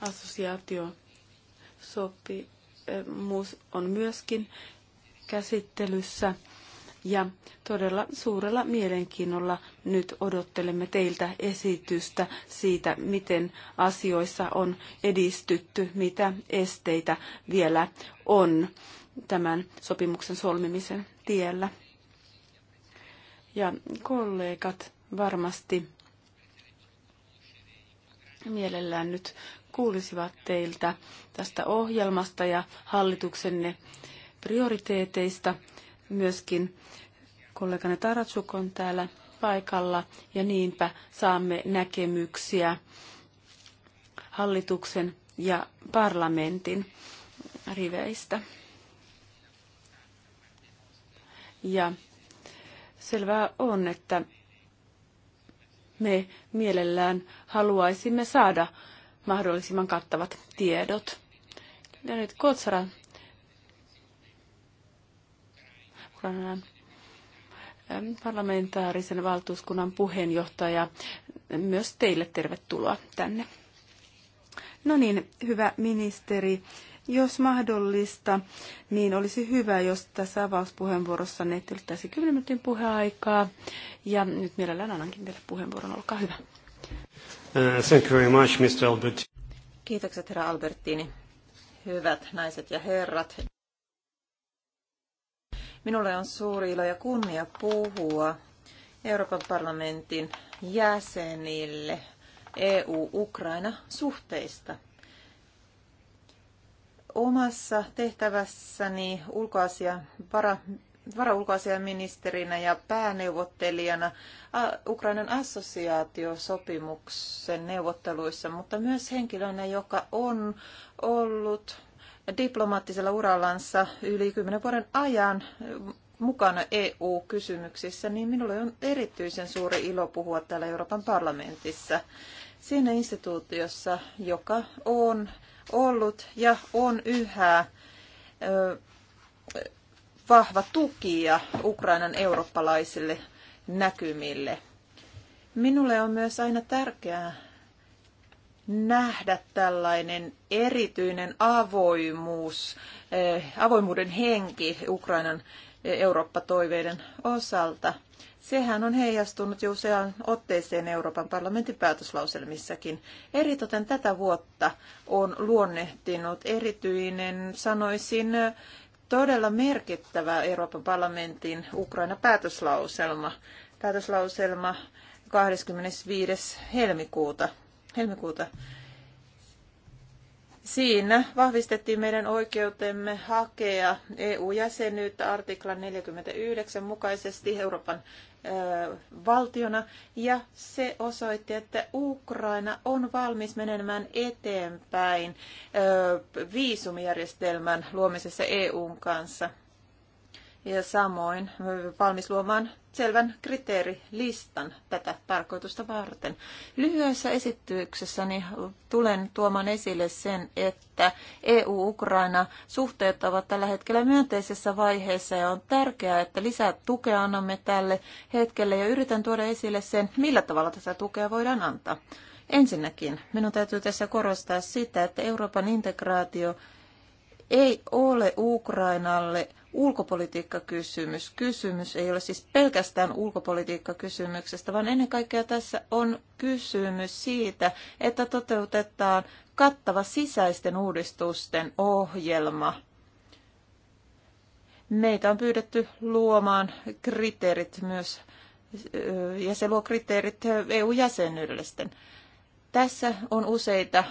Assosiaatiosopimus on myöskin käsittelyssä ja todella suurella mielenkiinnolla nyt odottelemme teiltä esitystä siitä, miten asioissa on edistytty, mitä esteitä vielä on tämän sopimuksen solmimisen tiellä. Ja kollegat varmasti mielellään nyt kuulisivat teiltä tästä ohjelmasta ja hallituksenne prioriteeteista myöskin kollegani Taratsuk on täällä paikalla ja niinpä saamme näkemyksiä hallituksen ja parlamentin riveistä. Ja selvää on, että me mielellään haluaisimme saada mahdollisimman kattavat tiedot. Ja nyt Kotsara mukana ähm, parlamentaarisen valtuuskunnan puheenjohtaja. Myös teille tervetuloa tänne. No niin, hyvä ministeri. Jos mahdollista, niin olisi hyvä, jos tässä avauspuheenvuorossa ne yltäisi 10 minuutin puheaikaa. Ja nyt mielellään annankin teille puheenvuoron. Olkaa hyvä. Uh, thank you very much, Mr. Albert. Kiitokset, herra Albertini. Hyvät naiset ja herrat. Minulle on suuri ilo ja kunnia puhua Euroopan parlamentin jäsenille EU-Ukraina-suhteista. Omassa tehtävässäni ulkoasia, vara, varaulkoasiaministerinä ja pääneuvottelijana Ukrainan assosiaatiosopimuksen neuvotteluissa, mutta myös henkilönä, joka on ollut diplomaattisella urallansa yli kymmenen vuoden ajan mukana EU-kysymyksissä, niin minulle on erityisen suuri ilo puhua täällä Euroopan parlamentissa. Siinä instituutiossa, joka on ollut ja on yhä vahva tukija Ukrainan eurooppalaisille näkymille. Minulle on myös aina tärkeää nähdä tällainen erityinen avoimuus, eh, avoimuuden henki Ukrainan eh, Eurooppa-toiveiden osalta. Sehän on heijastunut jo useaan otteeseen Euroopan parlamentin päätöslauselmissakin. Eritoten tätä vuotta on luonnehtinut erityinen, sanoisin, todella merkittävä Euroopan parlamentin Ukraina-päätöslauselma. Päätöslauselma 25. helmikuuta helmikuuta. Siinä vahvistettiin meidän oikeutemme hakea EU-jäsenyyttä artiklan 49 mukaisesti Euroopan ö, valtiona ja se osoitti, että Ukraina on valmis menemään eteenpäin ö, viisumijärjestelmän luomisessa EUn kanssa ja samoin valmis luomaan selvän kriteerilistan tätä tarkoitusta varten. Lyhyessä esityksessäni tulen tuomaan esille sen, että EU-Ukraina-suhteet ovat tällä hetkellä myönteisessä vaiheessa ja on tärkeää, että lisää tukea annamme tälle hetkelle ja yritän tuoda esille sen, millä tavalla tätä tukea voidaan antaa. Ensinnäkin minun täytyy tässä korostaa sitä, että Euroopan integraatio ei ole Ukrainalle ulkopolitiikkakysymys. Kysymys ei ole siis pelkästään ulkopolitiikkakysymyksestä, vaan ennen kaikkea tässä on kysymys siitä, että toteutetaan kattava sisäisten uudistusten ohjelma. Meitä on pyydetty luomaan kriteerit myös, ja se luo kriteerit EU-jäsenyydellisten. Tässä on useita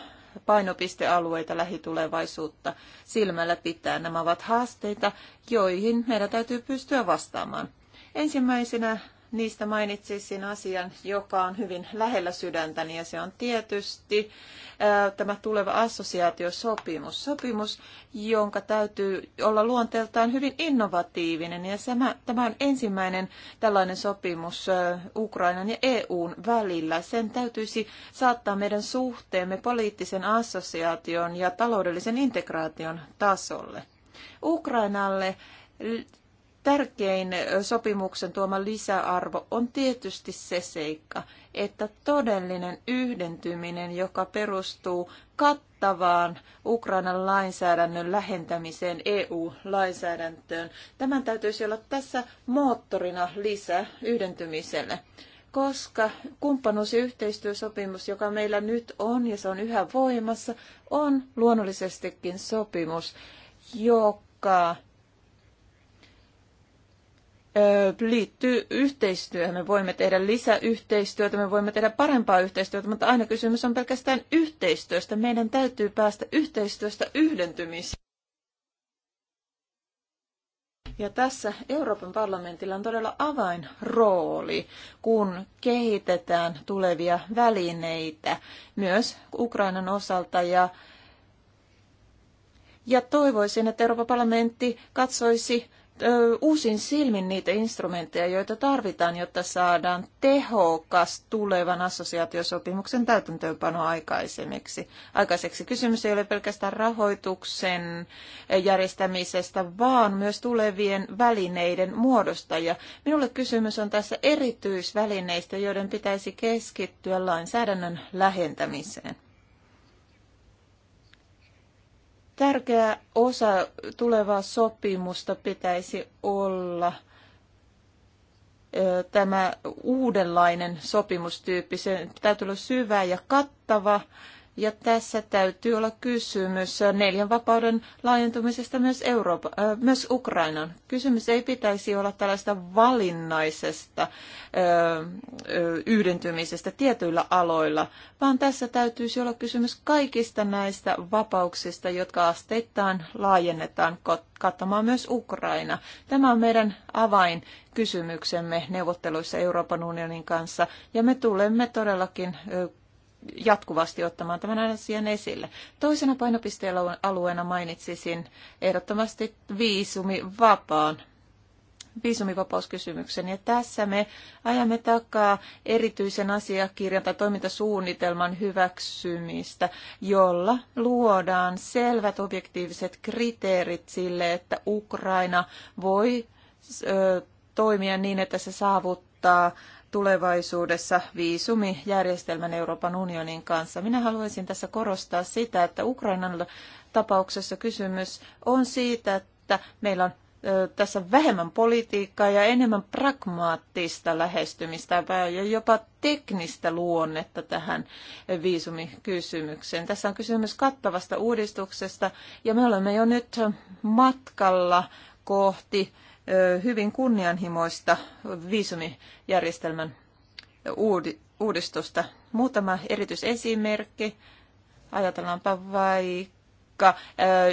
painopistealueita lähitulevaisuutta silmällä pitää. Nämä ovat haasteita, joihin meidän täytyy pystyä vastaamaan. Ensimmäisenä niistä mainitsisin asian, joka on hyvin lähellä sydäntäni, ja se on tietysti tämä tuleva assosiaatiosopimus. Sopimus, jonka täytyy olla luonteeltaan hyvin innovatiivinen, ja tämä on ensimmäinen tällainen sopimus Ukrainan ja EUn välillä. Sen täytyisi saattaa meidän suhteemme poliittisen assosiaation ja taloudellisen integraation tasolle. Ukrainalle tärkein sopimuksen tuoma lisäarvo on tietysti se seikka, että todellinen yhdentyminen, joka perustuu kattavaan Ukrainan lainsäädännön lähentämiseen EU-lainsäädäntöön, tämän täytyisi olla tässä moottorina lisä yhdentymiselle koska kumppanuus- ja yhteistyösopimus, joka meillä nyt on ja se on yhä voimassa, on luonnollisestikin sopimus, joka liittyy yhteistyöhön. Me voimme tehdä lisäyhteistyötä, me voimme tehdä parempaa yhteistyötä, mutta aina kysymys on pelkästään yhteistyöstä. Meidän täytyy päästä yhteistyöstä yhdentymiseen. Ja tässä Euroopan parlamentilla on todella avainrooli, kun kehitetään tulevia välineitä myös Ukrainan osalta ja ja toivoisin, että Euroopan parlamentti katsoisi uusin silmin niitä instrumentteja, joita tarvitaan, jotta saadaan tehokas tulevan assosiaatiosopimuksen täytäntöönpano aikaisemiksi. aikaiseksi. Kysymys ei ole pelkästään rahoituksen järjestämisestä, vaan myös tulevien välineiden muodosta. Ja minulle kysymys on tässä erityisvälineistä, joiden pitäisi keskittyä lainsäädännön lähentämiseen. Tärkeä osa tulevaa sopimusta pitäisi olla tämä uudenlainen sopimustyyppi. Se pitää tulla syvä ja kattava ja tässä täytyy olla kysymys neljän vapauden laajentumisesta myös, Euroopan, äh, myös Ukrainan. Kysymys ei pitäisi olla tällaista valinnaisesta äh, äh, yhdentymisestä tietyillä aloilla, vaan tässä täytyisi olla kysymys kaikista näistä vapauksista, jotka asteittain laajennetaan kattamaan myös Ukraina. Tämä on meidän avainkysymyksemme neuvotteluissa Euroopan unionin kanssa, ja me tulemme todellakin äh, jatkuvasti ottamaan tämän asian esille. Toisena alueena mainitsisin ehdottomasti viisumivapaan viisumivapauskysymyksen. Ja tässä me ajamme takaa erityisen asiakirjan tai toimintasuunnitelman hyväksymistä, jolla luodaan selvät objektiiviset kriteerit sille, että Ukraina voi ö, toimia niin, että se saavuttaa tulevaisuudessa viisumijärjestelmän Euroopan unionin kanssa. Minä haluaisin tässä korostaa sitä, että Ukrainan tapauksessa kysymys on siitä, että meillä on tässä vähemmän politiikkaa ja enemmän pragmaattista lähestymistä ja jopa teknistä luonnetta tähän viisumikysymykseen. Tässä on kysymys kattavasta uudistuksesta ja me olemme jo nyt matkalla kohti hyvin kunnianhimoista viisumijärjestelmän uudistusta. Muutama erityisesimerkki. Ajatellaanpa vaikka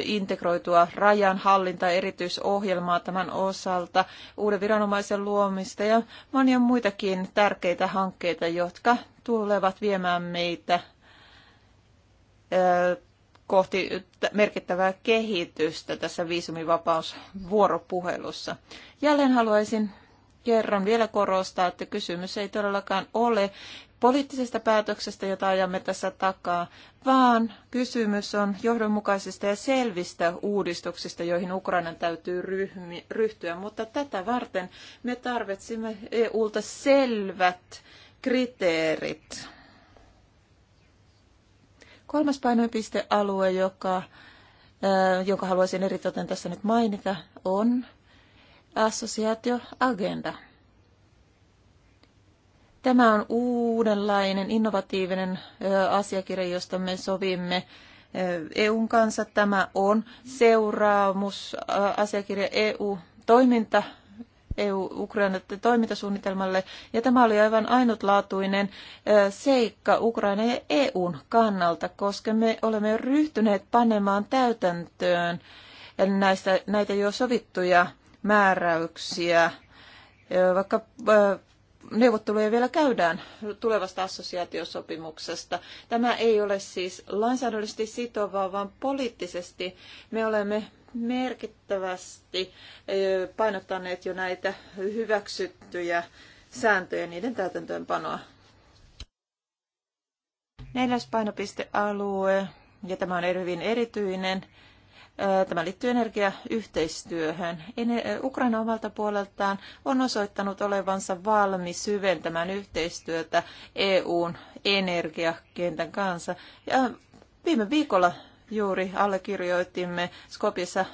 integroitua rajanhallinta erityisohjelmaa tämän osalta, uuden viranomaisen luomista ja monia muitakin tärkeitä hankkeita, jotka tulevat viemään meitä kohti merkittävää kehitystä tässä viisumivapausvuoropuhelussa. Jälleen haluaisin kerran vielä korostaa, että kysymys ei todellakaan ole poliittisesta päätöksestä, jota ajamme tässä takaa, vaan kysymys on johdonmukaisista ja selvistä uudistuksista, joihin Ukrainan täytyy ryhmi, ryhtyä. Mutta tätä varten me tarvitsemme EUlta selvät kriteerit Kolmas painopistealue, joka, äh, jonka haluaisin eritoten tässä nyt mainita, on agenda. Tämä on uudenlainen, innovatiivinen asiakirja, josta me sovimme EUn kanssa. Tämä on seuraamusasiakirja EU-toiminta EU-Ukrainan toimintasuunnitelmalle, ja tämä oli aivan ainutlaatuinen seikka Ukraina ja EUn kannalta, koska me olemme ryhtyneet panemaan täytäntöön näistä, näitä jo sovittuja määräyksiä, vaikka neuvotteluja vielä käydään tulevasta assosiaatiosopimuksesta. Tämä ei ole siis lainsäädännöllisesti sitovaa, vaan poliittisesti me olemme merkittävästi painottaneet jo näitä hyväksyttyjä sääntöjä niiden täytäntöönpanoa. Neljäs painopistealue, ja tämä on hyvin erityinen, Tämä liittyy energiayhteistyöhön. Ukraina omalta puoleltaan on osoittanut olevansa valmis syventämään yhteistyötä EUn energiakentän kanssa. Ja viime viikolla Juuri allekirjoitimme Skopissa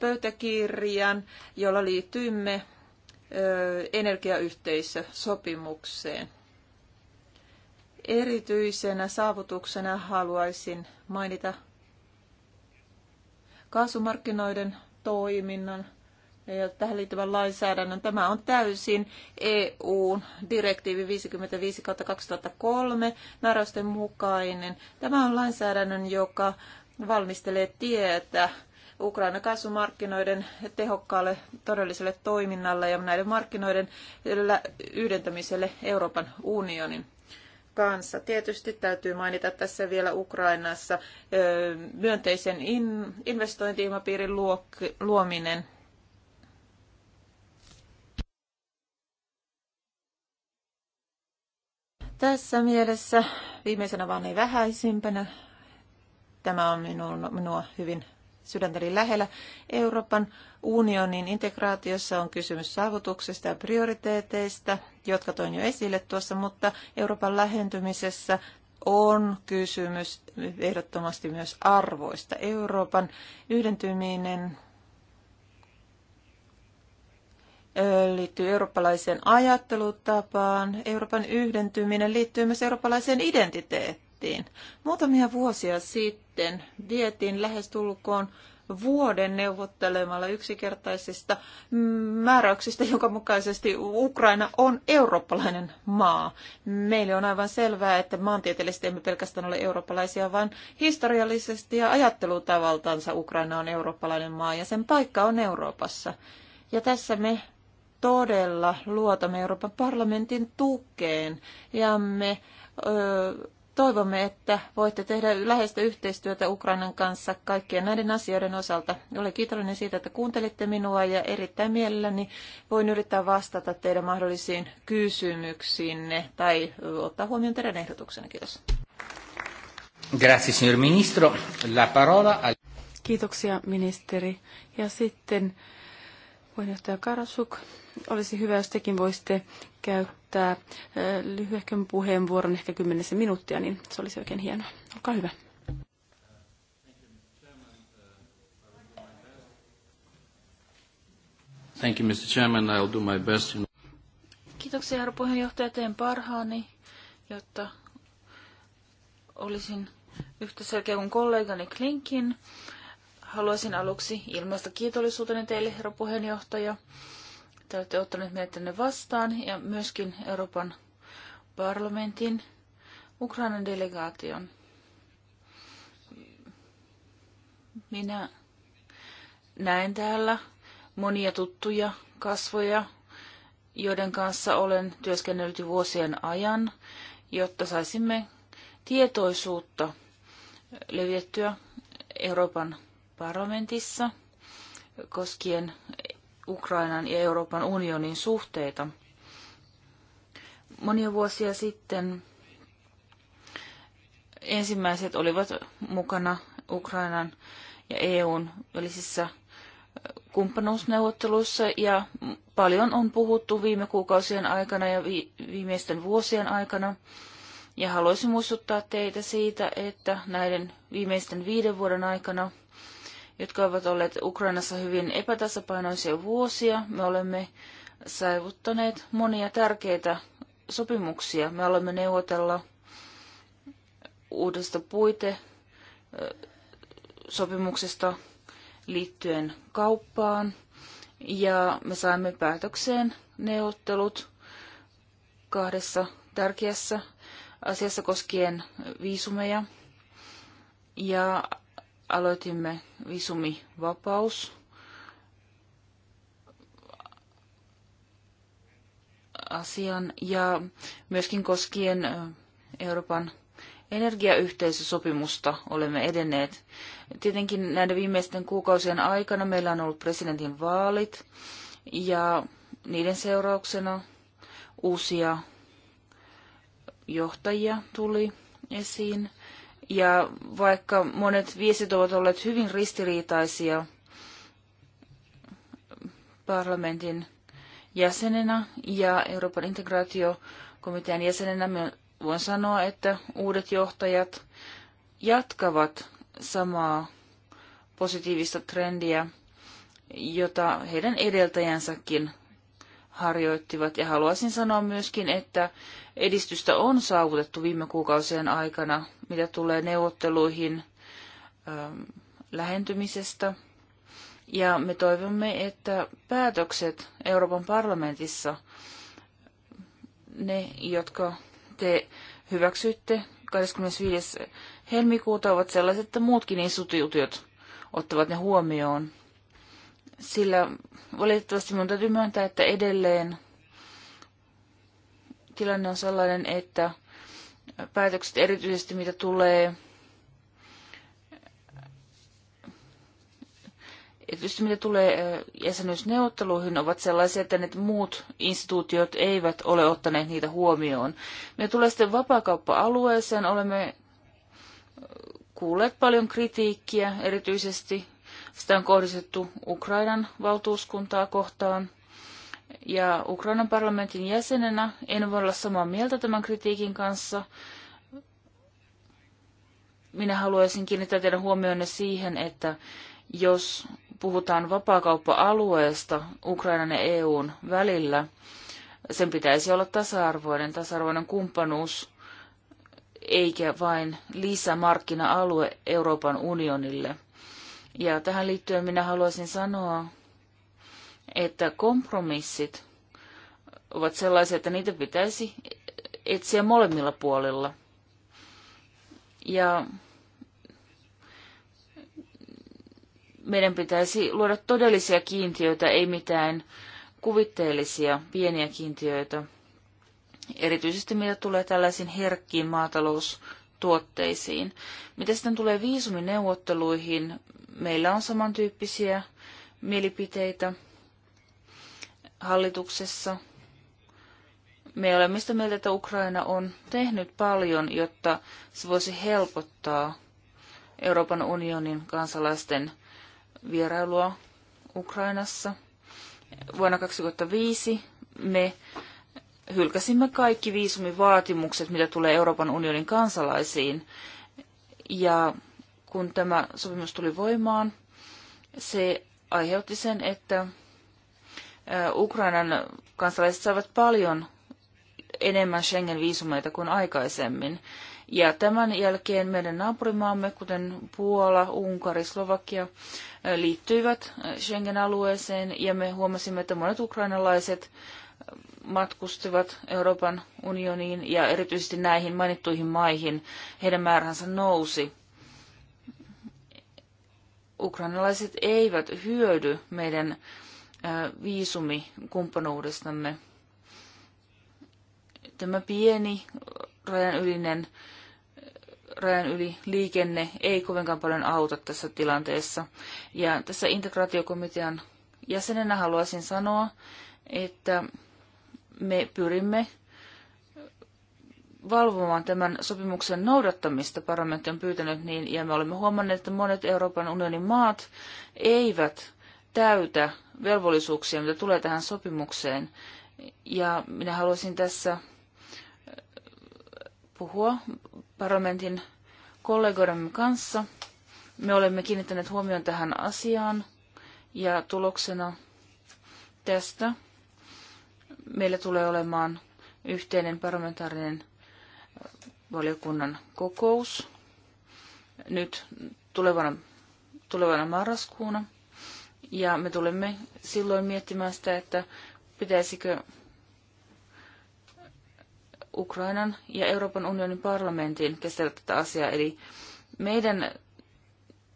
pöytäkirjan, jolla liittyimme energiayhteisösopimukseen. Erityisenä saavutuksena haluaisin mainita kaasumarkkinoiden toiminnan ja tähän liittyvän lainsäädännön. Tämä on täysin EU-direktiivi 55-2003 määräysten mukainen. Tämä on lainsäädännön, joka valmistelee tietä Ukraina kasvumarkkinoiden tehokkaalle todelliselle toiminnalle ja näiden markkinoiden yhdentämiselle Euroopan unionin kanssa. Tietysti täytyy mainita tässä vielä Ukrainassa myönteisen investointiilmapiirin luominen Tässä mielessä viimeisenä vaan ei vähäisimpänä. Tämä on minun, minua hyvin sydäntäni lähellä. Euroopan unionin integraatiossa on kysymys saavutuksista ja prioriteeteista, jotka toin jo esille tuossa, mutta Euroopan lähentymisessä on kysymys ehdottomasti myös arvoista. Euroopan yhdentyminen liittyy eurooppalaiseen ajattelutapaan. Euroopan yhdentyminen liittyy myös eurooppalaiseen identiteettiin. Muutamia vuosia sitten vietiin lähestulkoon vuoden neuvottelemalla yksikertaisista määräyksistä, jonka mukaisesti Ukraina on eurooppalainen maa. Meille on aivan selvää, että maantieteellisesti emme pelkästään ole eurooppalaisia, vaan historiallisesti ja ajattelutavaltansa Ukraina on eurooppalainen maa ja sen paikka on Euroopassa. Ja tässä me todella luotamme Euroopan parlamentin tukeen ja me ö, toivomme, että voitte tehdä läheistä yhteistyötä Ukrainan kanssa kaikkien näiden asioiden osalta. Olen kiitollinen siitä, että kuuntelitte minua ja erittäin mielelläni voin yrittää vastata teidän mahdollisiin kysymyksiinne tai ottaa huomioon teidän ehdotuksenne. Kiitos. Grazie, signor ministro. La parola al... Kiitoksia, ministeri. Ja sitten Puheenjohtaja Karasuk, olisi hyvä, jos tekin voisitte käyttää lyhyen puheenvuoron, ehkä kymmenessä minuuttia, niin se olisi oikein hienoa. Olkaa hyvä. Thank you, Mr. Chairman. I'll do my best. Kiitoksia, herra puheenjohtaja. Teen parhaani, jotta olisin yhtä selkeä kuin kollegani Klinkin haluaisin aluksi ilmaista kiitollisuuteni teille, herra puheenjohtaja. Te olette ottaneet meidät tänne vastaan ja myöskin Euroopan parlamentin Ukrainan delegaation. Minä näen täällä monia tuttuja kasvoja, joiden kanssa olen työskennellyt vuosien ajan, jotta saisimme tietoisuutta levitettyä Euroopan parlamentissa koskien Ukrainan ja Euroopan unionin suhteita. Monia vuosia sitten ensimmäiset olivat mukana Ukrainan ja EUn välisissä kumppanuusneuvotteluissa ja paljon on puhuttu viime kuukausien aikana ja viimeisten vuosien aikana. Ja haluaisin muistuttaa teitä siitä, että näiden viimeisten viiden vuoden aikana – jotka ovat olleet Ukrainassa hyvin epätasapainoisia vuosia. Me olemme saavuttaneet monia tärkeitä sopimuksia. Me olemme neuvotella uudesta puite sopimuksesta liittyen kauppaan ja me saimme päätökseen neuvottelut kahdessa tärkeässä asiassa koskien viisumeja ja aloitimme visumivapaus asian ja myöskin koskien Euroopan energiayhteisösopimusta olemme edenneet. Tietenkin näiden viimeisten kuukausien aikana meillä on ollut presidentin vaalit ja niiden seurauksena uusia johtajia tuli esiin. Ja vaikka monet viestit ovat olleet hyvin ristiriitaisia parlamentin jäsenenä ja Euroopan integraatiokomitean jäsenenä, voin sanoa, että uudet johtajat jatkavat samaa positiivista trendiä, jota heidän edeltäjänsäkin harjoittivat. Ja haluaisin sanoa myöskin, että edistystä on saavutettu viime kuukausien aikana, mitä tulee neuvotteluihin ähm, lähentymisestä. Ja me toivomme, että päätökset Euroopan parlamentissa, ne, jotka te hyväksytte 25. helmikuuta, ovat sellaiset, että muutkin instituutiot ottavat ne huomioon. Sillä valitettavasti minun täytyy myöntää, että edelleen tilanne on sellainen, että päätökset erityisesti mitä tulee erityisesti mitä tulee jäsenyysneuvotteluihin, ovat sellaisia, että ne muut instituutiot eivät ole ottaneet niitä huomioon. Me tulee sitten vapaakauppa-alueeseen, olemme kuulleet paljon kritiikkiä, erityisesti sitä on kohdistettu Ukrainan valtuuskuntaa kohtaan ja Ukrainan parlamentin jäsenenä en voi olla samaa mieltä tämän kritiikin kanssa. Minä haluaisin kiinnittää teidän huomionne siihen, että jos puhutaan vapaakauppa-alueesta Ukrainan ja EUn välillä, sen pitäisi olla tasa-arvoinen, tasa-arvoinen kumppanuus, eikä vain lisämarkkina-alue Euroopan unionille. Ja tähän liittyen minä haluaisin sanoa, että kompromissit ovat sellaisia, että niitä pitäisi etsiä molemmilla puolilla. Ja meidän pitäisi luoda todellisia kiintiöitä, ei mitään kuvitteellisia pieniä kiintiöitä. Erityisesti mitä tulee tällaisiin herkkiin maataloustuotteisiin. Mitä sitten tulee viisumineuvotteluihin, meillä on samantyyppisiä mielipiteitä – hallituksessa. Me olemme sitä mieltä, että Ukraina on tehnyt paljon, jotta se voisi helpottaa Euroopan unionin kansalaisten vierailua Ukrainassa. Vuonna 2005 me hylkäsimme kaikki viisumivaatimukset, mitä tulee Euroopan unionin kansalaisiin. Ja kun tämä sopimus tuli voimaan, se aiheutti sen, että Ukrainan kansalaiset saavat paljon enemmän Schengen-viisumeita kuin aikaisemmin. Ja tämän jälkeen meidän naapurimaamme, kuten Puola, Unkari, Slovakia, liittyivät Schengen-alueeseen ja me huomasimme, että monet ukrainalaiset matkustivat Euroopan unioniin ja erityisesti näihin mainittuihin maihin heidän määränsä nousi. Ukrainalaiset eivät hyödy meidän viisumikumppanuudestamme. Tämä pieni rajan ylinen rajan yli liikenne ei kovinkaan paljon auta tässä tilanteessa. Ja tässä integraatiokomitean jäsenenä haluaisin sanoa, että me pyrimme valvomaan tämän sopimuksen noudattamista. Parlamentti on pyytänyt niin, ja me olemme huomanneet, että monet Euroopan unionin maat eivät täytä velvollisuuksia, mitä tulee tähän sopimukseen. Ja minä haluaisin tässä äh, puhua parlamentin kollegoidemme kanssa. Me olemme kiinnittäneet huomioon tähän asiaan ja tuloksena tästä meillä tulee olemaan yhteinen parlamentaarinen äh, valiokunnan kokous nyt tulevana, tulevana marraskuuna. Ja me tulemme silloin miettimään sitä, että pitäisikö Ukrainan ja Euroopan unionin parlamentin käsitellä tätä asiaa. Eli meidän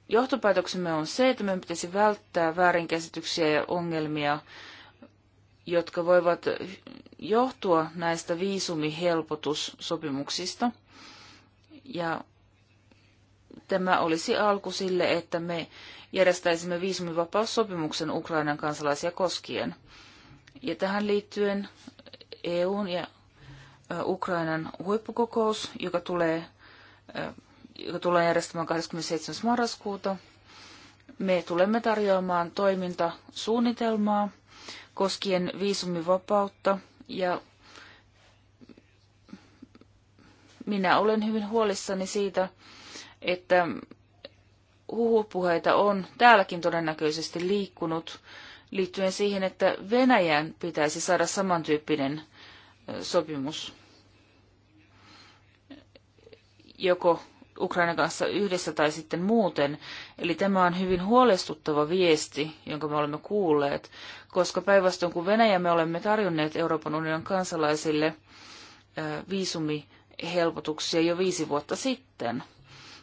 johtopäätöksemme on se, että meidän pitäisi välttää väärinkäsityksiä ja ongelmia, jotka voivat johtua näistä viisumihelpotussopimuksista. Ja tämä olisi alku sille, että me järjestäisimme viisumivapaussopimuksen Ukrainan kansalaisia koskien. Ja tähän liittyen EUn ja Ukrainan huippukokous, joka tulee, joka tulee järjestämään 27. marraskuuta. Me tulemme tarjoamaan toimintasuunnitelmaa koskien viisumivapautta ja minä olen hyvin huolissani siitä, että huhupuheita on täälläkin todennäköisesti liikkunut liittyen siihen, että Venäjän pitäisi saada samantyyppinen sopimus joko Ukraina kanssa yhdessä tai sitten muuten. Eli tämä on hyvin huolestuttava viesti, jonka me olemme kuulleet, koska päinvastoin kun Venäjä me olemme tarjonneet Euroopan unionin kansalaisille viisumihelpotuksia jo viisi vuotta sitten –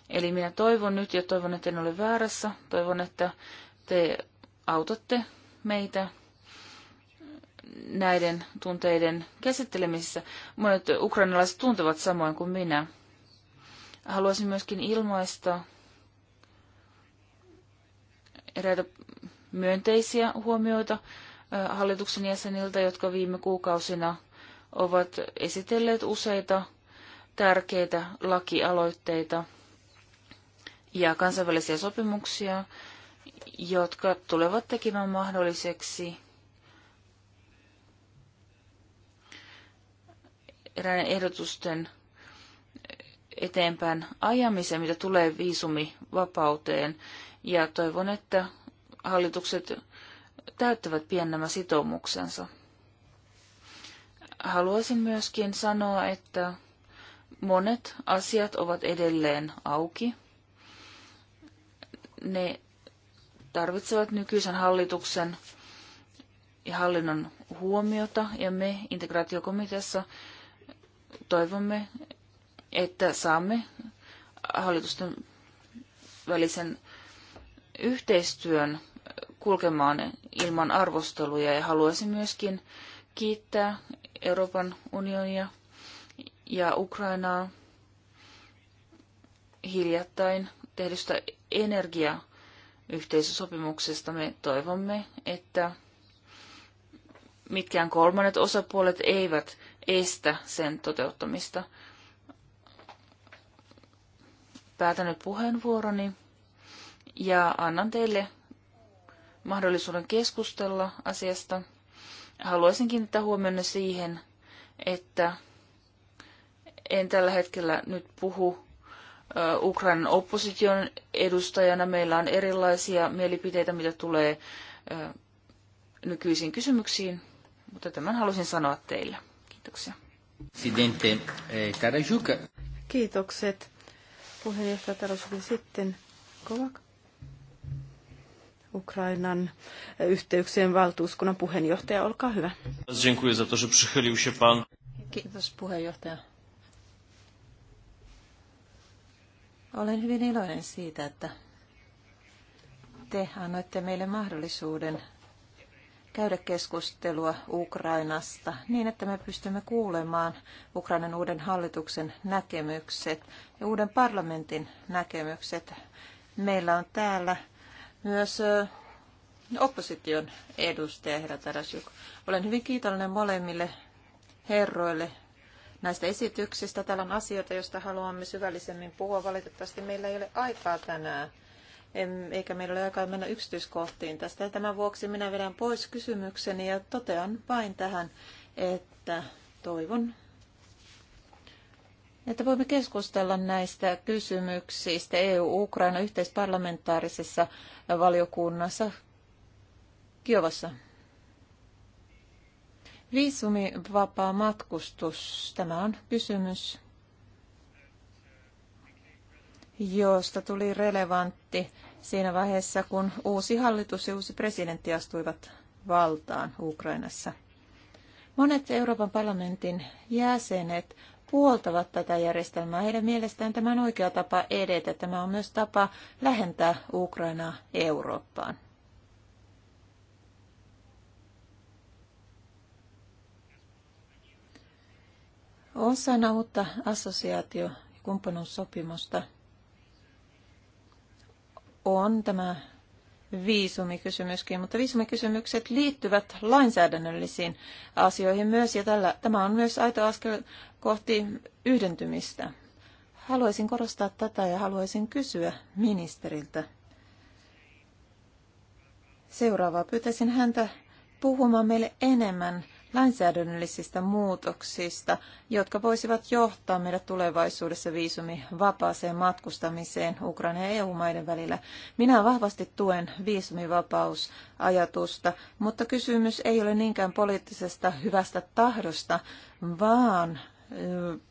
Eli minä toivon nyt ja toivon, että en ole väärässä. Toivon, että te autatte meitä näiden tunteiden käsittelemisessä. Monet ukrainalaiset tuntevat samoin kuin minä. Haluaisin myöskin ilmaista eräitä myönteisiä huomioita hallituksen jäseniltä, jotka viime kuukausina ovat esitelleet useita tärkeitä lakialoitteita – ja kansainvälisiä sopimuksia, jotka tulevat tekemään mahdolliseksi eräiden ehdotusten eteenpäin ajamiseen, mitä tulee viisumivapauteen. Ja toivon, että hallitukset täyttävät pian nämä sitoumuksensa. Haluaisin myöskin sanoa, että monet asiat ovat edelleen auki ne tarvitsevat nykyisen hallituksen ja hallinnon huomiota, ja me integraatiokomiteassa toivomme, että saamme hallitusten välisen yhteistyön kulkemaan ilman arvosteluja ja haluaisin myöskin kiittää Euroopan unionia ja Ukrainaa hiljattain tehdystä energiayhteisösopimuksesta. Me toivomme, että mitkään kolmannet osapuolet eivät estä sen toteuttamista. Päätän nyt puheenvuoroni ja annan teille mahdollisuuden keskustella asiasta. Haluaisin kiinnittää huomionne siihen, että en tällä hetkellä nyt puhu Ukrainan opposition edustajana meillä on erilaisia mielipiteitä, mitä tulee nykyisiin kysymyksiin, mutta tämän halusin sanoa teille. Kiitoksia. Presidente eh, Tarajuk. Kiitokset. Puheenjohtaja Tarajuk sitten Kovak. Ukrainan eh, yhteyksien valtuuskunnan puheenjohtaja, olkaa hyvä. Kiitos puheenjohtaja. Olen hyvin iloinen siitä, että te annoitte meille mahdollisuuden käydä keskustelua Ukrainasta niin, että me pystymme kuulemaan Ukrainan uuden hallituksen näkemykset ja uuden parlamentin näkemykset. Meillä on täällä myös opposition edustaja herra Tarasjuk. Olen hyvin kiitollinen molemmille herroille näistä esityksistä. Täällä on asioita, joista haluamme syvällisemmin puhua. Valitettavasti meillä ei ole aikaa tänään, eikä meillä ole aikaa mennä yksityiskohtiin tästä. Tämän vuoksi minä vedän pois kysymykseni ja totean vain tähän, että toivon että voimme keskustella näistä kysymyksistä EU-Ukraina yhteisparlamentaarisessa valiokunnassa Kiovassa. Viisumivapaa matkustus, tämä on kysymys, josta tuli relevantti siinä vaiheessa, kun uusi hallitus ja uusi presidentti astuivat valtaan Ukrainassa. Monet Euroopan parlamentin jäsenet puoltavat tätä järjestelmää. Heidän mielestään tämä on oikea tapa edetä. Tämä on myös tapa lähentää Ukrainaa Eurooppaan. Osana uutta assosiaatio- ja kumppanuussopimusta on tämä viisumikysymyskin, mutta viisumikysymykset liittyvät lainsäädännöllisiin asioihin myös, ja tällä, tämä on myös aito askel kohti yhdentymistä. Haluaisin korostaa tätä ja haluaisin kysyä ministeriltä. Seuraavaa pyytäisin häntä puhumaan meille enemmän lainsäädännöllisistä muutoksista, jotka voisivat johtaa meidät tulevaisuudessa viisumi vapaaseen matkustamiseen Ukraina ja EU-maiden välillä. Minä vahvasti tuen viisumivapausajatusta, mutta kysymys ei ole niinkään poliittisesta hyvästä tahdosta, vaan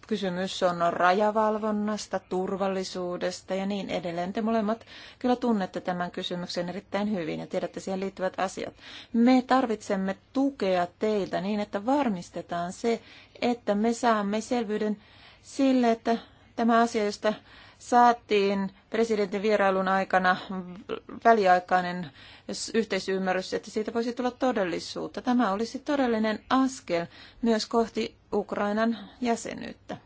Kysymys on rajavalvonnasta, turvallisuudesta ja niin edelleen. Te molemmat kyllä tunnette tämän kysymyksen erittäin hyvin ja tiedätte siihen liittyvät asiat. Me tarvitsemme tukea teiltä niin, että varmistetaan se, että me saamme selvyyden sille, että tämä asia, josta saatiin presidentin vierailun aikana väliaikainen yhteisymmärrys, että siitä voisi tulla todellisuutta. Tämä olisi todellinen askel myös kohti Ukrainan jäsenyyttä.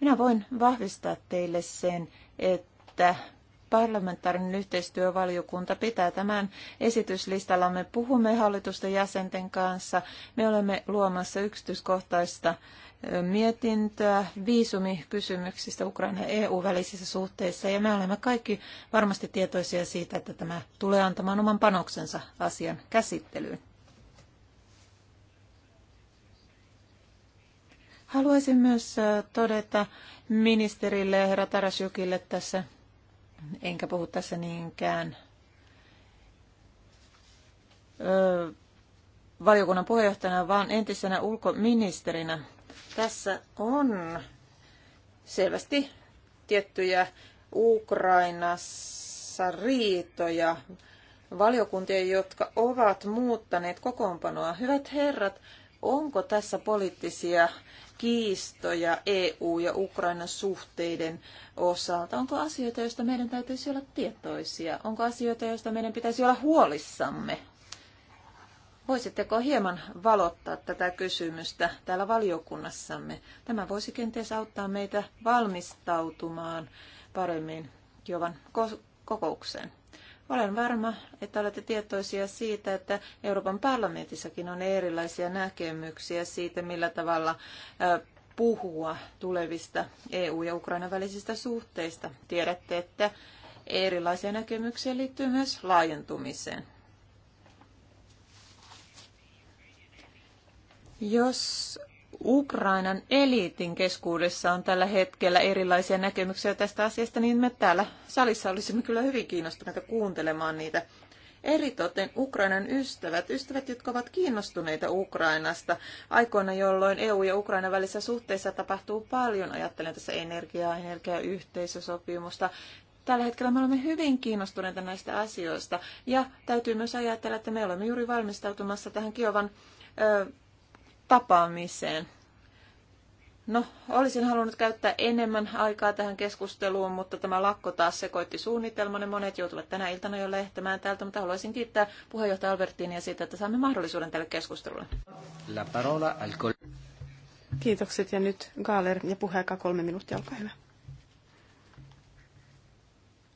Minä voin vahvistaa teille sen, että parlamentaarinen yhteistyövaliokunta pitää tämän esityslistalla. Me puhumme hallitusten jäsenten kanssa. Me olemme luomassa yksityiskohtaista mietintöä viisumikysymyksistä Ukraina ja EU-välisissä suhteissa. Ja me olemme kaikki varmasti tietoisia siitä, että tämä tulee antamaan oman panoksensa asian käsittelyyn. Haluaisin myös todeta ministerille ja herra Tarasjukille tässä, enkä puhu tässä niinkään valiokunnan puheenjohtajana, vaan entisenä ulkoministerinä tässä on selvästi tiettyjä Ukrainassa riitoja valiokuntien, jotka ovat muuttaneet kokoonpanoa. Hyvät herrat, onko tässä poliittisia kiistoja EU- ja Ukrainan suhteiden osalta? Onko asioita, joista meidän täytyisi olla tietoisia? Onko asioita, joista meidän pitäisi olla huolissamme? Voisitteko hieman valottaa tätä kysymystä täällä valiokunnassamme? Tämä voisi kenties auttaa meitä valmistautumaan paremmin Jovan kokoukseen. Olen varma, että olette tietoisia siitä, että Euroopan parlamentissakin on erilaisia näkemyksiä siitä, millä tavalla puhua tulevista EU- ja Ukrainan välisistä suhteista. Tiedätte, että erilaisia näkemyksiä liittyy myös laajentumiseen. Jos Ukrainan eliitin keskuudessa on tällä hetkellä erilaisia näkemyksiä tästä asiasta, niin me täällä salissa olisimme kyllä hyvin kiinnostuneita kuuntelemaan niitä. Eritoten Ukrainan ystävät, ystävät, jotka ovat kiinnostuneita Ukrainasta, aikoina jolloin EU ja Ukraina välissä suhteissa tapahtuu paljon, ajattelen tässä energiaa, energiayhteisösopimusta, Tällä hetkellä me olemme hyvin kiinnostuneita näistä asioista ja täytyy myös ajatella, että me olemme juuri valmistautumassa tähän Kiovan ö, tapaamiseen. No, olisin halunnut käyttää enemmän aikaa tähän keskusteluun, mutta tämä lakko taas sekoitti suunnitelman ja monet joutuvat tänä iltana jo lehtämään täältä, mutta haluaisin kiittää puheenjohtaja Albertinia siitä, että saamme mahdollisuuden tälle keskustelulle. La parola al col- Kiitokset ja nyt Gaaler ja puheaika kolme minuuttia, olkaa hyvä.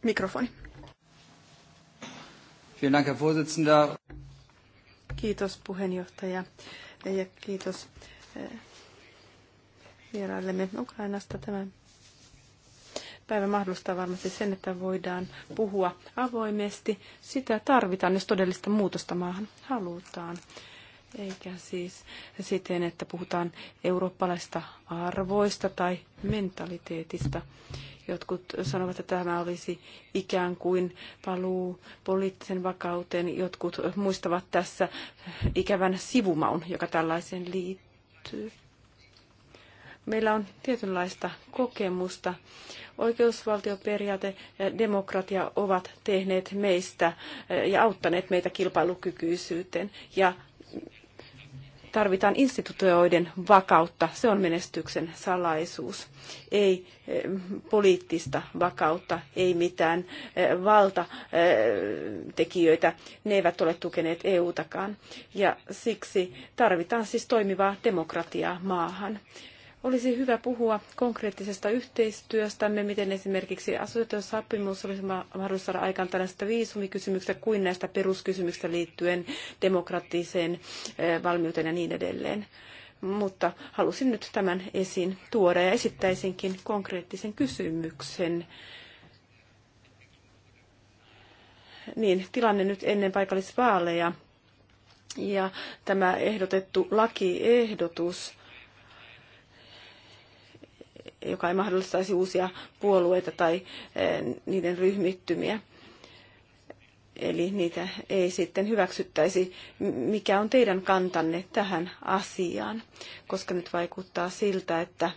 Mikrofoni. Vielen Dank, Herr Kiitos puheenjohtaja ja kiitos eh, vieraillemme Ukrainasta tämän päivä mahdollistaa varmasti sen, että voidaan puhua avoimesti. Sitä tarvitaan, jos todellista muutosta maahan halutaan. Eikä siis siten, että puhutaan eurooppalaista arvoista tai mentaliteetista. Jotkut sanovat, että tämä olisi ikään kuin paluu poliittisen vakauteen. Jotkut muistavat tässä ikävän sivumaun, joka tällaiseen liittyy. Meillä on tietynlaista kokemusta. Oikeusvaltioperiaate ja demokratia ovat tehneet meistä ja auttaneet meitä kilpailukykyisyyteen. Ja Tarvitaan instituutioiden vakautta, se on menestyksen salaisuus. Ei eh, poliittista vakautta, ei mitään eh, valtatekijöitä, eh, ne eivät ole tukeneet EU-takaan. Ja siksi tarvitaan siis toimivaa demokratiaa maahan. Olisi hyvä puhua konkreettisesta yhteistyöstämme, miten esimerkiksi asuntosopimus olisi mahdollista saada aikaan tällaista viisumikysymyksestä kuin näistä peruskysymyksistä liittyen demokraattiseen eh, valmiuteen ja niin edelleen. Mutta halusin nyt tämän esiin tuoda ja esittäisinkin konkreettisen kysymyksen niin, tilanne nyt ennen paikallisvaaleja ja tämä ehdotettu lakiehdotus joka ei mahdollistaisi uusia puolueita tai eh, niiden ryhmittymiä. Eli niitä ei sitten hyväksyttäisi. Mikä on teidän kantanne tähän asiaan? Koska nyt vaikuttaa siltä, että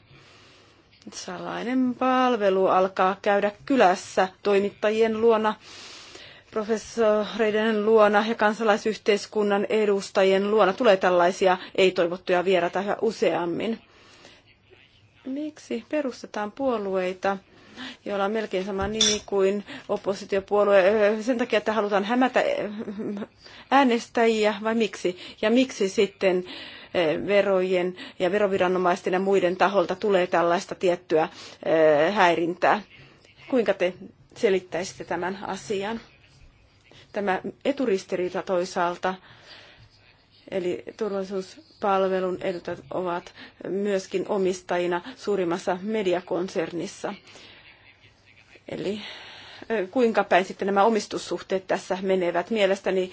salainen palvelu alkaa käydä kylässä toimittajien luona, professoreiden luona ja kansalaisyhteiskunnan edustajien luona. Tulee tällaisia ei-toivottuja vieraita yhä useammin. Miksi perustetaan puolueita, joilla on melkein sama nimi kuin oppositiopuolue, sen takia, että halutaan hämätä äänestäjiä vai miksi? Ja miksi sitten verojen ja veroviranomaisten ja muiden taholta tulee tällaista tiettyä häirintää? Kuinka te selittäisitte tämän asian? Tämä eturistiriita toisaalta Eli turvallisuuspalvelun edustajat ovat myöskin omistajina suurimmassa mediakonsernissa. Eli kuinka päin sitten nämä omistussuhteet tässä menevät. Mielestäni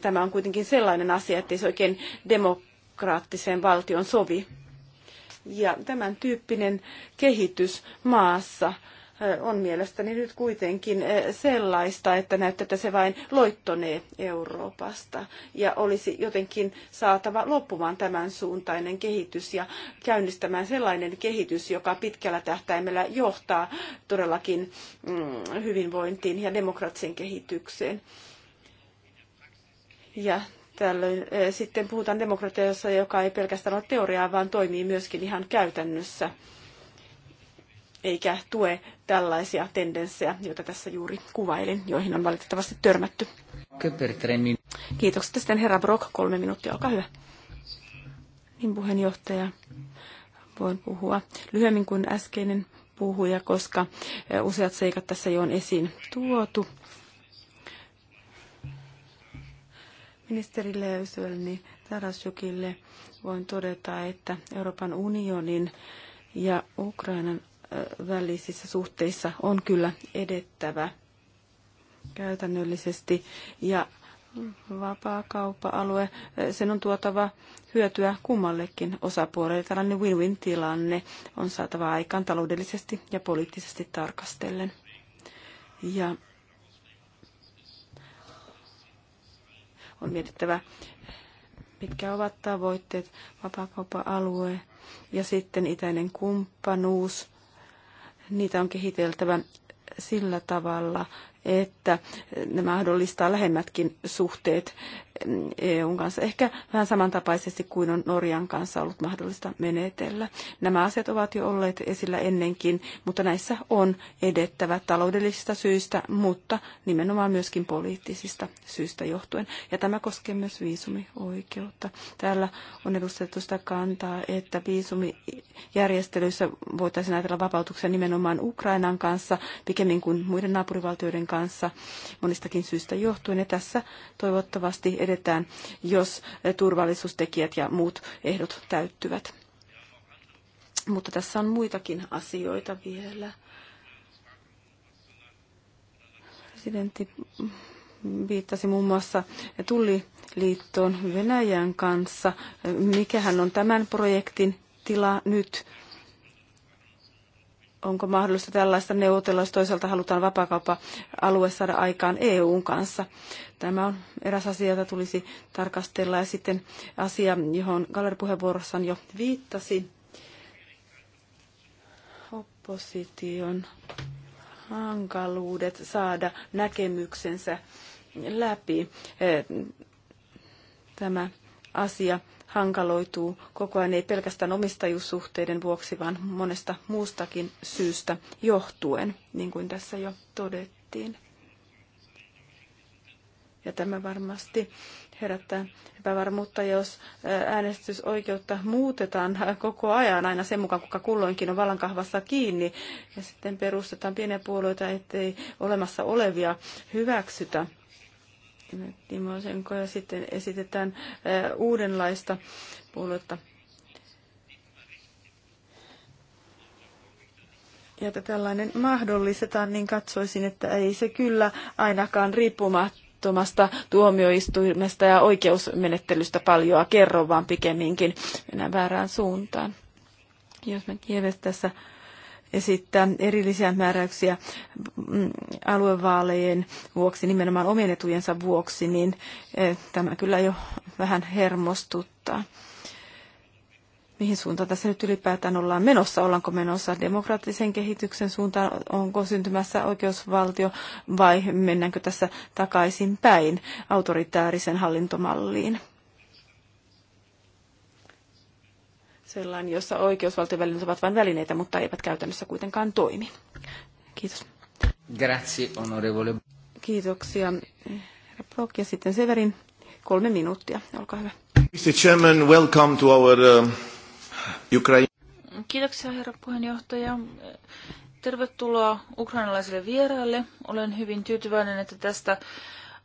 tämä on kuitenkin sellainen asia, että se oikein demokraattiseen valtion sovi. Ja tämän tyyppinen kehitys maassa on mielestäni nyt kuitenkin sellaista, että näyttää, että se vain loittonee Euroopasta. Ja olisi jotenkin saatava loppumaan tämän suuntainen kehitys ja käynnistämään sellainen kehitys, joka pitkällä tähtäimellä johtaa todellakin mm, hyvinvointiin ja demokratian kehitykseen. Ja tällöin sitten puhutaan demokratiassa, joka ei pelkästään ole teoriaa, vaan toimii myöskin ihan käytännössä eikä tue tällaisia tendenssejä, joita tässä juuri kuvailin, joihin on valitettavasti törmätty. Kiitokset sitten herra Brock, kolme minuuttia, olkaa hyvä. Niin puheenjohtaja, voin puhua lyhyemmin kuin äskeinen puhuja, koska eh, useat seikat tässä jo on esiin tuotu. Ministeri Leysölni niin Tarasjukille voin todeta, että Euroopan unionin ja Ukrainan välisissä suhteissa on kyllä edettävä käytännöllisesti. Ja kauppa alue sen on tuotava hyötyä kummallekin osapuolelle. Tällainen win-win-tilanne on saatava aikaan taloudellisesti ja poliittisesti tarkastellen. Ja on mietittävä, mitkä ovat tavoitteet vapaakauppa-alue ja sitten itäinen kumppanuus niitä on kehiteltävä sillä tavalla, että ne mahdollistaa lähemmätkin suhteet EUn kanssa, ehkä vähän samantapaisesti kuin on Norjan kanssa ollut mahdollista menetellä. Nämä asiat ovat jo olleet esillä ennenkin, mutta näissä on edettävä taloudellisista syistä, mutta nimenomaan myöskin poliittisista syistä johtuen. Ja tämä koskee myös viisumioikeutta. Täällä on edustettu sitä kantaa, että viisumijärjestelyissä voitaisiin ajatella vapautuksia nimenomaan Ukrainan kanssa, pikemmin kuin muiden naapurivaltioiden kanssa monistakin syistä johtuen. Ja tässä toivottavasti edetään, jos turvallisuustekijät ja muut ehdot täyttyvät. Mutta tässä on muitakin asioita vielä. Presidentti viittasi muun muassa tulliliittoon Venäjän kanssa. Mikähän on tämän projektin tila nyt? onko mahdollista tällaista neuvotella, jos toisaalta halutaan vapaakauppa-alue saada aikaan EUn kanssa. Tämä on eräs asia, jota tulisi tarkastella. Ja sitten asia, johon Galler puheenvuorossaan jo viittasi, opposition hankaluudet saada näkemyksensä läpi. Tämä asia hankaloituu koko ajan ei pelkästään omistajuussuhteiden vuoksi, vaan monesta muustakin syystä johtuen, niin kuin tässä jo todettiin. Ja tämä varmasti herättää epävarmuutta, jos äänestysoikeutta muutetaan koko ajan aina sen mukaan, kuka kulloinkin on vallankahvassa kiinni. Ja sitten perustetaan pieniä puolueita, ettei olemassa olevia hyväksytä Timosenko ja sitten esitetään uudenlaista puoluetta. Ja että tällainen mahdollistetaan, niin katsoisin, että ei se kyllä ainakaan riippumattomasta tuomioistuimesta ja oikeusmenettelystä paljoa kerro, vaan pikemminkin mennään väärään suuntaan. Jos me kielet tässä esittää erillisiä määräyksiä mm, aluevaalien vuoksi, nimenomaan omien etujensa vuoksi, niin eh, tämä kyllä jo vähän hermostuttaa. Mihin suuntaan tässä nyt ylipäätään ollaan menossa? Ollaanko menossa demokraattisen kehityksen suuntaan? Onko syntymässä oikeusvaltio vai mennäänkö tässä takaisin päin autoritäärisen hallintomalliin? sellainen, jossa oikeusvaltiovälineet ovat vain välineitä, mutta eivät käytännössä kuitenkaan toimi. Kiitos. Grazie, onorevole. Kiitoksia. Brock ja sitten Severin kolme minuuttia. Olkaa hyvä. Mr. Chairman, welcome to our uh, Ukraine. Kiitoksia herra puheenjohtaja. Tervetuloa ukrainalaisille vieraille. Olen hyvin tyytyväinen, että tästä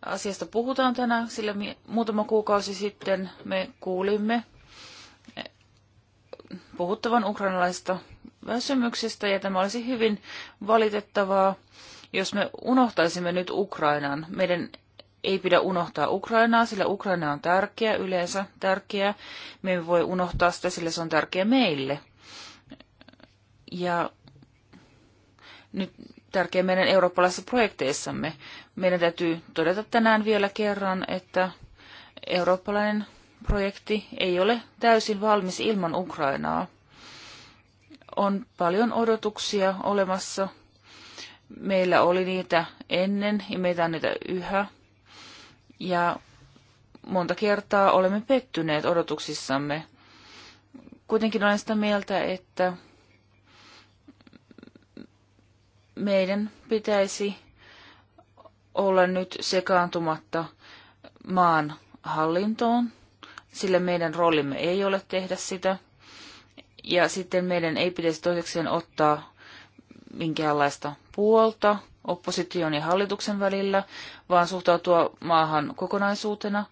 asiasta puhutaan tänään, sillä muutama kuukausi sitten me kuulimme puhuttavan ukrainalaisista väsymyksistä ja tämä olisi hyvin valitettavaa, jos me unohtaisimme nyt Ukrainan. Meidän ei pidä unohtaa Ukrainaa, sillä Ukraina on tärkeä, yleensä tärkeä. Me emme voi unohtaa sitä, sillä se on tärkeä meille. Ja nyt tärkeä meidän eurooppalaisissa projekteissamme. Meidän täytyy todeta tänään vielä kerran, että eurooppalainen projekti ei ole täysin valmis ilman Ukrainaa. On paljon odotuksia olemassa. Meillä oli niitä ennen ja meitä on niitä yhä. Ja monta kertaa olemme pettyneet odotuksissamme. Kuitenkin olen sitä mieltä, että meidän pitäisi olla nyt sekaantumatta maan hallintoon sillä meidän roolimme ei ole tehdä sitä. Ja sitten meidän ei pitäisi toisekseen ottaa minkäänlaista puolta opposition ja hallituksen välillä, vaan suhtautua maahan kokonaisuutena.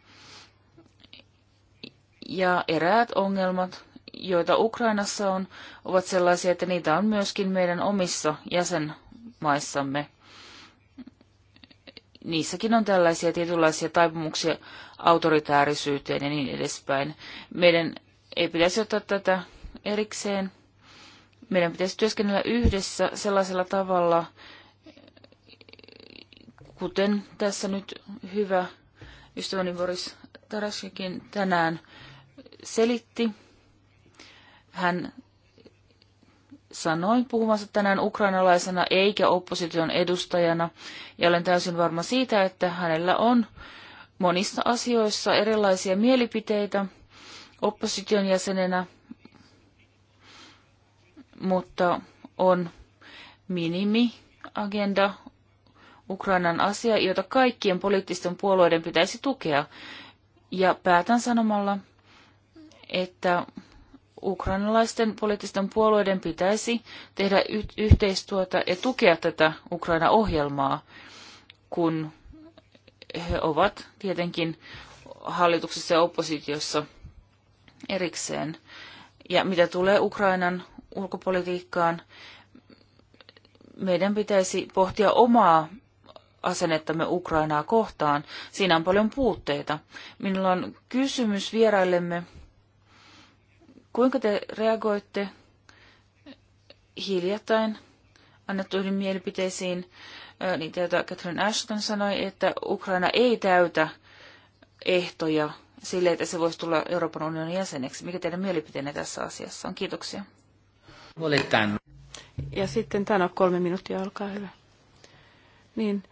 Ja eräät ongelmat, joita Ukrainassa on, ovat sellaisia, että niitä on myöskin meidän omissa jäsenmaissamme. Niissäkin on tällaisia tietynlaisia taipumuksia autoritaarisyyteen ja niin edespäin. Meidän ei pitäisi ottaa tätä erikseen. Meidän pitäisi työskennellä yhdessä sellaisella tavalla, kuten tässä nyt hyvä ystäväni Boris Tarashikin tänään selitti. Hän sanoi puhumassa tänään ukrainalaisena eikä opposition edustajana, ja olen täysin varma siitä, että hänellä on monissa asioissa erilaisia mielipiteitä opposition jäsenenä, mutta on minimiagenda Ukrainan asia, jota kaikkien poliittisten puolueiden pitäisi tukea. Ja päätän sanomalla, että ukrainalaisten poliittisten puolueiden pitäisi tehdä yhteistyötä ja tukea tätä Ukraina-ohjelmaa, kun he ovat tietenkin hallituksessa ja oppositiossa erikseen. Ja mitä tulee Ukrainan ulkopolitiikkaan, meidän pitäisi pohtia omaa asennettamme Ukrainaa kohtaan. Siinä on paljon puutteita. Minulla on kysymys vieraillemme. Kuinka te reagoitte hiljattain annettuihin mielipiteisiin niin tätä tuota, Catherine Ashton sanoi, että Ukraina ei täytä ehtoja sille, että se voisi tulla Euroopan unionin jäseneksi. Mikä teidän mielipiteenne tässä asiassa on? Kiitoksia. Oletan. Ja sitten tänä kolme minuuttia, olkaa hyvä. Niin,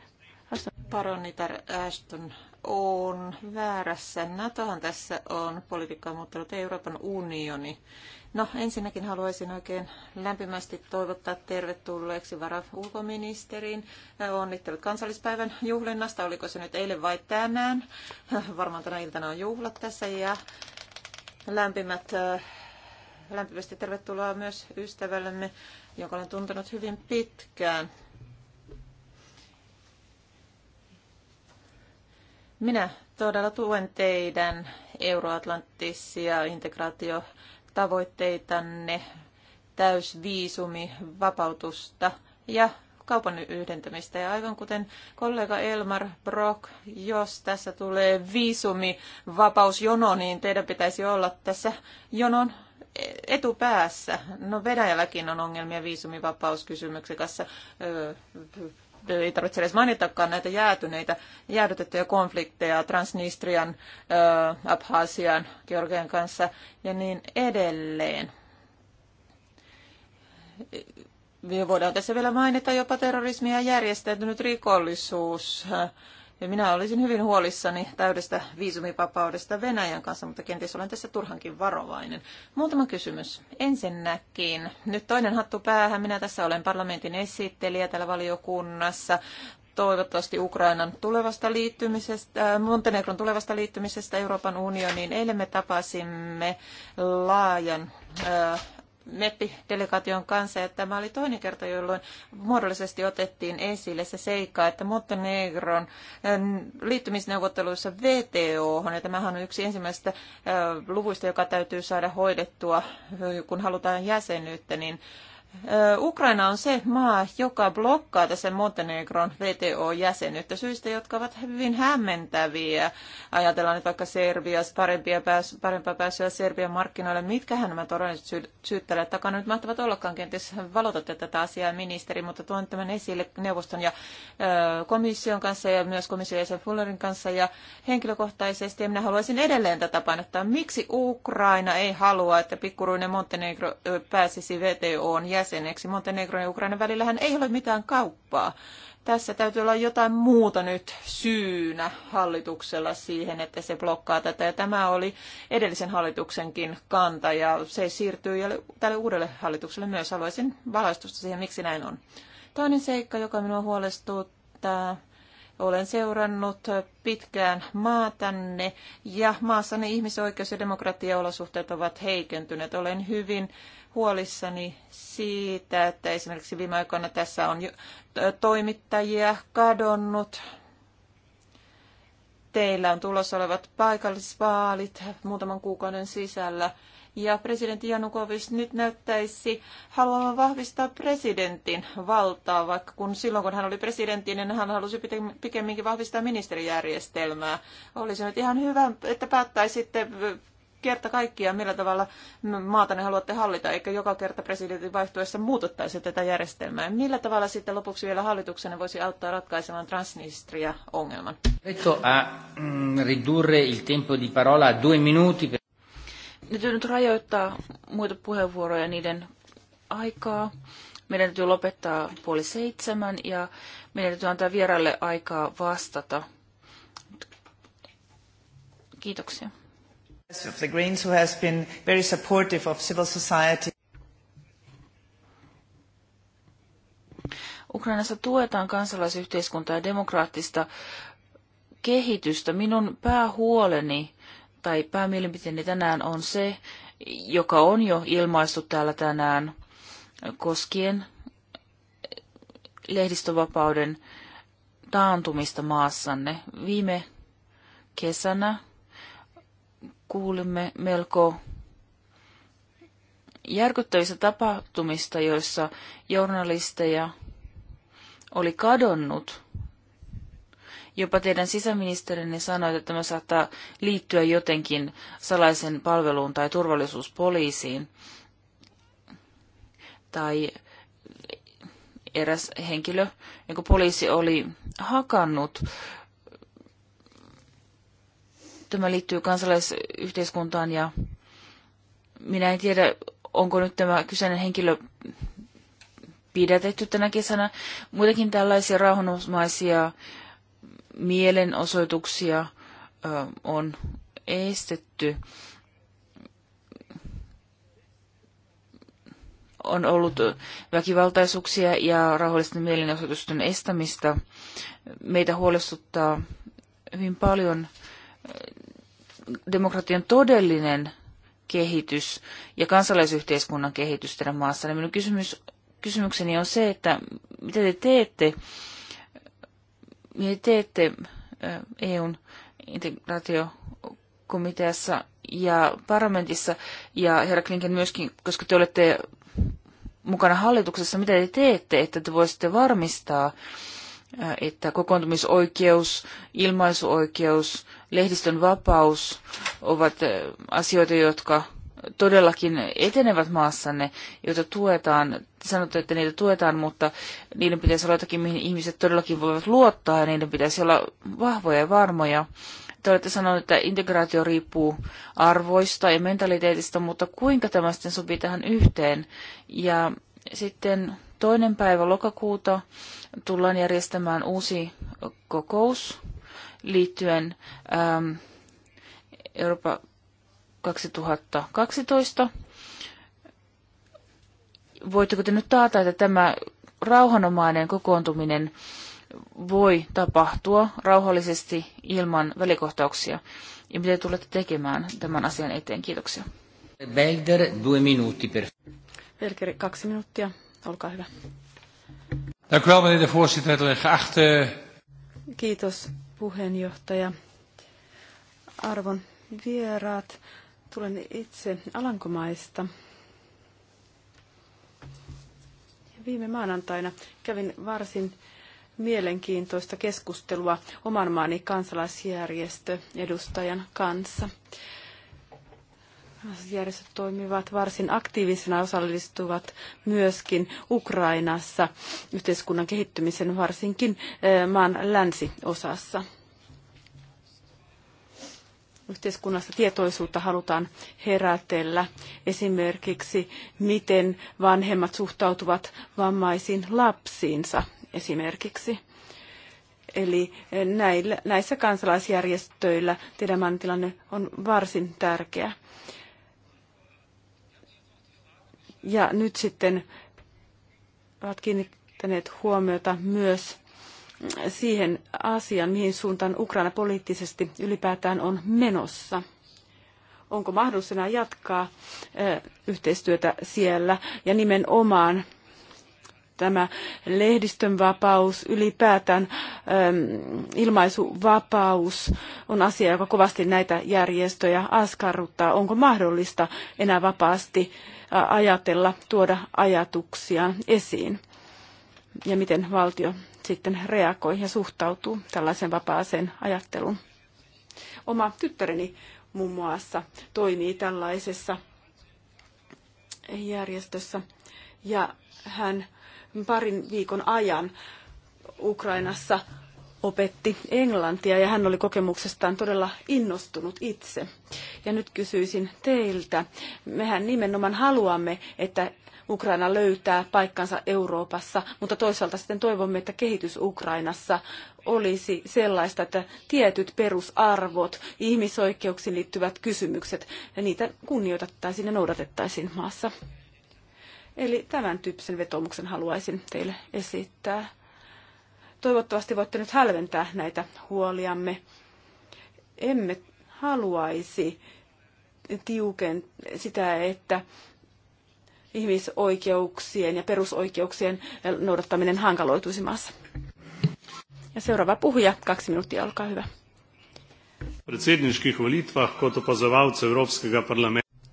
Paronitar Ashton on väärässä. NATOhan tässä on politiikkaa muuttanut Euroopan unioni. No ensinnäkin haluaisin oikein lämpimästi toivottaa tervetulleeksi varaulkoministerin. Onnittelut kansallispäivän juhlinnasta. Oliko se nyt eilen vai tänään? Varmaan tänä iltana on juhlat tässä ja lämpimät, lämpimästi tervetuloa myös ystävällemme, jonka olen tuntenut hyvin pitkään. Minä todella tuen teidän euroatlanttisia integraatio tavoitteitanne, täysviisumi, vapautusta ja kaupan yhdentämistä. Ja aivan kuten kollega Elmar Brock, jos tässä tulee viisumi, vapausjono, niin teidän pitäisi olla tässä jonon etupäässä. No Venäjälläkin on ongelmia viisumivapauskysymyksen kanssa ei tarvitse edes mainitakaan näitä jäätyneitä, jäädytettyjä konflikteja Transnistrian, Abhasian, Georgian kanssa ja niin edelleen. Voidaan tässä vielä mainita jopa terrorismi ja järjestäytynyt rikollisuus ja minä olisin hyvin huolissani täydestä viisumivapaudesta Venäjän kanssa, mutta kenties olen tässä turhankin varovainen. Muutama kysymys. Ensinnäkin, nyt toinen hattu päähän. Minä tässä olen parlamentin esittelijä täällä valiokunnassa toivottavasti Ukrainan tulevasta liittymisestä, äh, Montenegron tulevasta liittymisestä Euroopan unioniin. Eilen me tapasimme laajan äh, Mepi delegaation kanssa, ja tämä oli toinen kerta, jolloin muodollisesti otettiin esille se seikka, että Montenegron ähm, liittymisneuvotteluissa VTO, ja tämähän on yksi ensimmäistä äh, luvuista, joka täytyy saada hoidettua, kun halutaan jäsenyyttä, niin Ukraina on se maa, joka blokkaa tässä Montenegron VTO-jäsenyyttä syistä, jotka ovat hyvin hämmentäviä. Ajatellaan nyt vaikka Serbias, parempia pääs, parempaa pääsyä Serbian markkinoille. Mitkähän nämä todelliset sy- syyttäjät takana nyt mahtavat ollakaan? Kenties valotatte tätä asiaa ministeri, mutta tuon tämän esille neuvoston ja ö, komission kanssa ja myös komission jäsen Fullerin kanssa ja henkilökohtaisesti. Ja minä haluaisin edelleen tätä painottaa. Miksi Ukraina ei halua, että pikkuruinen Montenegro pääsisi VTOn jäsenyyttä? jäseneksi. Montenegron ja Ukrainan välillähän ei ole mitään kauppaa. Tässä täytyy olla jotain muuta nyt syynä hallituksella siihen, että se blokkaa tätä. Ja tämä oli edellisen hallituksenkin kanta ja se siirtyy tälle uudelle hallitukselle myös. Haluaisin valaistusta siihen, miksi näin on. Toinen seikka, joka minua huolestuttaa, olen seurannut pitkään maatanne ja maassanne ihmisoikeus- ja demokratiaolosuhteet ovat heikentyneet. Olen hyvin huolissani siitä, että esimerkiksi viime aikoina tässä on toimittajia kadonnut. Teillä on tulossa olevat paikallisvaalit muutaman kuukauden sisällä. Ja presidentti Janukovic nyt näyttäisi haluavan vahvistaa presidentin valtaa, vaikka kun silloin kun hän oli presidentti, niin hän halusi pikemminkin vahvistaa ministerijärjestelmää. Olisi nyt ihan hyvä, että päättäisitte kerta kaikkiaan, millä tavalla maata ne haluatte hallita, eikä joka kerta presidentin vaihtuessa muutettaisi tätä järjestelmää. Millä tavalla sitten lopuksi vielä hallituksenne voisi auttaa ratkaisemaan Transnistria-ongelman? Mm, il tempo di parola a due minuti täytyy nyt rajoittaa muita puheenvuoroja niiden aikaa. Meidän täytyy lopettaa puoli seitsemän ja meidän täytyy antaa vieraille aikaa vastata. Kiitoksia. Of the Greens, who has been very supportive of civil society. Ukrainassa tuetaan kansalaisyhteiskuntaa ja demokraattista kehitystä. Minun päähuoleni tai päämielipiteeni tänään on se, joka on jo ilmaistu täällä tänään koskien lehdistövapauden taantumista maassanne. Viime kesänä kuulimme melko järkyttävistä tapahtumista, joissa journalisteja oli kadonnut Jopa teidän sisäministerinne sanoi, että tämä saattaa liittyä jotenkin salaisen palveluun tai turvallisuuspoliisiin. Tai eräs henkilö, jonka poliisi oli hakannut. Tämä liittyy kansalaisyhteiskuntaan ja minä en tiedä, onko nyt tämä kyseinen henkilö pidätetty tänä kesänä. Muitakin tällaisia rauhanomaisia mielenosoituksia on estetty. On ollut väkivaltaisuuksia ja rauhallisten mielenosoitusten estämistä. Meitä huolestuttaa hyvin paljon demokratian todellinen kehitys ja kansalaisyhteiskunnan kehitys teidän maassa. Minun kysymys, kysymykseni on se, että mitä te teette teette EUn integraatiokomiteassa ja parlamentissa ja herra Klinken myöskin, koska te olette mukana hallituksessa, mitä te teette, että te voisitte varmistaa, että kokoontumisoikeus, ilmaisuoikeus, lehdistön vapaus ovat asioita, jotka todellakin etenevät maassanne, joita tuetaan. Sanotte, että niitä tuetaan, mutta niiden pitäisi olla jotakin, mihin ihmiset todellakin voivat luottaa ja niiden pitäisi olla vahvoja ja varmoja. Te olette sanoneet, että integraatio riippuu arvoista ja mentaliteetista, mutta kuinka tämä sitten sopii tähän yhteen? Ja sitten toinen päivä lokakuuta tullaan järjestämään uusi kokous liittyen ähm, Euroopan 2012. Voitteko te nyt taata, että tämä rauhanomainen kokoontuminen voi tapahtua rauhallisesti ilman välikohtauksia? Ja mitä tulette tekemään tämän asian eteen? Kiitoksia. Belder, due per... kaksi minuuttia. Olkaa hyvä. Dank u wel, meneer de voorzitter. Geachte... Kiitos, puheenjohtaja. Arvon vieraat, Tulen itse Alankomaista. Viime maanantaina kävin varsin mielenkiintoista keskustelua oman maani kansalaisjärjestö edustajan kanssa. Kansalaisjärjestöt toimivat varsin aktiivisena, osallistuvat myöskin Ukrainassa yhteiskunnan kehittymisen varsinkin eh, maan länsiosassa yhteiskunnassa tietoisuutta halutaan herätellä. Esimerkiksi, miten vanhemmat suhtautuvat vammaisiin lapsiinsa esimerkiksi. Eli eh, näillä, näissä kansalaisjärjestöillä Tiedemannin tilanne on varsin tärkeä. Ja nyt sitten ovat kiinnittäneet huomiota myös siihen asiaan, mihin suuntaan Ukraina poliittisesti ylipäätään on menossa. Onko mahdollisena jatkaa eh, yhteistyötä siellä ja nimenomaan tämä lehdistönvapaus, ylipäätään ehm, ilmaisuvapaus on asia, joka kovasti näitä järjestöjä askarruttaa. Onko mahdollista enää vapaasti ajatella, tuoda ajatuksia esiin? Ja miten valtio sitten reagoi ja suhtautuu tällaiseen vapaaseen ajatteluun. Oma tyttäreni muun muassa toimii tällaisessa järjestössä ja hän parin viikon ajan Ukrainassa opetti englantia ja hän oli kokemuksestaan todella innostunut itse. Ja nyt kysyisin teiltä, mehän nimenomaan haluamme, että Ukraina löytää paikkansa Euroopassa, mutta toisaalta sitten toivomme, että kehitys Ukrainassa olisi sellaista, että tietyt perusarvot, ihmisoikeuksiin liittyvät kysymykset, ja niitä kunnioitettaisiin ja noudatettaisiin maassa. Eli tämän tyyppisen vetomuksen haluaisin teille esittää. Toivottavasti voitte nyt hälventää näitä huoliamme. Emme haluaisi tiuken sitä, että ihmisoikeuksien ja perusoikeuksien noudattaminen hankaloituisi maassa. Ja seuraava puhuja, kaksi minuuttia, olkaa hyvä.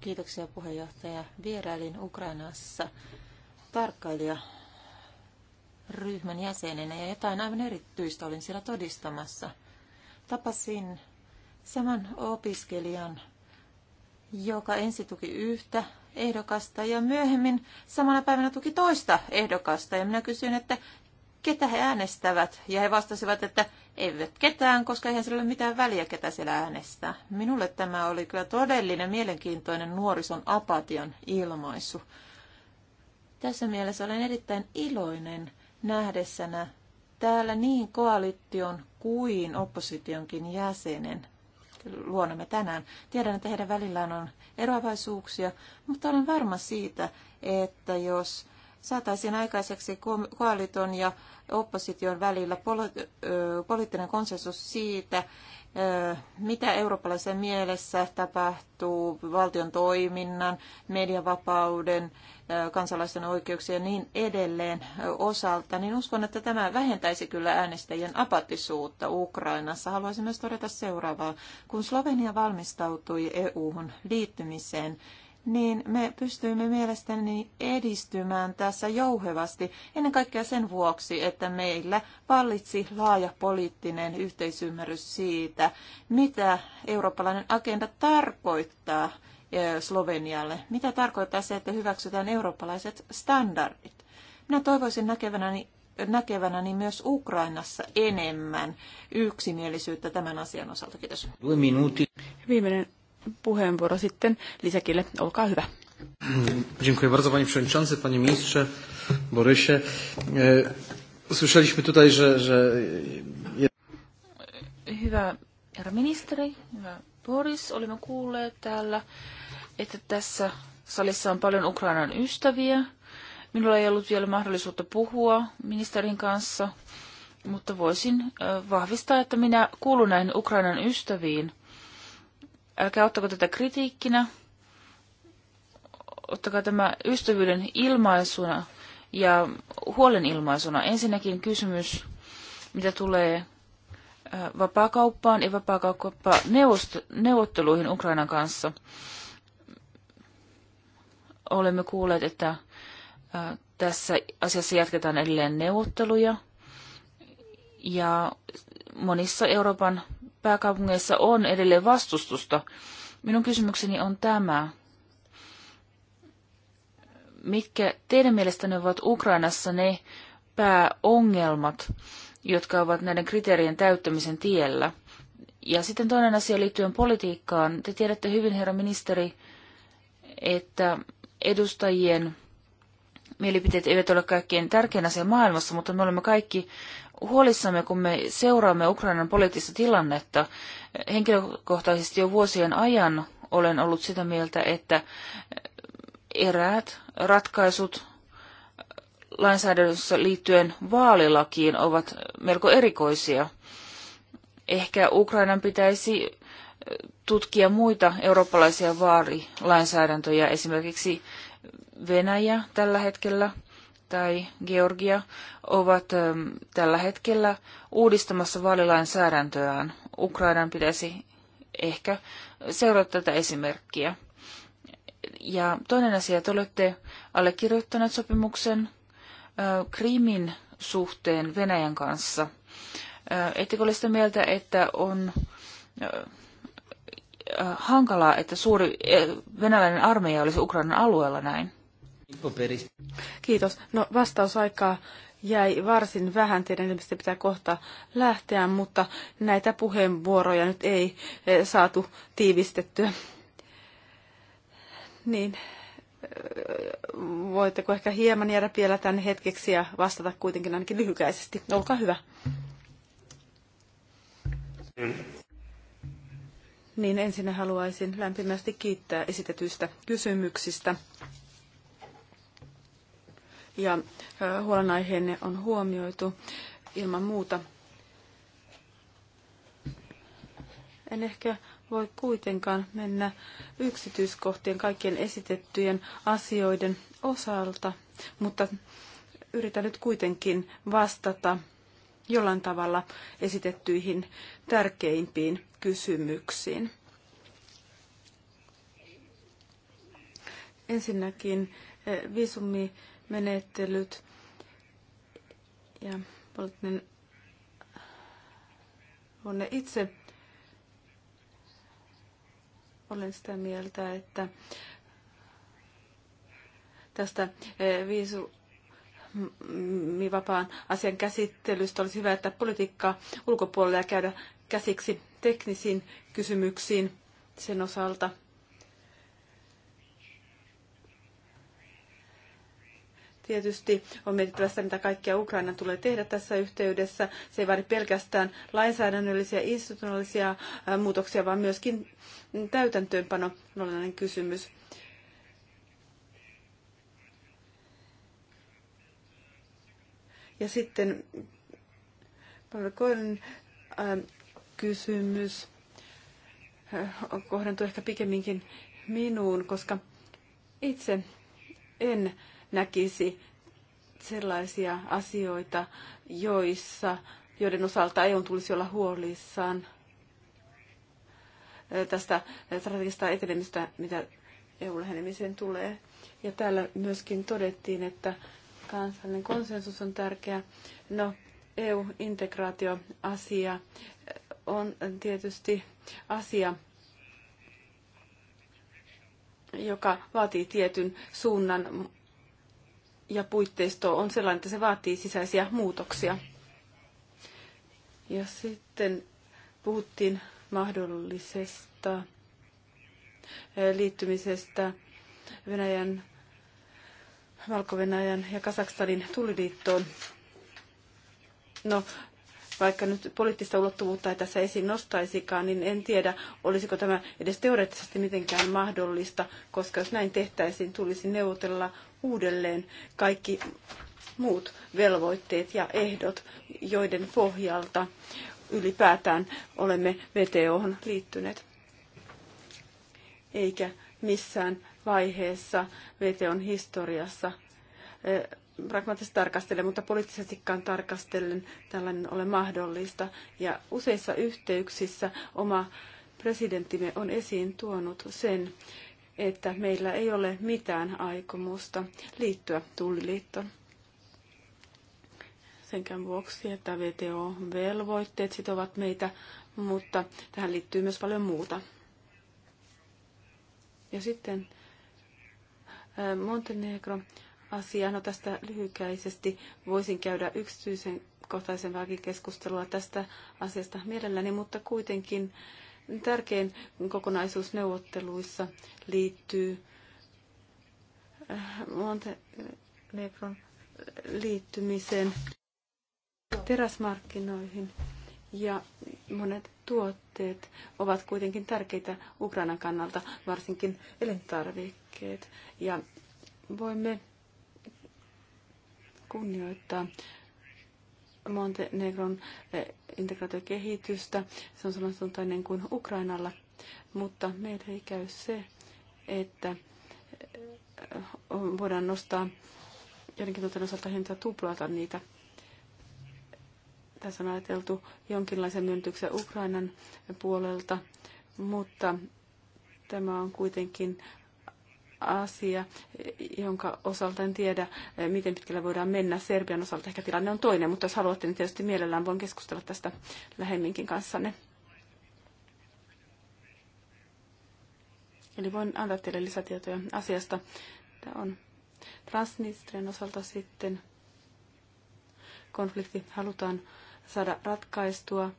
Kiitoksia puheenjohtaja. Vierailin Ukrainassa tarkkailija ryhmän jäsenenä ja jotain aivan erityistä olin siellä todistamassa. Tapasin saman opiskelijan, joka ensi tuki yhtä ehdokasta ja myöhemmin samana päivänä tuki toista ehdokasta. Ja minä kysyin, että ketä he äänestävät. Ja he vastasivat, että eivät ketään, koska eihän sillä ole mitään väliä, ketä siellä äänestää. Minulle tämä oli kyllä todellinen mielenkiintoinen nuorison apatian ilmaisu. Tässä mielessä olen erittäin iloinen nähdessänä täällä niin koalition kuin oppositionkin jäsenen luonamme tänään. Tiedän, että heidän välillään on eroavaisuuksia, mutta olen varma siitä, että jos saataisiin aikaiseksi koaliton ja opposition välillä poli- poliittinen konsensus siitä, mitä eurooppalaisen mielessä tapahtuu valtion toiminnan, medianvapauden, kansalaisten oikeuksien ja niin edelleen osalta, niin uskon, että tämä vähentäisi kyllä äänestäjien apatisuutta Ukrainassa. Haluaisin myös todeta seuraavaa. Kun Slovenia valmistautui EU-hun liittymiseen, niin me pystyimme mielestäni edistymään tässä jouhevasti ennen kaikkea sen vuoksi, että meillä vallitsi laaja poliittinen yhteisymmärrys siitä, mitä eurooppalainen agenda tarkoittaa eh, Slovenialle, mitä tarkoittaa se, että hyväksytään eurooppalaiset standardit. Minä toivoisin näkevänäni näkevänäni niin myös Ukrainassa enemmän yksimielisyyttä tämän asian osalta. Kiitos. Viimeinen puheenvuoro sitten Lisäkille. Olkaa hyvä. Dziękuję bardzo panie przewodniczący, panie ministrze Borysie. E, Słyszeliśmy tutaj, że... że... Hyvä herra ministeri, hyvä Boris, olimme kuulleet täällä, että tässä salissa on paljon Ukrainan ystäviä. Minulla ei ollut vielä mahdollisuutta puhua ministerin kanssa, mutta voisin e, vahvistaa, että minä kuulun näihin Ukrainan ystäviin – älkää ottako tätä kritiikkinä, ottakaa tämä ystävyyden ilmaisuna ja huolen ilmaisuna. Ensinnäkin kysymys, mitä tulee vapaakauppaan ja vapaakauppa neuvotteluihin Ukrainan kanssa. Olemme kuulleet, että tässä asiassa jatketaan edelleen neuvotteluja ja monissa Euroopan pääkaupungeissa on edelleen vastustusta. Minun kysymykseni on tämä. Mitkä teidän mielestänne ovat Ukrainassa ne pääongelmat, jotka ovat näiden kriteerien täyttämisen tiellä? Ja sitten toinen asia liittyen politiikkaan. Te tiedätte hyvin, herra ministeri, että edustajien mielipiteet eivät ole kaikkein tärkein asia maailmassa, mutta me olemme kaikki huolissamme, kun me seuraamme Ukrainan poliittista tilannetta. Henkilökohtaisesti jo vuosien ajan olen ollut sitä mieltä, että eräät ratkaisut lainsäädännössä liittyen vaalilakiin ovat melko erikoisia. Ehkä Ukrainan pitäisi tutkia muita eurooppalaisia vaarilainsäädäntöjä, esimerkiksi Venäjä tällä hetkellä – tai Georgia ovat ähm, tällä hetkellä uudistamassa vaalilainsäädäntöään. Ukrainan pitäisi ehkä seurata tätä esimerkkiä. Ja toinen asia, te olette allekirjoittaneet sopimuksen äh, Krimin suhteen Venäjän kanssa. Äh, ettekö ole sitä mieltä, että on äh, hankalaa, että suuri venäläinen armeija olisi Ukrainan alueella näin? Kiitos. No vastausaikaa jäi varsin vähän. Tiedän, että pitää kohta lähteä, mutta näitä puheenvuoroja nyt ei eh, saatu tiivistettyä. Niin, eh, voitteko ehkä hieman jäädä vielä tänne hetkeksi ja vastata kuitenkin ainakin lyhykäisesti. Olkaa hyvä. Niin ensin haluaisin lämpimästi kiittää esitetyistä kysymyksistä ja huolenaiheenne on huomioitu ilman muuta. En ehkä voi kuitenkaan mennä yksityiskohtien kaikkien esitettyjen asioiden osalta, mutta yritän nyt kuitenkin vastata jollain tavalla esitettyihin tärkeimpiin kysymyksiin. Ensinnäkin visumi menettelyt ja poliittinen luonne itse. Olen sitä mieltä, että tästä eh, viisu vapaan mm, asian käsittelystä olisi hyvä, että politiikkaa ulkopuolella käydä käsiksi teknisiin kysymyksiin sen osalta – Tietysti on mietittävä sitä, mitä kaikkea Ukraina tulee tehdä tässä yhteydessä. Se ei vaadi pelkästään lainsäädännöllisiä, institutionaalisia muutoksia, vaan myöskin täytäntöönpano on olennainen kysymys. Ja sitten Koirin kysymys kohdentuu ehkä pikemminkin minuun, koska itse en näkisi sellaisia asioita, joissa, joiden osalta ei on tulisi olla huolissaan tästä strategista etenemistä, mitä EU-lähenemiseen tulee. Ja täällä myöskin todettiin, että kansallinen konsensus on tärkeä. No, EU-integraatioasia on tietysti asia, joka vaatii tietyn suunnan ja puitteisto on sellainen, että se vaatii sisäisiä muutoksia. Ja sitten puhuttiin mahdollisesta eh, liittymisestä Venäjän, Valko-Venäjän ja Kasakstanin tulliliittoon. No, vaikka nyt poliittista ulottuvuutta ei tässä esiin nostaisikaan, niin en tiedä, olisiko tämä edes teoreettisesti mitenkään mahdollista, koska jos näin tehtäisiin, tulisi neuvotella uudelleen kaikki muut velvoitteet ja ehdot, joiden pohjalta ylipäätään olemme VTOhon liittyneet. Eikä missään vaiheessa VTOn historiassa eh, pragmaattisesti tarkastellen, mutta poliittisestikaan tarkastellen tällainen ole mahdollista. Ja useissa yhteyksissä oma presidenttimme on esiin tuonut sen, että meillä ei ole mitään aikomusta liittyä tulliliittoon. Senkään vuoksi, että VTO-velvoitteet sitovat meitä, mutta tähän liittyy myös paljon muuta. Ja sitten Montenegro asiaa. No tästä lyhykäisesti voisin käydä yksityisen kohtaisen keskustelua tästä asiasta mielelläni, mutta kuitenkin tärkein kokonaisuus neuvotteluissa liittyy äh, Montenegron liittymiseen teräsmarkkinoihin ja monet tuotteet ovat kuitenkin tärkeitä Ukrainan kannalta, varsinkin elintarvikkeet. Ja voimme kunnioittaa Montenegron eh, integraatiokehitystä. Se on samansuuntainen kuin Ukrainalla, mutta meillä ei käy se, että eh, voidaan nostaa joidenkin tuotteiden osalta hintaa tuplata niitä. Tässä on ajateltu jonkinlaisen myöntyksen Ukrainan puolelta, mutta tämä on kuitenkin asia, jonka osalta en tiedä, eh, miten pitkällä voidaan mennä. Serbian osalta ehkä tilanne on toinen, mutta jos haluatte, niin tietysti mielellään voin keskustella tästä lähemminkin kanssanne. Eli voin antaa teille lisätietoja asiasta. Tämä on Transnistrian osalta sitten konflikti halutaan saada ratkaistua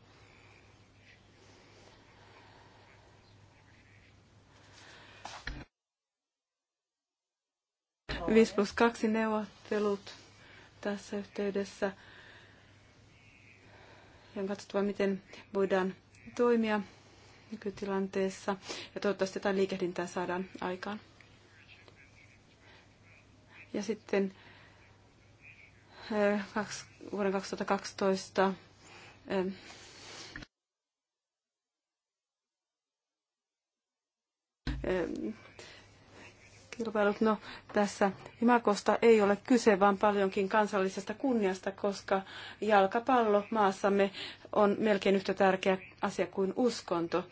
5 plus 2 neuvottelut tässä yhteydessä. Ja on katsottava, miten voidaan toimia nykytilanteessa. Ja toivottavasti jotain liikehdintää saadaan aikaan. Ja sitten eh, vuoden 2012 kilpailut. No tässä Imakosta ei ole kyse, vaan paljonkin kansallisesta kunniasta, koska jalkapallo maassamme on melkein yhtä tärkeä asia kuin uskonto.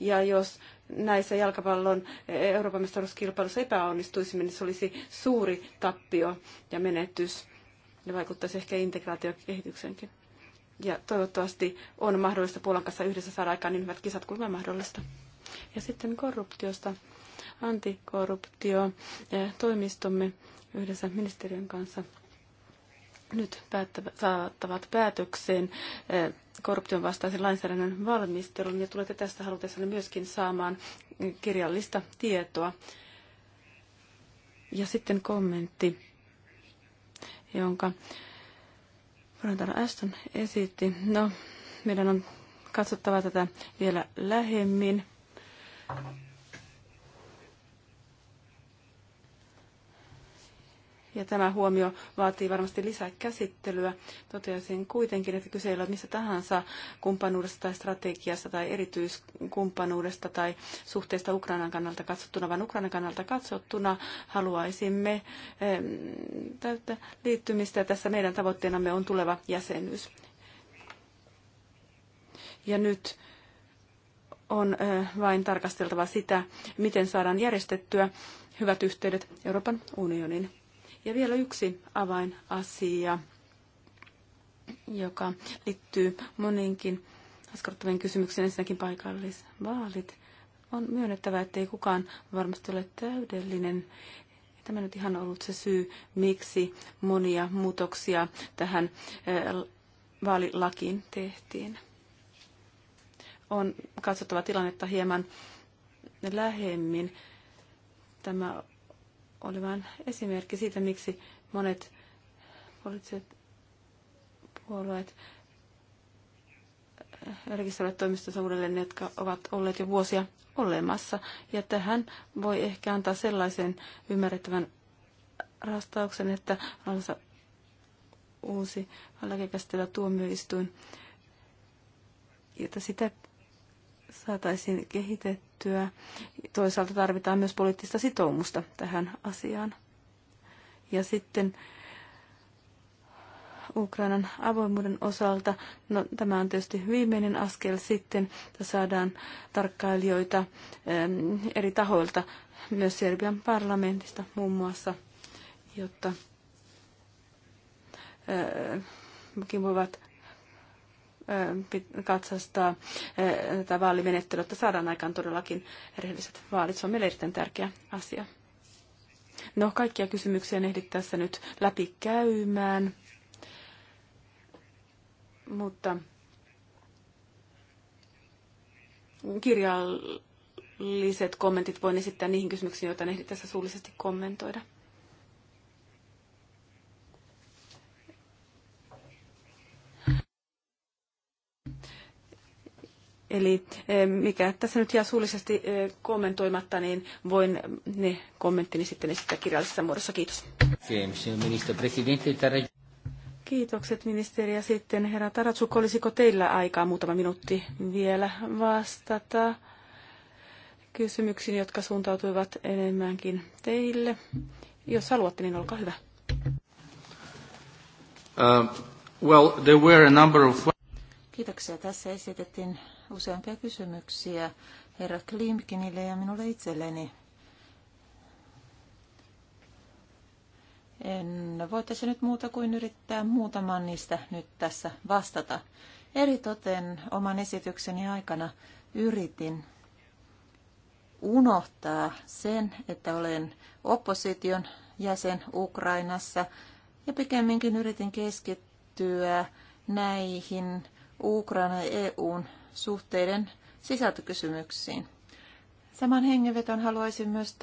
Ja jos näissä jalkapallon eh, Euroopan mestaruuskilpailussa epäonnistuisimme, niin se olisi suuri tappio ja menetys. Ne vaikuttaisi ehkä integraatiokehityksenkin. Ja toivottavasti on mahdollista Puolan kanssa yhdessä saada aikaan niin hyvät kisat kuin mahdollista. Ja sitten korruptiosta antikorruptio toimistomme yhdessä ministeriön kanssa nyt päättävät, saattavat päätökseen eh, korruption vastaisen lainsäädännön valmistelun ja tulette tästä halutessanne myöskin saamaan kirjallista tietoa. Ja sitten kommentti, jonka Brandon Aston esitti. No, meidän on katsottava tätä vielä lähemmin. ja tämä huomio vaatii varmasti lisää käsittelyä. Toteaisin kuitenkin, että kyse ei ole missä tahansa kumppanuudesta tai strategiasta tai erityiskumppanuudesta tai suhteesta Ukrainan kannalta katsottuna, vaan Ukrainan kannalta katsottuna haluaisimme täyttä liittymistä. Tässä meidän tavoitteenamme on tuleva jäsenyys. Ja nyt on vain tarkasteltava sitä, miten saadaan järjestettyä hyvät yhteydet Euroopan unionin. Ja vielä yksi avainasia, joka liittyy moninkin askarruttaviin kysymyksiin, ensinnäkin paikallisvaalit. On myönnettävä, että ei kukaan varmasti ole täydellinen. Tämä nyt ihan ollut se syy, miksi monia muutoksia tähän vaalilakiin tehtiin. On katsottava tilannetta hieman lähemmin. Tämä oli vain esimerkki siitä, miksi monet poliittiset puolueet eh, rekisteröivät toimistonsa uudelleen ne, jotka ovat olleet jo vuosia olemassa. Ja tähän voi ehkä antaa sellaisen ymmärrettävän rastauksen, että on uusi lääkekäsitellä tuomioistuin, jota sitä saataisiin kehitettyä. Toisaalta tarvitaan myös poliittista sitoumusta tähän asiaan. Ja sitten Ukrainan avoimuuden osalta, no, tämä on tietysti viimeinen askel sitten, että saadaan tarkkailijoita eri tahoilta, myös Serbian parlamentista muun muassa, jotta mekin voivat katsastaa tätä vaalimenettelyä, että saadaan aikaan todellakin rehelliset vaalit. Se on meille erittäin tärkeä asia. No, kaikkia kysymyksiä en ehdi tässä nyt läpi käymään, mutta kirjalliset kommentit voin esittää niihin kysymyksiin, joita en ehdi tässä suullisesti kommentoida. Eli eh, mikä tässä nyt jää suullisesti eh, kommentoimatta, niin voin eh, ne kommenttini sitten esittää kirjallisessa muodossa. Kiitos. Kiitokset ministeri ja sitten herra Taratsuk, olisiko teillä aikaa muutama minuutti vielä vastata kysymyksiin, jotka suuntautuivat enemmänkin teille? Jos haluatte, niin olkaa hyvä. Uh, well, there were a number of... Kiitoksia. Tässä esitettiin useampia kysymyksiä herra Klimkinille ja minulle itselleni. En voitaisi nyt muuta kuin yrittää muutaman niistä nyt tässä vastata. Eritoten oman esitykseni aikana yritin unohtaa sen, että olen opposition jäsen Ukrainassa ja pikemminkin yritin keskittyä näihin ukraina ja e EUn suhteiden sisältökysymyksiin. Saman hengenveton haluaisin myös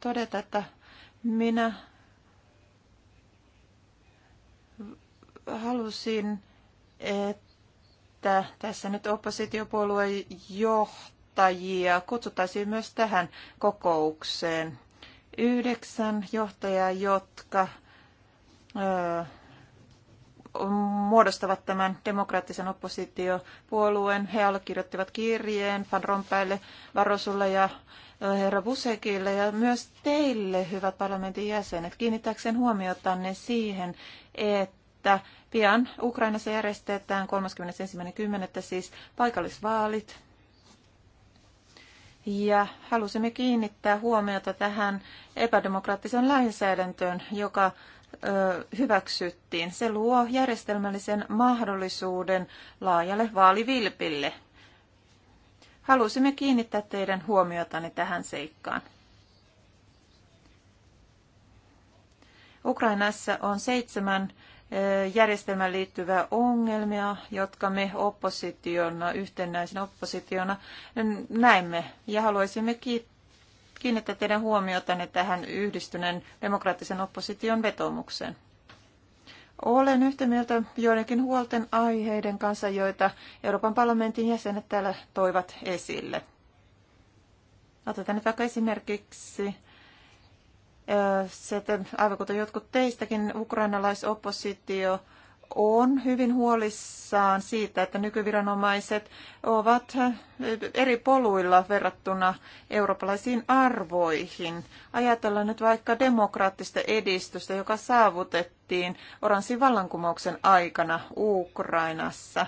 todeta, että minä halusin, että tässä nyt oppositiopuolueen johtajia kutsuttaisiin myös tähän kokoukseen. Yhdeksän johtajaa, jotka muodostavat tämän demokraattisen oppositiopuolueen. He allekirjoittivat kirjeen Van Rompäille, Varosulle ja herra Busekille ja myös teille, hyvät parlamentin jäsenet, kiinnittääkseen huomiotanne siihen, että pian Ukrainassa järjestetään 31.10. siis paikallisvaalit. Ja halusimme kiinnittää huomiota tähän epädemokraattiseen lainsäädäntöön, joka hyväksyttiin. Se luo järjestelmällisen mahdollisuuden laajalle vaalivilpille. Halusimme kiinnittää teidän huomiotani tähän seikkaan. Ukrainassa on seitsemän järjestelmään liittyvää ongelmia, jotka me oppositiona, yhtenäisen oppositiona näemme. Ja haluaisimme kiittää kiinnittää teidän huomiotanne tähän yhdistyneen demokraattisen opposition vetomukseen. Olen yhtä mieltä joidenkin huolten aiheiden kanssa, joita Euroopan parlamentin jäsenet täällä toivat esille. Otetaan nyt vaikka esimerkiksi se, että aivan kuten jotkut teistäkin, ukrainalaisoppositio oppositio on hyvin huolissaan siitä, että nykyviranomaiset ovat eri poluilla verrattuna eurooppalaisiin arvoihin. Ajatellaan nyt vaikka demokraattista edistystä, joka saavutettiin oranssin vallankumouksen aikana Ukrainassa.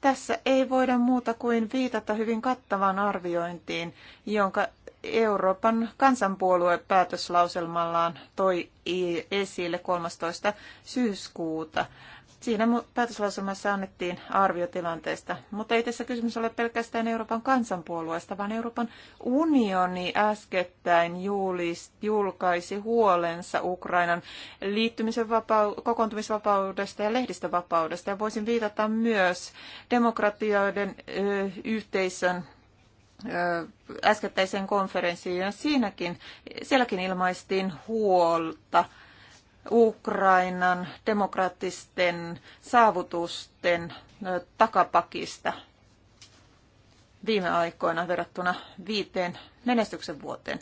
Tässä ei voida muuta kuin viitata hyvin kattavaan arviointiin, jonka Euroopan kansanpuolue päätöslauselmallaan toi esille 13. syyskuuta. Siinä päätöslauselmassa annettiin arviotilanteesta, mutta ei tässä kysymys ole pelkästään Euroopan kansanpuolueesta, vaan Euroopan unioni äskettäin julkaisi huolensa Ukrainan liittymisen vapau- kokoontumisvapaudesta ja lehdistövapaudesta. Ja voisin viitata myös demokratioiden ö, yhteisön äskettäiseen konferenssiin ja siinäkin, sielläkin ilmaistiin huolta Ukrainan demokraattisten saavutusten takapakista viime aikoina verrattuna viiteen menestyksen vuoteen.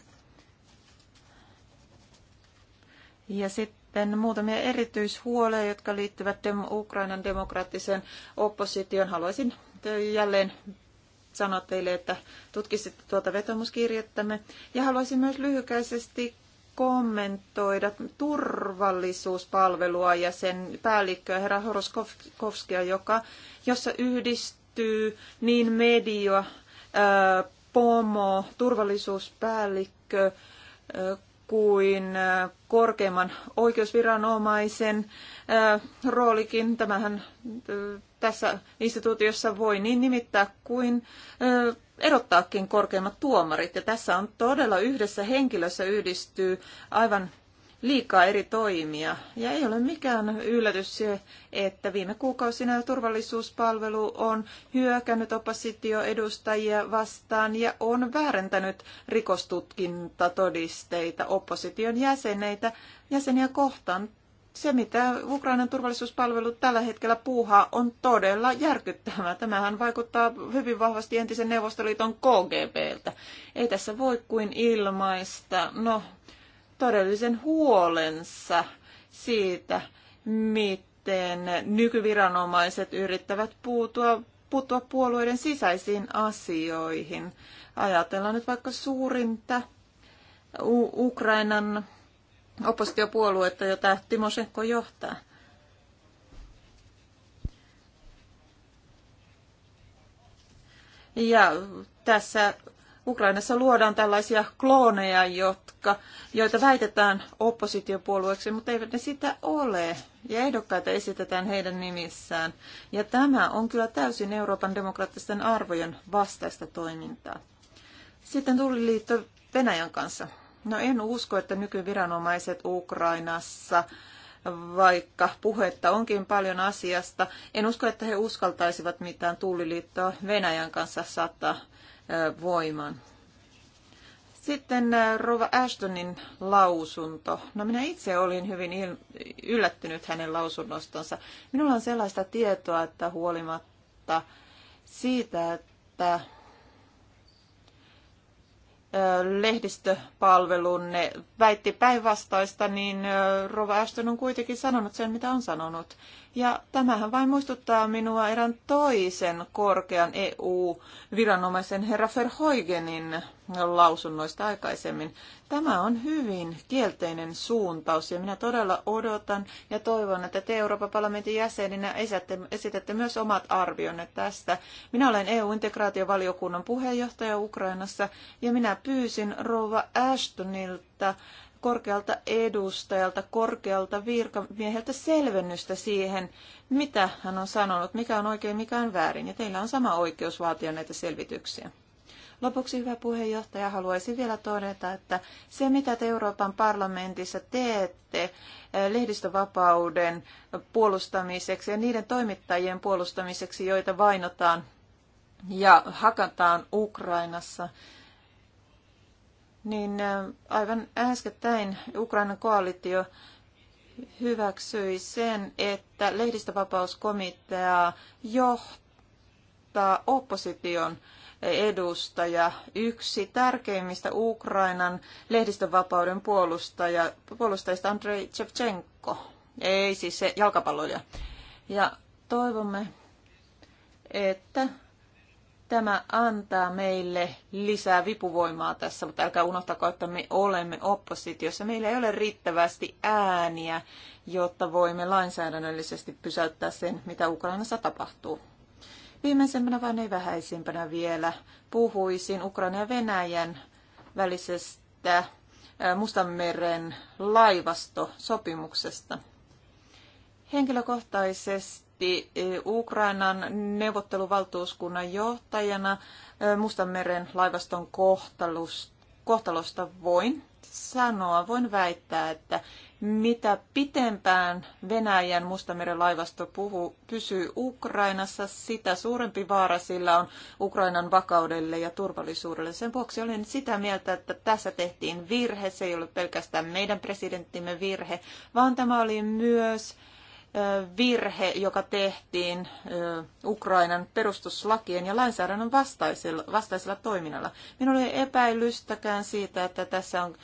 Ja sitten muutamia erityishuoleja, jotka liittyvät Ukrainan demokraattisen opposition Haluaisin jälleen sanoa teille, että tutkisitte tuota vetomuskirjettämme. Ja haluaisin myös lyhykäisesti kommentoida turvallisuuspalvelua ja sen päällikköä herra Horoskovskia, joka, jossa yhdistyy niin media, ää, pomo, turvallisuuspäällikkö ää, kuin korkeimman oikeusviranomaisen roolikin. Tämähän tässä instituutiossa voi niin nimittää kuin erottaakin korkeimmat tuomarit. Ja tässä on todella yhdessä henkilössä yhdistyy aivan liikaa eri toimia. Ja ei ole mikään yllätys se, että viime kuukausina turvallisuuspalvelu on hyökännyt oppositioedustajia vastaan ja on väärentänyt rikostutkintatodisteita opposition jäseneitä, jäseniä kohtaan se, mitä Ukrainan turvallisuuspalvelut tällä hetkellä puuhaa, on todella järkyttävää. Tämähän vaikuttaa hyvin vahvasti entisen Neuvostoliiton KGBltä. Ei tässä voi kuin ilmaista, no, todellisen huolensa siitä, miten nykyviranomaiset yrittävät puutua, puuttua puolueiden sisäisiin asioihin. Ajatellaan nyt vaikka suurinta Ukrainan oppositiopuoluetta, jota Timosenko johtaa. Ja tässä Ukrainassa luodaan tällaisia klooneja, jotka, joita väitetään oppositiopuolueeksi, mutta eivät ne sitä ole. Ja ehdokkaita esitetään heidän nimissään. Ja tämä on kyllä täysin Euroopan demokraattisten arvojen vastaista toimintaa. Sitten tuli liitto Venäjän kanssa. No en usko, että nykyviranomaiset Ukrainassa, vaikka puhetta onkin paljon asiasta, en usko, että he uskaltaisivat mitään tulliliittoa Venäjän kanssa saattaa voimaan. Sitten Rova Ashtonin lausunto. No minä itse olin hyvin il- yllättynyt hänen lausunnostonsa. Minulla on sellaista tietoa, että huolimatta siitä, että lehdistöpalvelunne väitti päinvastaista, niin Rova Ashton on kuitenkin sanonut sen, mitä on sanonut. Ja tämähän vain muistuttaa minua erään toisen korkean EU-viranomaisen herra Verhoigenin lausunnoista aikaisemmin. Tämä on hyvin kielteinen suuntaus ja minä todella odotan ja toivon, että te Euroopan parlamentin jäseninä esitätte myös omat arvionne tästä. Minä olen EU-integraatiovaliokunnan puheenjohtaja Ukrainassa ja minä pyysin rova Ashtonilta korkealta edustajalta, korkealta virkamieheltä selvennystä siihen, mitä hän on sanonut, mikä on oikein, mikä on väärin. Ja teillä on sama oikeus vaatia näitä selvityksiä. Lopuksi, hyvä puheenjohtaja, haluaisin vielä todeta, että se mitä te Euroopan parlamentissa teette eh, lehdistövapauden puolustamiseksi ja niiden toimittajien puolustamiseksi, joita vainotaan ja hakataan Ukrainassa, niin aivan äskettäin Ukrainan koalitio hyväksyi sen, että lehdistövapauskomitea johtaa opposition edustaja, yksi tärkeimmistä Ukrainan lehdistönvapauden puolustaja, puolustajista Andrei Tsevchenko, ei siis se jalkapalloilija. Ja toivomme, että Tämä antaa meille lisää vipuvoimaa tässä, mutta älkää unohtako, että me olemme oppositiossa. Meillä ei ole riittävästi ääniä, jotta voimme lainsäädännöllisesti pysäyttää sen, mitä Ukrainassa tapahtuu. Viimeisempänä vain ei vähäisimpänä vielä puhuisin Ukraina ja Venäjän välisestä Mustanmeren laivastosopimuksesta. Henkilökohtaisesti presidentti eh, Ukrainan neuvotteluvaltuuskunnan johtajana eh, Mustanmeren laivaston kohtalosta voin sanoa, voin väittää, että mitä pitempään Venäjän Mustameren laivasto puhuu, pysyy Ukrainassa, sitä suurempi vaara sillä on Ukrainan vakaudelle ja turvallisuudelle. Sen vuoksi olen sitä mieltä, että tässä tehtiin virhe. Se ei ollut pelkästään meidän presidenttimme virhe, vaan tämä oli myös virhe, joka tehtiin Ukrainan perustuslakien ja lainsäädännön vastaisella, vastaisella toiminnalla. Minulla ei epäilystäkään siitä, että tässä on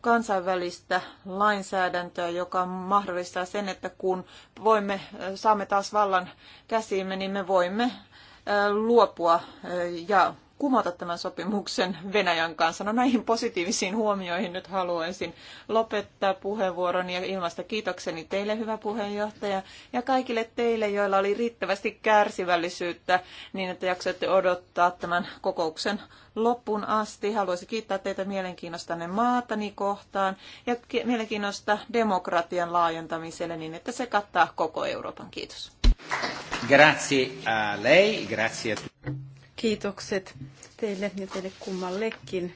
kansainvälistä lainsäädäntöä, joka mahdollistaa sen, että kun voimme, saamme taas vallan käsiimme, niin me voimme luopua ja kumota tämän sopimuksen Venäjän kanssa. No näihin positiivisiin huomioihin nyt haluaisin lopettaa puheenvuoroni ja ilmaista kiitokseni teille, hyvä puheenjohtaja, ja kaikille teille, joilla oli riittävästi kärsivällisyyttä niin, että jaksoitte odottaa tämän kokouksen loppuun asti. Haluaisin kiittää teitä mielenkiinnostanne maatani kohtaan ja mielenkiinnosta demokratian laajentamiselle niin, että se kattaa koko Euroopan. Kiitos. Grazie a lei, grazie a tutti. Kiitokset teille ja teille kummallekin.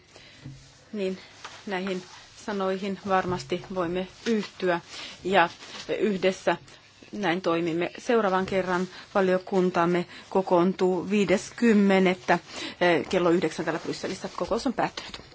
Niin näihin sanoihin varmasti voimme yhtyä ja yhdessä näin toimimme. Seuraavan kerran valiokuntamme kokoontuu 50. Eh, kello 9 täällä Brysselissä. Kokous on päättynyt.